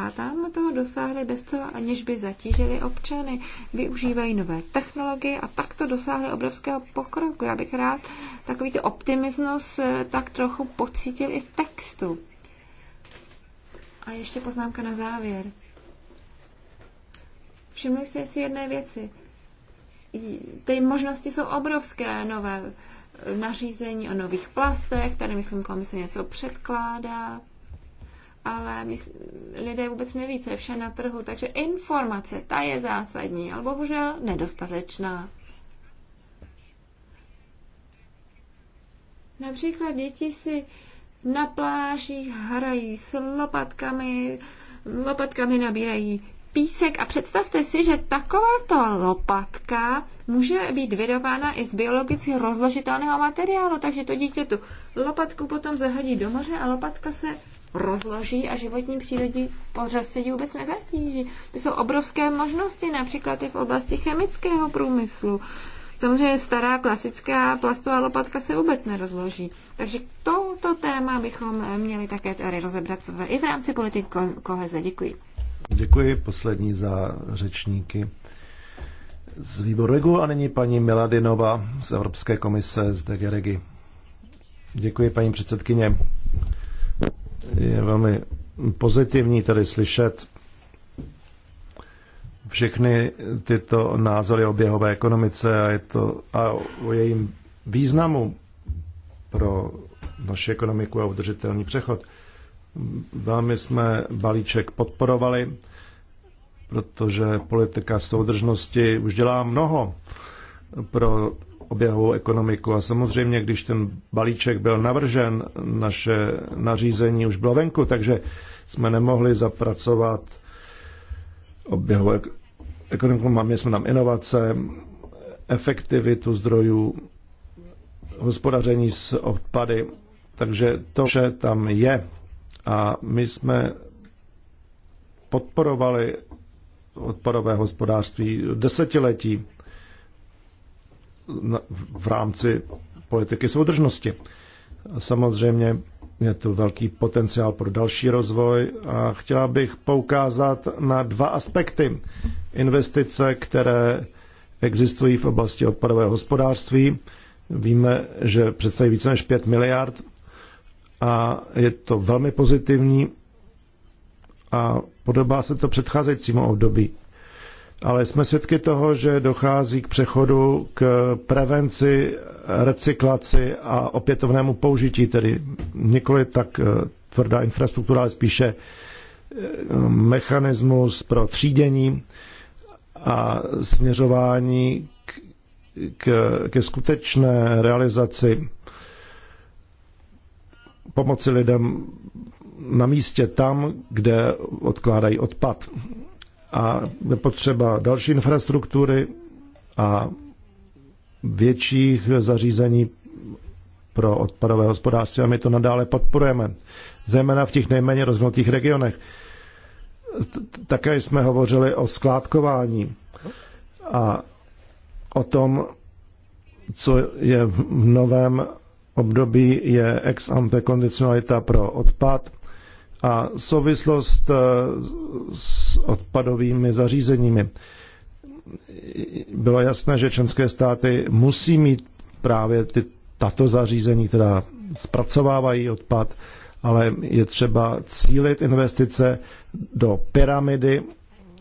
a tam toho dosáhli bez toho, aniž by zatížili občany. Využívají nové technologie a tak to dosáhli obrovského pokroku. Já bych rád takový optimismus eh, tak trochu pocítil i v textu. A ještě poznámka na závěr. Všimli jste si jedné věci. Ty možnosti jsou obrovské, nové eh, nařízení o nových plastech, tady myslím komise něco předkládá, ale lidé vůbec neví, co je vše na trhu. Takže informace, ta je zásadní, ale bohužel nedostatečná. Například děti si na plážích hrají s lopatkami, lopatkami nabírají písek a představte si, že takováto lopatka může být vydována i z biologicky rozložitelného materiálu, takže to dítě tu lopatku potom zahadí do moře a lopatka se rozloží a životní přírodní prostředí vůbec nezatíží. To jsou obrovské možnosti, například i v oblasti chemického průmyslu. Samozřejmě stará klasická plastová lopatka se vůbec nerozloží. Takže touto téma bychom měli také tady rozebrat i v rámci politiky ko- koheze. Děkuji. Děkuji poslední za řečníky z výboru Regu a nyní paní Miladinova z Evropské komise z DG Regi. Děkuji paní předsedkyně. Je velmi pozitivní tady slyšet všechny tyto názory o běhové ekonomice a, je to, a o jejím významu pro naši ekonomiku a udržitelný přechod. Velmi jsme balíček podporovali, protože politika soudržnosti už dělá mnoho pro oběhovou ekonomiku. A samozřejmě, když ten balíček byl navržen, naše nařízení už bylo venku, takže jsme nemohli zapracovat oběhovou ekonomiku. Máme jsme tam inovace, efektivitu zdrojů, hospodaření s odpady. Takže to vše tam je. A my jsme podporovali odpadové hospodářství desetiletí v rámci politiky soudržnosti. Samozřejmě je to velký potenciál pro další rozvoj a chtěla bych poukázat na dva aspekty. Investice, které existují v oblasti odpadového hospodářství. Víme, že představí více než 5 miliard a je to velmi pozitivní a podobá se to předcházejícímu období ale jsme svědky toho, že dochází k přechodu k prevenci, recyklaci a opětovnému použití, tedy nikoli tak eh, tvrdá infrastruktura, ale spíše eh, mechanismus pro třídění a směřování k, k, ke skutečné realizaci pomoci lidem na místě tam, kde odkládají odpad a je potřeba další infrastruktury a větších zařízení pro odpadové hospodářství a my to nadále podporujeme, zejména v těch nejméně rozvinutých regionech. Také jsme hovořili o skládkování a o tom, co je v novém období, je ex ante kondicionalita pro odpad a souvislost eh, s odpadovými zařízeními. Bylo jasné, že členské státy musí mít právě ty, tato zařízení, která zpracovávají odpad, ale je třeba cílit investice do pyramidy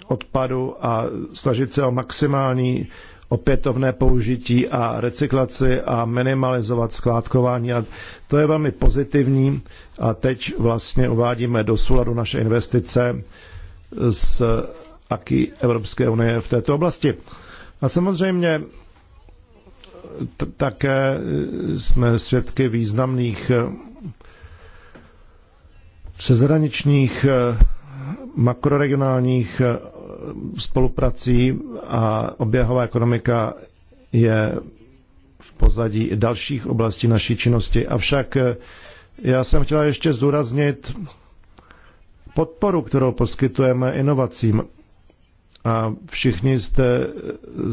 odpadu a snažit se o maximální opětovné použití a recyklaci a minimalizovat skládkování. A to je velmi pozitivní a teď vlastně uvádíme do souladu naše investice s aký Evropské unie v této oblasti. A samozřejmě také jsme svědky významných přezraničních makroregionálních spoluprací a oběhová ekonomika je v pozadí dalších oblastí naší činnosti. Avšak eh, já jsem chtěla ještě zdůraznit podporu, kterou poskytujeme inovacím. A všichni jste eh,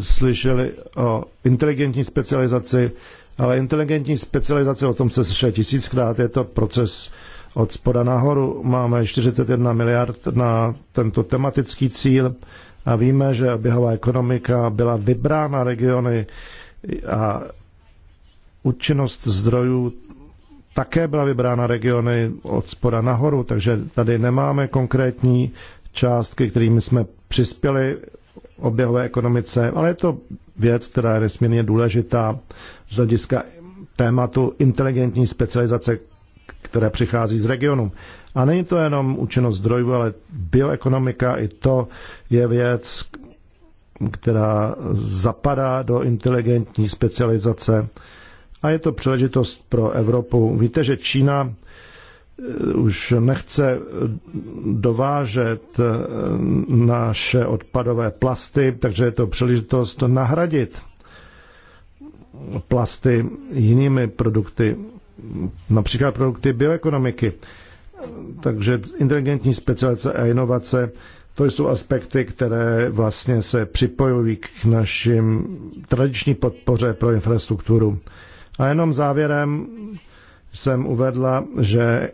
slyšeli o inteligentní specializaci, ale inteligentní specializace, o tom se slyšel tisíckrát, je to proces od spoda nahoru máme 41 miliard na tento tematický cíl a víme, že oběhová ekonomika byla vybrána regiony a účinnost zdrojů také byla vybrána regiony od spoda nahoru, takže tady nemáme konkrétní částky, kterými jsme přispěli oběhové ekonomice, ale je to věc, která je nesmírně důležitá z hlediska tématu inteligentní specializace které přichází z regionu. A není to jenom účinnost zdrojů, ale bioekonomika i to je věc, která zapadá do inteligentní specializace a je to příležitost pro Evropu. Víte, že Čína eh, už nechce dovážet eh, naše odpadové plasty, takže je to příležitost nahradit plasty jinými produkty například produkty bioekonomiky. Takže inteligentní specializace a inovace, to jsou aspekty, které vlastně se připojují k našim tradiční podpoře pro infrastrukturu. A jenom závěrem jsem uvedla, že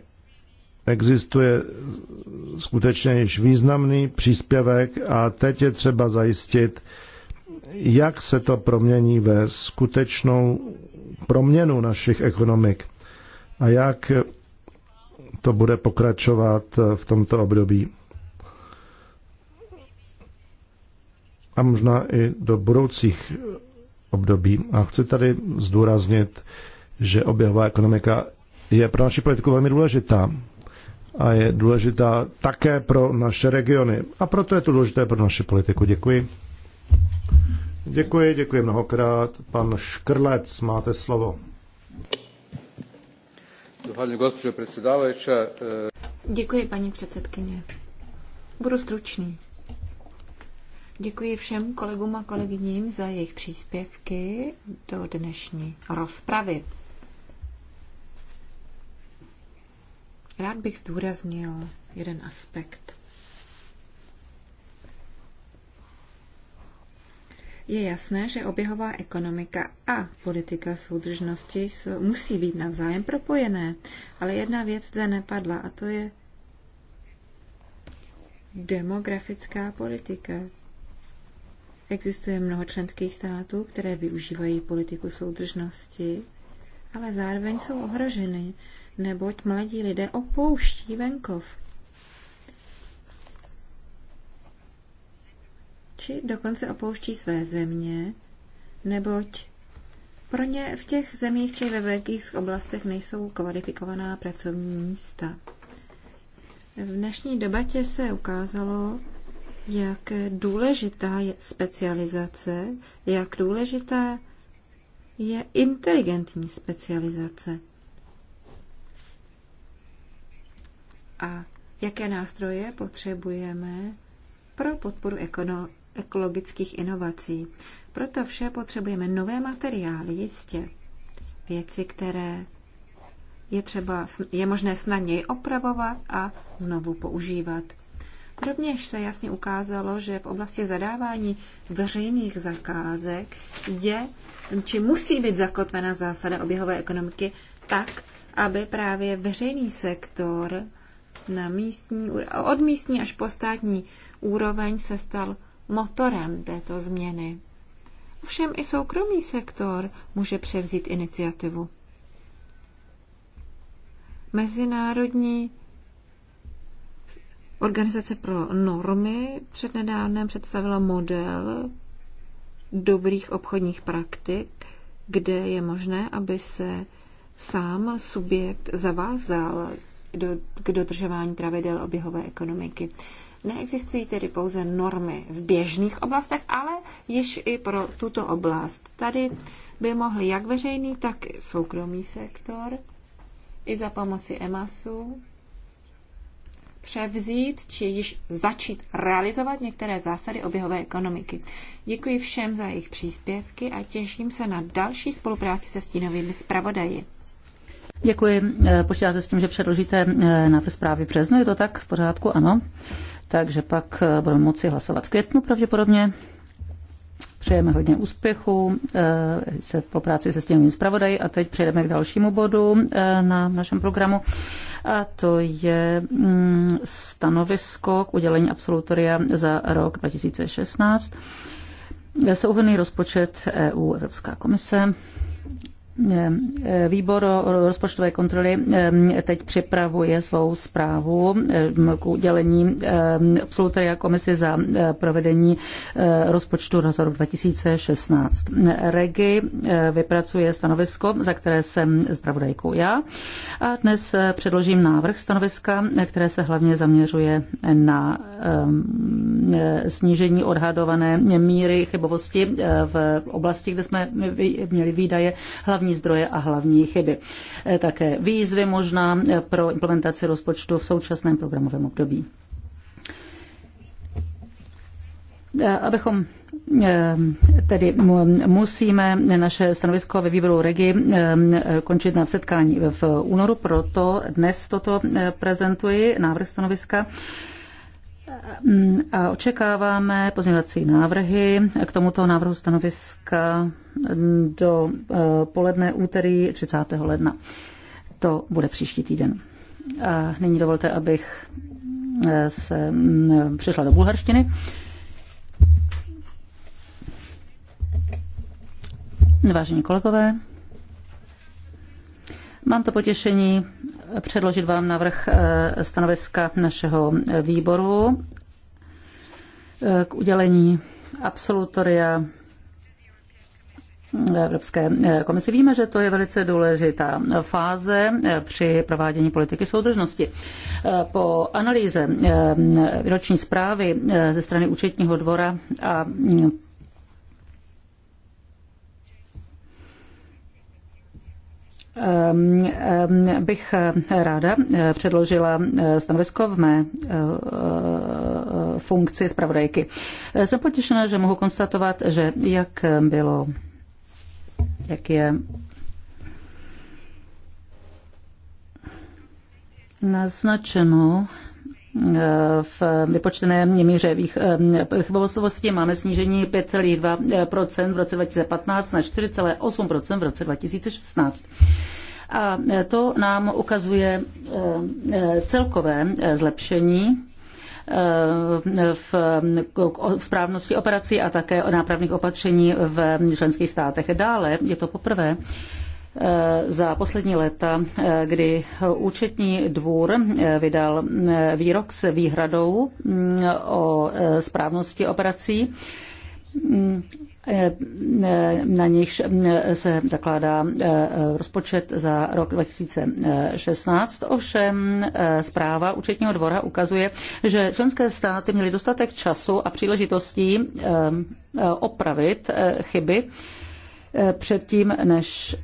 existuje skutečně již významný příspěvek a teď je třeba zajistit, jak se to promění ve skutečnou proměnu našich ekonomik a jak to bude pokračovat v tomto období. A možná i do budoucích období. A chci tady zdůraznit, že oběhová ekonomika je pro naši politiku velmi důležitá a je důležitá také pro naše regiony. A proto je to důležité pro naši politiku. Děkuji. Děkuji, děkuji mnohokrát. Pan Škrlec, máte slovo. E, Děkuji, paní předsedkyně. Budu stručný. Děkuji všem kolegům a kolegyním za jejich příspěvky do dnešní rozpravy. Rád bych zdůraznil jeden aspekt. Je jasné, že oběhová ekonomika a politika soudržnosti musí být navzájem propojené, ale jedna věc zde nepadla a to je demografická politika. Existuje mnoho členských států, které využívají politiku soudržnosti, ale zároveň jsou ohroženy, neboť mladí lidé opouští venkov. či dokonce opouští své země, neboť pro ně v těch zemích či ve velkých oblastech nejsou kvalifikovaná pracovní místa. V dnešní debatě se ukázalo, jak důležitá je specializace, jak důležitá je inteligentní specializace. A jaké nástroje potřebujeme pro podporu ekono- ekologických inovací. Proto vše potřebujeme nové materiály, jistě. Věci, které je, třeba, je možné snadněji opravovat a znovu používat. Rovněž se jasně ukázalo, že v oblasti zadávání veřejných zakázek je, či musí být zakotvena zásada oběhové ekonomiky tak, aby právě veřejný sektor na místní, od místní až po státní úroveň se stal motorem této změny. Ovšem i soukromý sektor může převzít iniciativu. Mezinárodní organizace pro normy přednedávnem představila model dobrých obchodních praktik, kde je možné, aby se sám subjekt zavázal do, k dodržování pravidel oběhové ekonomiky. Neexistují tedy pouze normy v běžných oblastech, ale již i pro tuto oblast. Tady by mohli jak veřejný, tak soukromý sektor i za pomoci EMASu převzít či již začít realizovat některé zásady oběhové ekonomiky. Děkuji všem za jejich příspěvky a těším se na další spolupráci se stínovými zpravodaji. Děkuji. Eh, počítáte s tím, že předložíte eh, návrh zprávy březnu, je to tak? V pořádku, ano takže pak eh, budeme moci hlasovat v květnu pravděpodobně. Přejeme hodně úspěchu eh, se, po práci se stěnovým zpravodají a teď přejdeme k dalšímu bodu eh, na našem programu a to je mm, stanovisko k udělení absolutoria za rok 2016. Souhrný rozpočet EU Evropská komise. Výbor rozpočtové kontroly teď připravuje svou zprávu k udělení absolutoria komisi za provedení rozpočtu na rok 2016. Regi vypracuje stanovisko, za které jsem zpravodajkou já. A dnes předložím návrh stanoviska, které se hlavně zaměřuje na snížení odhadované míry chybovosti v oblasti, kde jsme měli výdaje hlavně hlavní zdroje a hlavní chyby. Eh, také výzvy možná eh, pro implementaci rozpočtu v současném programovém období. Eh, abychom tedy musíme naše stanovisko ve výboru Regi končit na setkání v únoru, proto dnes toto prezentuji, návrh stanoviska. A očekáváme pozměňovací návrhy k tomuto návrhu stanoviska do eh, poledne úterý 30. ledna. To bude příští týden. A nyní dovolte, abych eh, se mm, přišla do bulharštiny. Vážení kolegové, mám to potěšení předložit vám návrh eh, stanoviska našeho eh, výboru eh, k udělení absolutoria Evropské komisi. Víme, že to je velice důležitá fáze při provádění politiky soudržnosti. Po analýze výroční zprávy ze strany účetního dvora a mm, Ehm, ehm, bych ráda eh, předložila eh, stanovisko v mé eh, funkci zpravodajky. Jsem potěšena, že mohu konstatovat, že jak bylo, jak je naznačeno, v vypočtené míře eh, chybovosti máme snížení 5,2 v roce 2015 na 4,8 v roce 2016. A to nám ukazuje eh, celkové eh, zlepšení v správnosti operací a také nápravných opatření v členských státech. Dále je to poprvé, Eh, za poslední léta, eh, kdy účetní dvůr eh, vydal výrok s výhradou mm, o správnosti operací mm, na nichž mm, se zakládá rozpočet za rok 2016. Ovšem zpráva účetního dvora ukazuje, že členské státy měly dostatek času a příležitostí opravit chyby předtím, než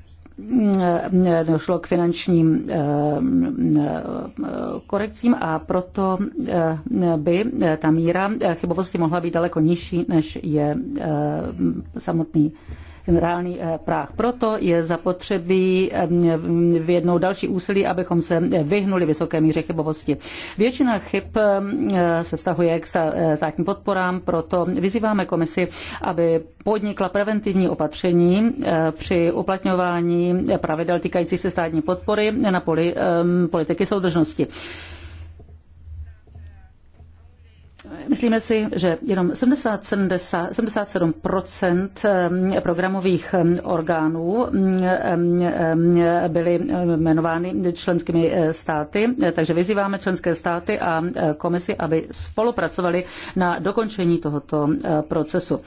došlo k finančním eh, korekcím a proto eh, by ta míra chybovosti mohla být daleko nižší, než je eh, samotný reálný eh, práh. Proto je zapotřebí eh, v jednou další úsilí, abychom se vyhnuli vysoké míře chybovosti. Většina chyb eh, se vztahuje k státním podporám, proto vyzýváme komisi, aby podnikla preventivní opatření při uplatňování pravidel týkajících se státní podpory na poli politiky soudržnosti. Myslíme si, že jenom 70, 70, 77% programových eh, orgánů eh, eh, byly jmenovány členskými státy, takže vyzýváme členské státy a komisi, aby spolupracovali na dokončení tohoto procesu.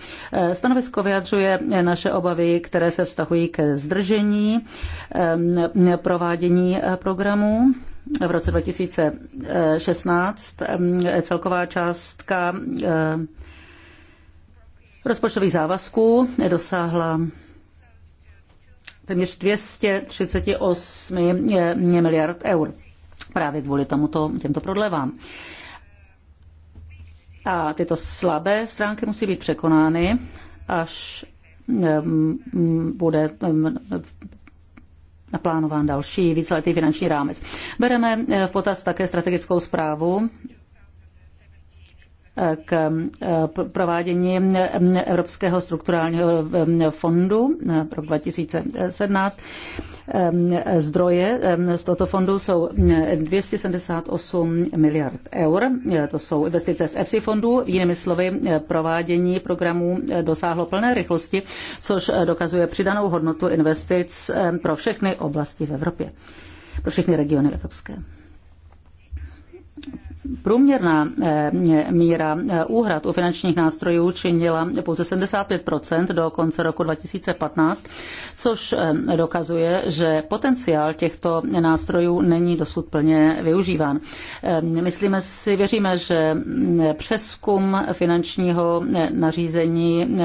Stanovisko vyjadřuje naše obavy, které se vztahují ke zdržení provádění programů v roce 2016 celková částka eh, rozpočtových závazků dosáhla téměř 238 eh, miliard eur právě kvůli tomuto, těmto prodlevám. A tyto slabé stránky musí být překonány, až bude naplánován další víceletý finanční rámec. Bereme eh, v potaz také strategickou zprávu k eh, provádění eh, Evropského strukturálního eh, fondu pro 2017. Zdroje z tohoto fondu jsou 278 miliard eur. To jsou investice z EFSI fondů. Jinými slovy, provádění programů dosáhlo plné rychlosti, což dokazuje přidanou hodnotu investic pro všechny oblasti v Evropě, pro všechny regiony evropské průměrná eh, míra eh, úhrad u finančních nástrojů činila pouze 75 do konce roku 2015, což eh, dokazuje, že potenciál těchto nástrojů není dosud plně využíván. Myslíme si, věříme, že mm, přeskum finančního nařízení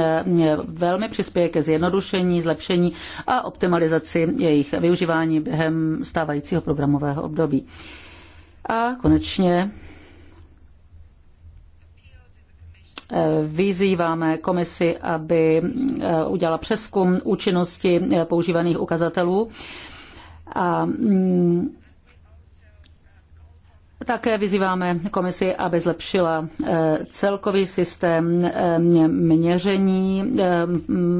velmi přispěje ke zjednodušení, zlepšení a optimalizaci jejich využívání během stávajícího programového období. A konečně Eh, vyzýváme komisi, aby eh, udělala přeskum účinnosti eh, používaných ukazatelů. A mm, také vyzýváme komisi, aby zlepšila celkový systém měření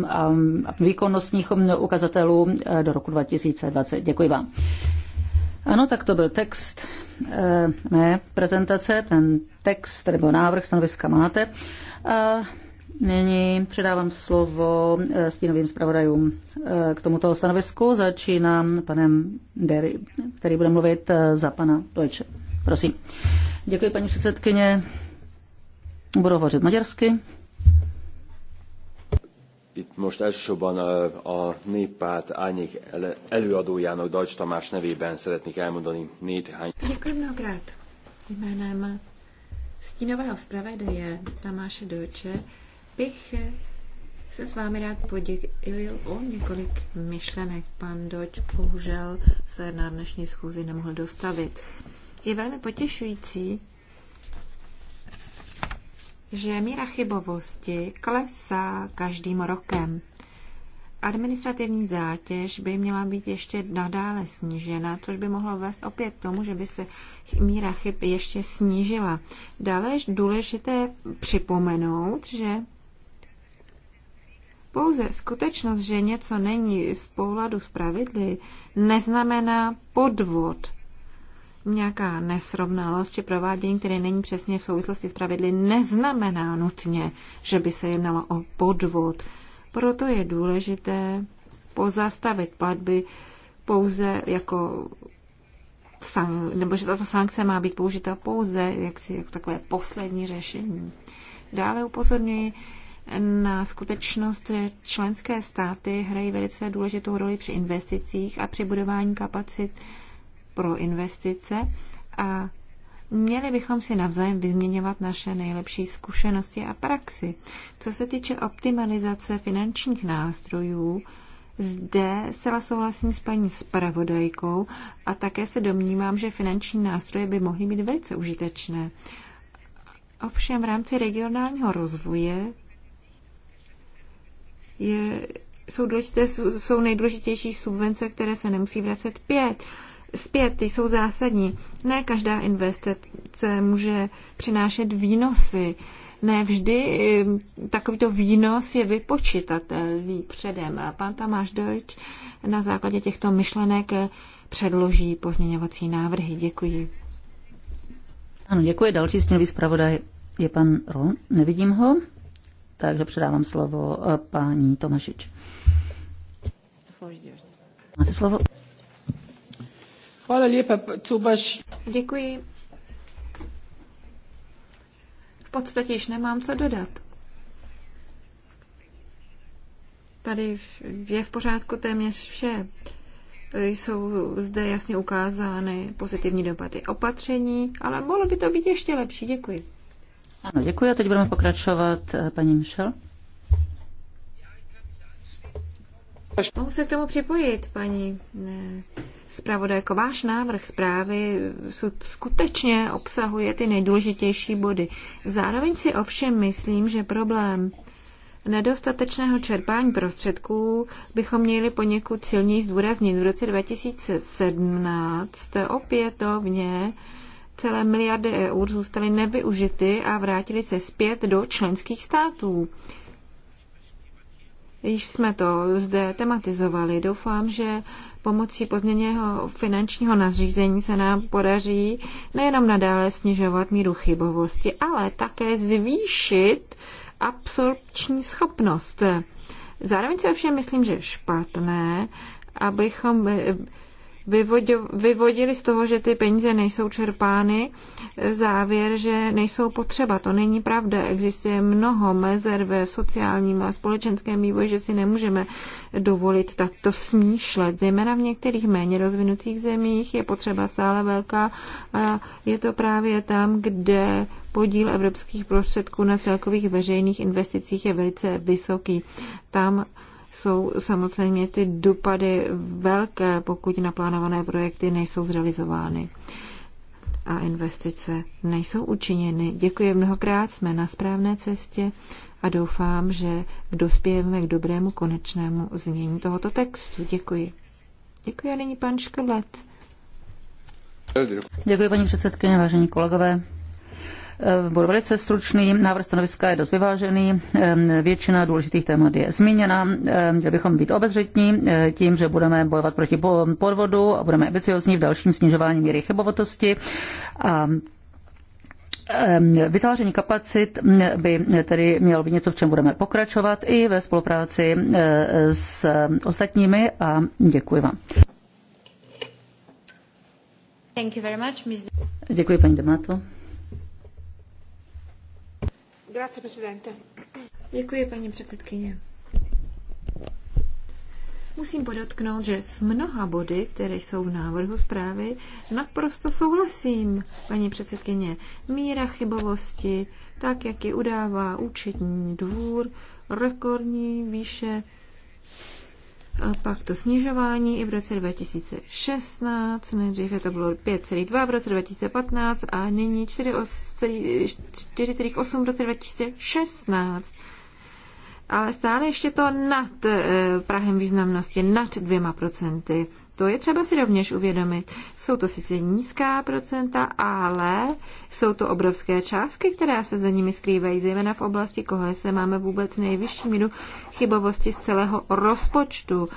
a výkonnostních ukazatelů do roku 2020. Děkuji vám. Ano, tak to byl text e, mé prezentace, ten text nebo návrh stanoviska máte. A nyní předávám slovo eh, stínovým zpravodajům eh, k tomuto stanovisku. Začínám panem Derry, který bude mluvit za pana Deutsche. Prosím. Děkuji, paní předsedkyně. Budu hovořit maďarsky. Itt most elsősorban a, a néppárt árnyék előadójának Dajcs Tamás nevében szeretnék elmondani néhány... Děkuji mnohokrát. Jménem stínového zpravodaje Tamáše Dojče bych se s vámi rád podělil o několik myšlenek. Pan Doč bohužel se na dnešní schůzi nemohl dostavit. Je velmi potěšující, že míra chybovosti klesá každým rokem. Administrativní zátěž by měla být ještě nadále snížena, což by mohlo vést opět k tomu, že by se míra chyb ještě snížila. Dále je důležité připomenout, že pouze skutečnost, že něco není z pohledu s pravidly, neznamená podvod nějaká nesrovnalost či provádění, které není přesně v souvislosti s pravidly, neznamená nutně, že by se jednalo o podvod. Proto je důležité pozastavit platby pouze jako nebo že tato sankce má být použita pouze jaksi jako takové poslední řešení. Dále upozorňuji na skutečnost, že členské státy hrají velice důležitou roli při investicích a při budování kapacit pro investice a Měli bychom si navzájem vyzměňovat naše nejlepší zkušenosti a praxi. Co se týče optimalizace finančních nástrojů, zde se souhlasím s paní spravodajkou a také se domnívám, že finanční nástroje by mohly být velice užitečné. Ovšem v rámci regionálního rozvoje je, jsou, důležité, jsou nejdůležitější subvence, které se nemusí vracet pět zpět, ty jsou zásadní. Ne každá investice může přinášet výnosy. Ne vždy eh, takovýto výnos je vypočitatelný předem. A pan Tamáš Deutsch na základě těchto myšlenek předloží pozměňovací návrhy. Děkuji. Ano, děkuji. Další snělý zpravodaj je pan Ro. Nevidím ho, takže předávám slovo eh, paní Tomašič. Máte slovo. Děkuji. V podstatě již nemám co dodat. Tady je v pořádku téměř vše. Jsou zde jasně ukázány pozitivní dopady opatření, ale mohlo by to být ještě lepší. Děkuji. Ano, děkuji a teď budeme pokračovat eh, paní Michel. Mohu se k tomu připojit, paní ne, eh, zpravodajko, váš návrh zprávy skutečně obsahuje ty nejdůležitější body. Zároveň si ovšem myslím, že problém nedostatečného čerpání prostředků bychom měli poněkud silněji zdůraznit. V roce 2017 opětovně celé miliardy eur zůstaly nevyužity a vrátily se zpět do členských států. Již jsme to zde tematizovali. Doufám, že pomocí podměněného finančního nařízení se nám podaří nejenom nadále snižovat míru chybovosti, ale také zvýšit absorpční schopnost. Zároveň se ovšem myslím, že je špatné, abychom vyvodili z toho, že ty peníze nejsou čerpány, závěr, že nejsou potřeba. To není pravda. Existuje mnoho mezer ve sociálním a společenském vývoji, že si nemůžeme dovolit takto smýšlet. Zejména v některých méně rozvinutých zemích je potřeba stále velká a je to právě tam, kde podíl evropských prostředků na celkových veřejných investicích je velice vysoký. Tam jsou samozřejmě ty dopady velké, pokud naplánované projekty nejsou zrealizovány a investice nejsou učiněny. Děkuji mnohokrát, jsme na správné cestě a doufám, že dospějeme k dobrému konečnému znění tohoto textu. Děkuji. Děkuji a nyní pan Škrlec. Děkuji paní předsedkyně, vážení kolegové. Eh, budu velice stručný, návrh stanoviska je dost vyvážený, většina důležitých témat je zmíněna. Měli bychom být obezřetní eh, tím, že budeme bojovat proti podvodu a budeme ambiciozní v dalším snižování míry chybovotosti. A Vytváření kapacit by tedy mělo být něco, v čem budeme pokračovat i ve spolupráci eh, s ostatními a děkuji vám. Thank you very much, Ms. Děkuji, paní Demato. Grazie, presidente. Děkuji, paní předsedkyně. Musím podotknout, že s mnoha body, které jsou v návrhu zprávy, naprosto souhlasím, paní předsedkyně. Míra chybovosti, tak jak ji udává účetní dvůr, rekordní výše pak to snižování i v roce 2016, nejdříve to bylo 5,2 v roce 2015 a nyní 4,8 v roce 2016. Ale stále ještě to nad eh, Prahem významnosti, nad dvěma procenty. To je třeba si rovněž uvědomit. Jsou to sice nízká procenta, ale jsou to obrovské částky, které se za nimi skrývají. Zejména v oblasti kohese máme vůbec nejvyšší míru chybovosti z celého rozpočtu.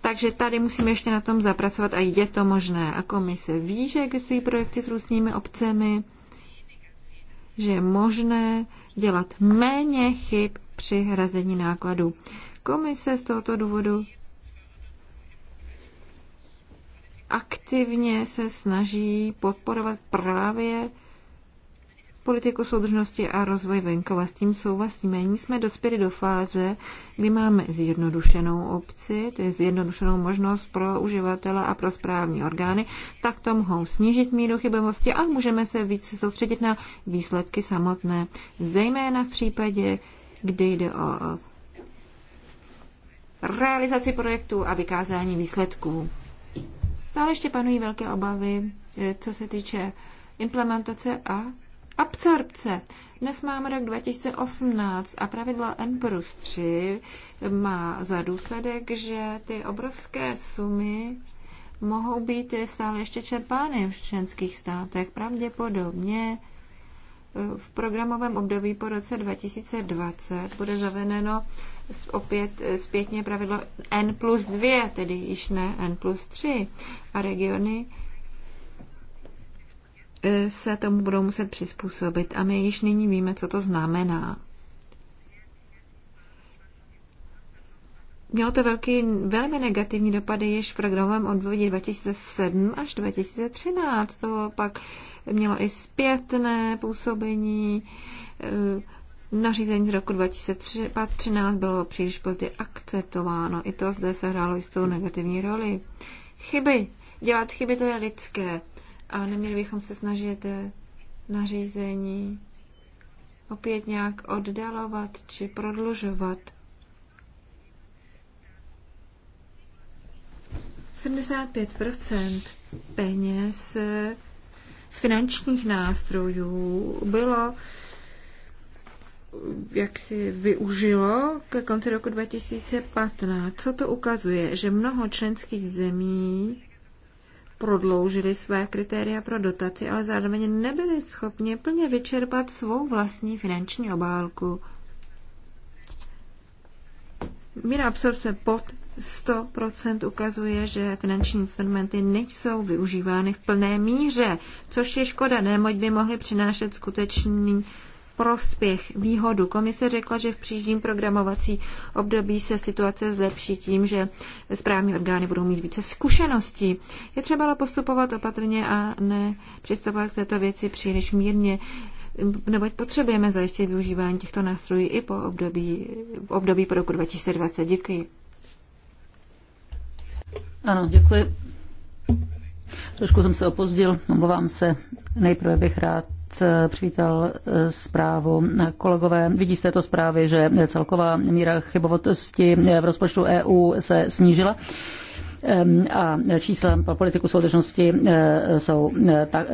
Takže tady musíme ještě na tom zapracovat a je to možné. A komise ví, že existují projekty s různými obcemi, že je možné dělat méně chyb při hrazení nákladů. Komise z tohoto důvodu aktivně se snaží podporovat právě politiku soudržnosti a rozvoj venkova. S tím souhlasíme. Nyní jsme dospěli do fáze, kdy máme zjednodušenou obci, tedy zjednodušenou možnost pro uživatele a pro správní orgány, tak to mohou snížit míru chybovosti a můžeme se více soustředit na výsledky samotné, zejména v případě, kdy jde o realizaci projektů a vykázání výsledků. Stále ještě panují velké obavy, e, co se týče implementace a absorpce. Dnes máme rok 2018 a pravidlo N plus 3 má za důsledek, že ty obrovské sumy mohou být stále ještě čerpány v členských státech. Pravděpodobně e, v programovém období po roce 2020 bude zaveneno opět e, zpětně pravidlo N plus 2, tedy již ne N plus 3 a regiony e, se tomu budou muset přizpůsobit a my již nyní víme, co to znamená. Mělo to velký, velmi negativní dopady již v programovém období 2007 až 2013. To pak mělo i zpětné působení. E, nařízení z roku 2013 bylo příliš pozdě akceptováno. I to zde sehrálo jistou negativní roli. Chyby Dělat chyby to je lidské a neměli bychom se snažit nařízení opět nějak oddalovat či prodlužovat. 75% peněz z finančních nástrojů bylo jak si využilo ke konci roku 2015. Co to ukazuje? Že mnoho členských zemí prodloužili své kritéria pro dotaci, ale zároveň nebyli schopni plně vyčerpat svou vlastní finanční obálku. Míra absorpce pod 100% ukazuje, že finanční instrumenty nejsou využívány v plné míře, což je škoda, nemoť by mohly přinášet skutečný prospěch, výhodu. Komise řekla, že v příštím programovací období se situace zlepší tím, že správní orgány budou mít více zkušeností. Je třeba ale postupovat opatrně a ne přistupovat k této věci příliš mírně neboť potřebujeme zajistit využívání těchto nástrojů i po období, období po roku 2020. Děkuji. Ano, děkuji. Trošku jsem se opozdil, omlouvám se. Nejprve bych rád Eh, přivítal eh, zprávu. Kolegové, vidí z této zprávy, že celková míra chybovosti eh, v rozpočtu EU se snížila a čísla politiku soudržnosti jsou tak,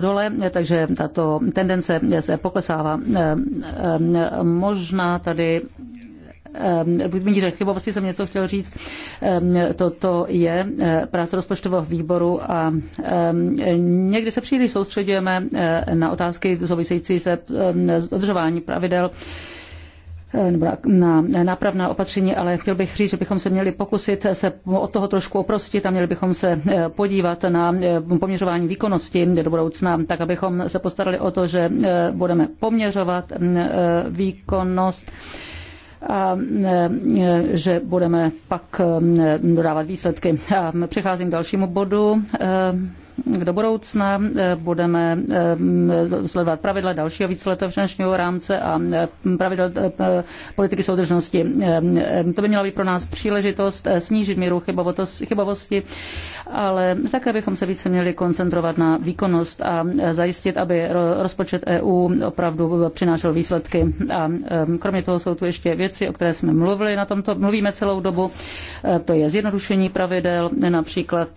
dole, takže tato tendence se poklesává. Možná tady Ehm, Budmíře chybovosti jsem něco chtěl říct. Ehm, toto je eh, práce rozpočtového výboru a ehm, někdy se příliš soustředujeme eh, na otázky související se dodržování pravidel eh, na nápravná opatření, ale chtěl bych říct, že bychom se měli pokusit se od toho trošku oprostit a měli bychom se podívat na poměřování výkonnosti do budoucna, tak abychom se postarali o to, že budeme poměřovat mm, výkonnost a e, e, že budeme pak e, dodávat výsledky. A přicházím k dalšímu bodu do budoucna eh, budeme eh, sledovat pravidla dalšího víceletého finančního rámce a eh, pravidla politiky soudržnosti. To by měla být pro nás příležitost snížit míru chybovosti, ale také bychom se více měli koncentrovat na výkonnost a zajistit, aby rozpočet EU opravdu přinášel výsledky. A kromě toho jsou tu ještě věci, o které jsme mluvili na tomto, mluvíme celou dobu. To je zjednodušení pravidel, například,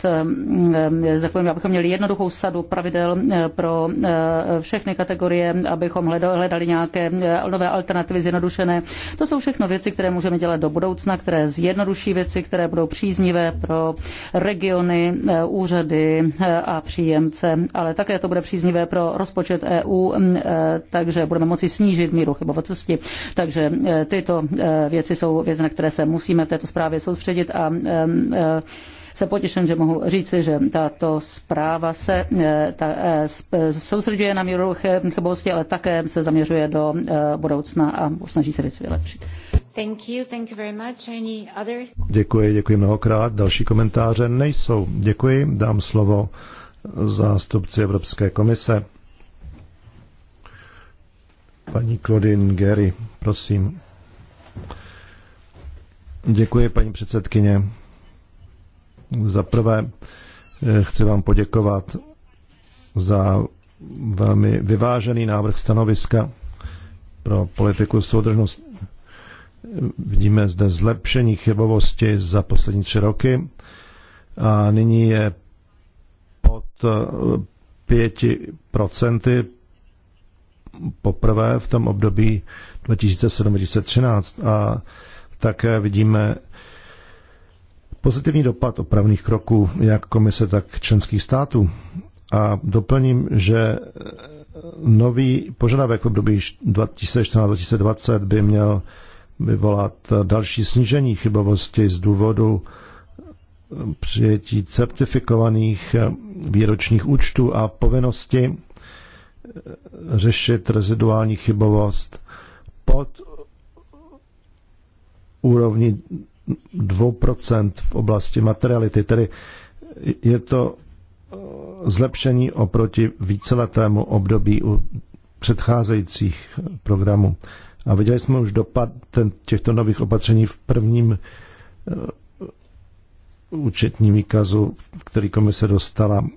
abychom abychom měli jednoduchou sadu pravidel eh, pro eh, všechny kategorie, abychom hledali nějaké eh, nové alternativy zjednodušené. To jsou všechno věci, které můžeme dělat do budoucna, které zjednoduší věci, které budou příznivé pro regiony, úřady a příjemce, ale také to bude příznivé pro rozpočet EU, mm, takže budeme moci snížit míru chybovacosti. Takže tyto věci jsou věci, na které se musíme v této zprávě soustředit a mm, jsem potěšen, že mohu říci, že tato zpráva se eh, ta, eh, soustředuje na míru chybovosti, ale také se zaměřuje do eh, budoucna a snaží se věci vylepšit. Thank you, thank you very much. Any other? Děkuji, děkuji mnohokrát. Další komentáře nejsou. Děkuji, dám slovo zástupci Evropské komise. Paní Claudine Gary, prosím. Děkuji, paní předsedkyně. Za prvé eh, chci vám poděkovat za velmi vyvážený návrh stanoviska pro politiku soudržnost. Vidíme zde zlepšení chybovosti za poslední tři roky a nyní je pod eh, pěti procenty poprvé v tom období 2007-2013 a také vidíme Pozitivní dopad opravných kroků jak komise, tak členských států. A doplním, že e, nový požadavek v období 2014-2020 by měl vyvolat další snížení chybovosti z důvodu e, přijetí certifikovaných e, výročních účtů a povinnosti řešit reziduální chybovost pod úrovni 2% v oblasti materiality, tedy je to eh, zlepšení oproti víceletému období u předcházejících programů. A viděli jsme už dopad ten, těchto nových opatření v prvním eh, účetním výkazu, který komise dostala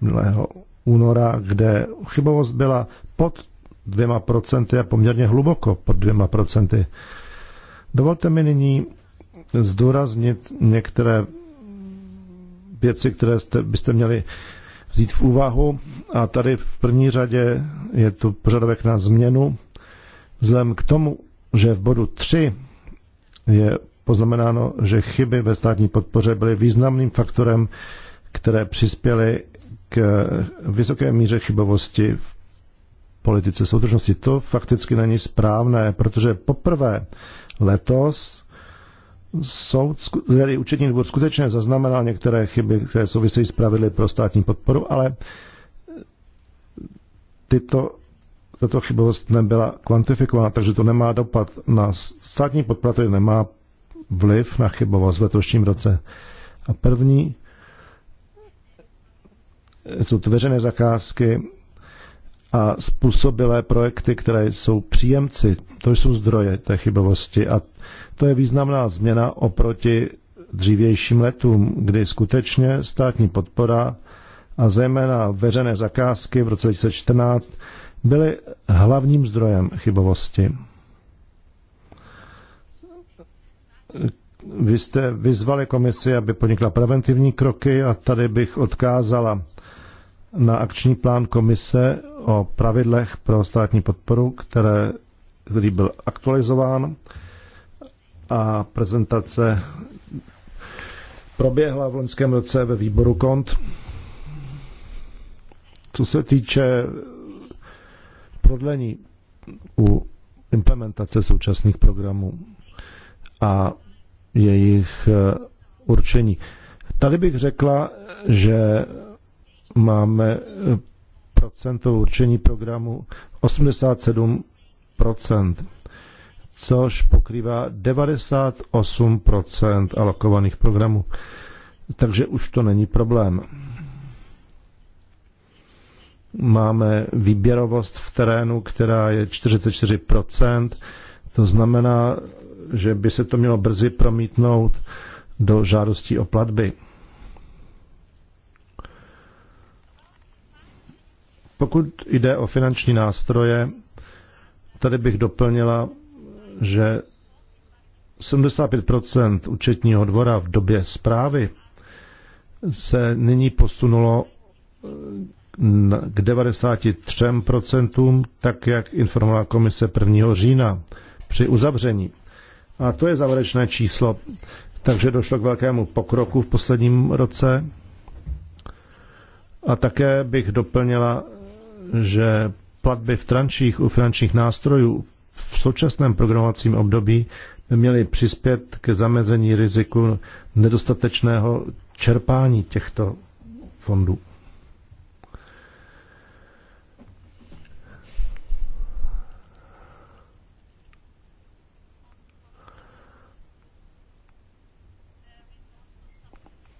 minulého února, kde chybovost byla pod dvěma procenty a poměrně hluboko pod dvěma procenty. Dovolte mi nyní zdůraznit některé věci, které jste, byste měli vzít v úvahu. A tady v první řadě je tu požadavek na změnu. Vzhledem k tomu, že v bodu 3 je poznamenáno, že chyby ve státní podpoře byly významným faktorem, které přispěly k vysoké míře chybovosti v politice soudržnosti. To fakticky není správné, protože poprvé letos soud, tedy účetní dvůr skutečně zaznamenal některé chyby, které souvisejí s pravidly pro státní podporu, ale tyto, tato chybovost nebyla kvantifikována, takže to nemá dopad na státní podporu, to nemá vliv na chybovost v letošním roce. A první jsou to veřejné zakázky a způsobilé projekty, které jsou příjemci. To jsou zdroje té chybovosti a to je významná změna oproti dřívějším letům, kdy skutečně státní podpora a zejména veřejné zakázky v roce 2014 byly hlavním zdrojem chybovosti. Vy jste vyzvali komisi, aby podnikla preventivní kroky a tady bych odkázala na akční plán komise o pravidlech pro státní podporu, které, který byl aktualizován a prezentace proběhla v loňském roce ve výboru KONT. Co se týče prodlení u implementace současných programů a jejich eh, určení. Tady bych řekla, že máme eh, procento určení programu 87 což pokrývá 98 alokovaných programů. Takže už to není problém. Máme výběrovost v terénu, která je 44 to znamená, že by se to mělo brzy promítnout do žádostí o platby. Pokud jde o finanční nástroje, tady bych doplnila, že 75% účetního dvora v době zprávy se nyní posunulo eh, k 93%, tak jak informovala komise 1. října při uzavření. A to je závěrečné číslo. Takže došlo k velkému pokroku v posledním roce. A také bych doplnila, že platby v trančích u finančních nástrojů v současném programovacím období by měly přispět ke zamezení riziku nedostatečného čerpání těchto fondů.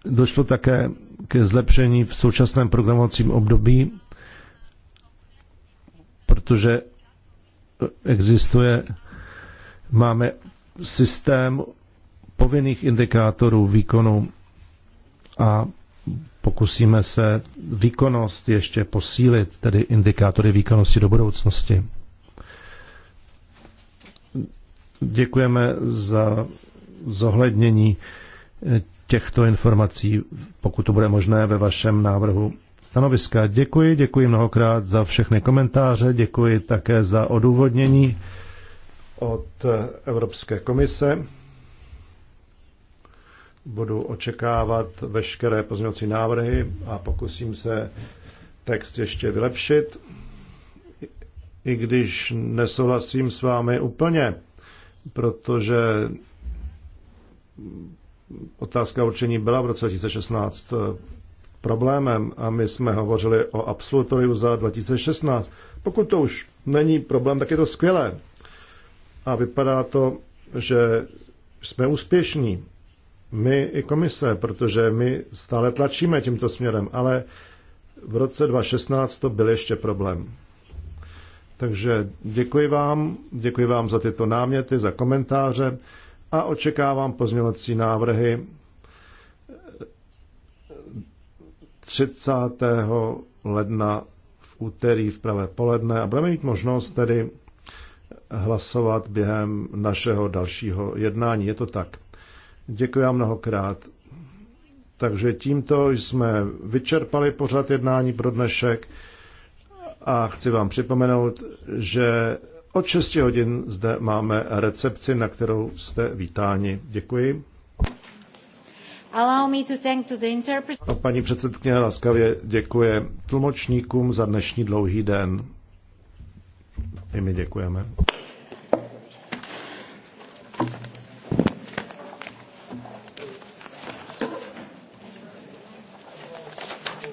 Došlo také ke zlepšení v současném programovacím období protože existuje, máme systém povinných indikátorů výkonu a pokusíme se výkonnost ještě posílit, tedy indikátory výkonnosti do budoucnosti. Děkujeme za zohlednění těchto informací, pokud to bude možné ve vašem návrhu stanoviska. Děkuji, děkuji mnohokrát za všechny komentáře, děkuji také za odůvodnění od Evropské komise. Budu očekávat veškeré pozměňovací návrhy a pokusím se text ještě vylepšit, i když nesouhlasím s vámi úplně, protože otázka určení byla v roce 2016 problémem a my jsme hovořili o absolutoriu za 2016. Pokud to už není problém, tak je to skvělé. A vypadá to, že jsme úspěšní. My i komise, protože my stále tlačíme tímto směrem, ale v roce 2016 to byl ještě problém. Takže děkuji vám, děkuji vám za tyto náměty, za komentáře a očekávám pozměňovací návrhy 30. ledna v úterý v pravé poledne a budeme mít možnost tedy hlasovat během našeho dalšího jednání. Je to tak. Děkuji vám mnohokrát. Takže tímto jsme vyčerpali pořad jednání pro dnešek a chci vám připomenout, že od 6 hodin zde máme recepci, na kterou jste vítáni. Děkuji. Allow me to thank to the interpret... A no, paní předsedkyně laskavě děkuje tlumočníkům za dnešní dlouhý den. I my děkujeme.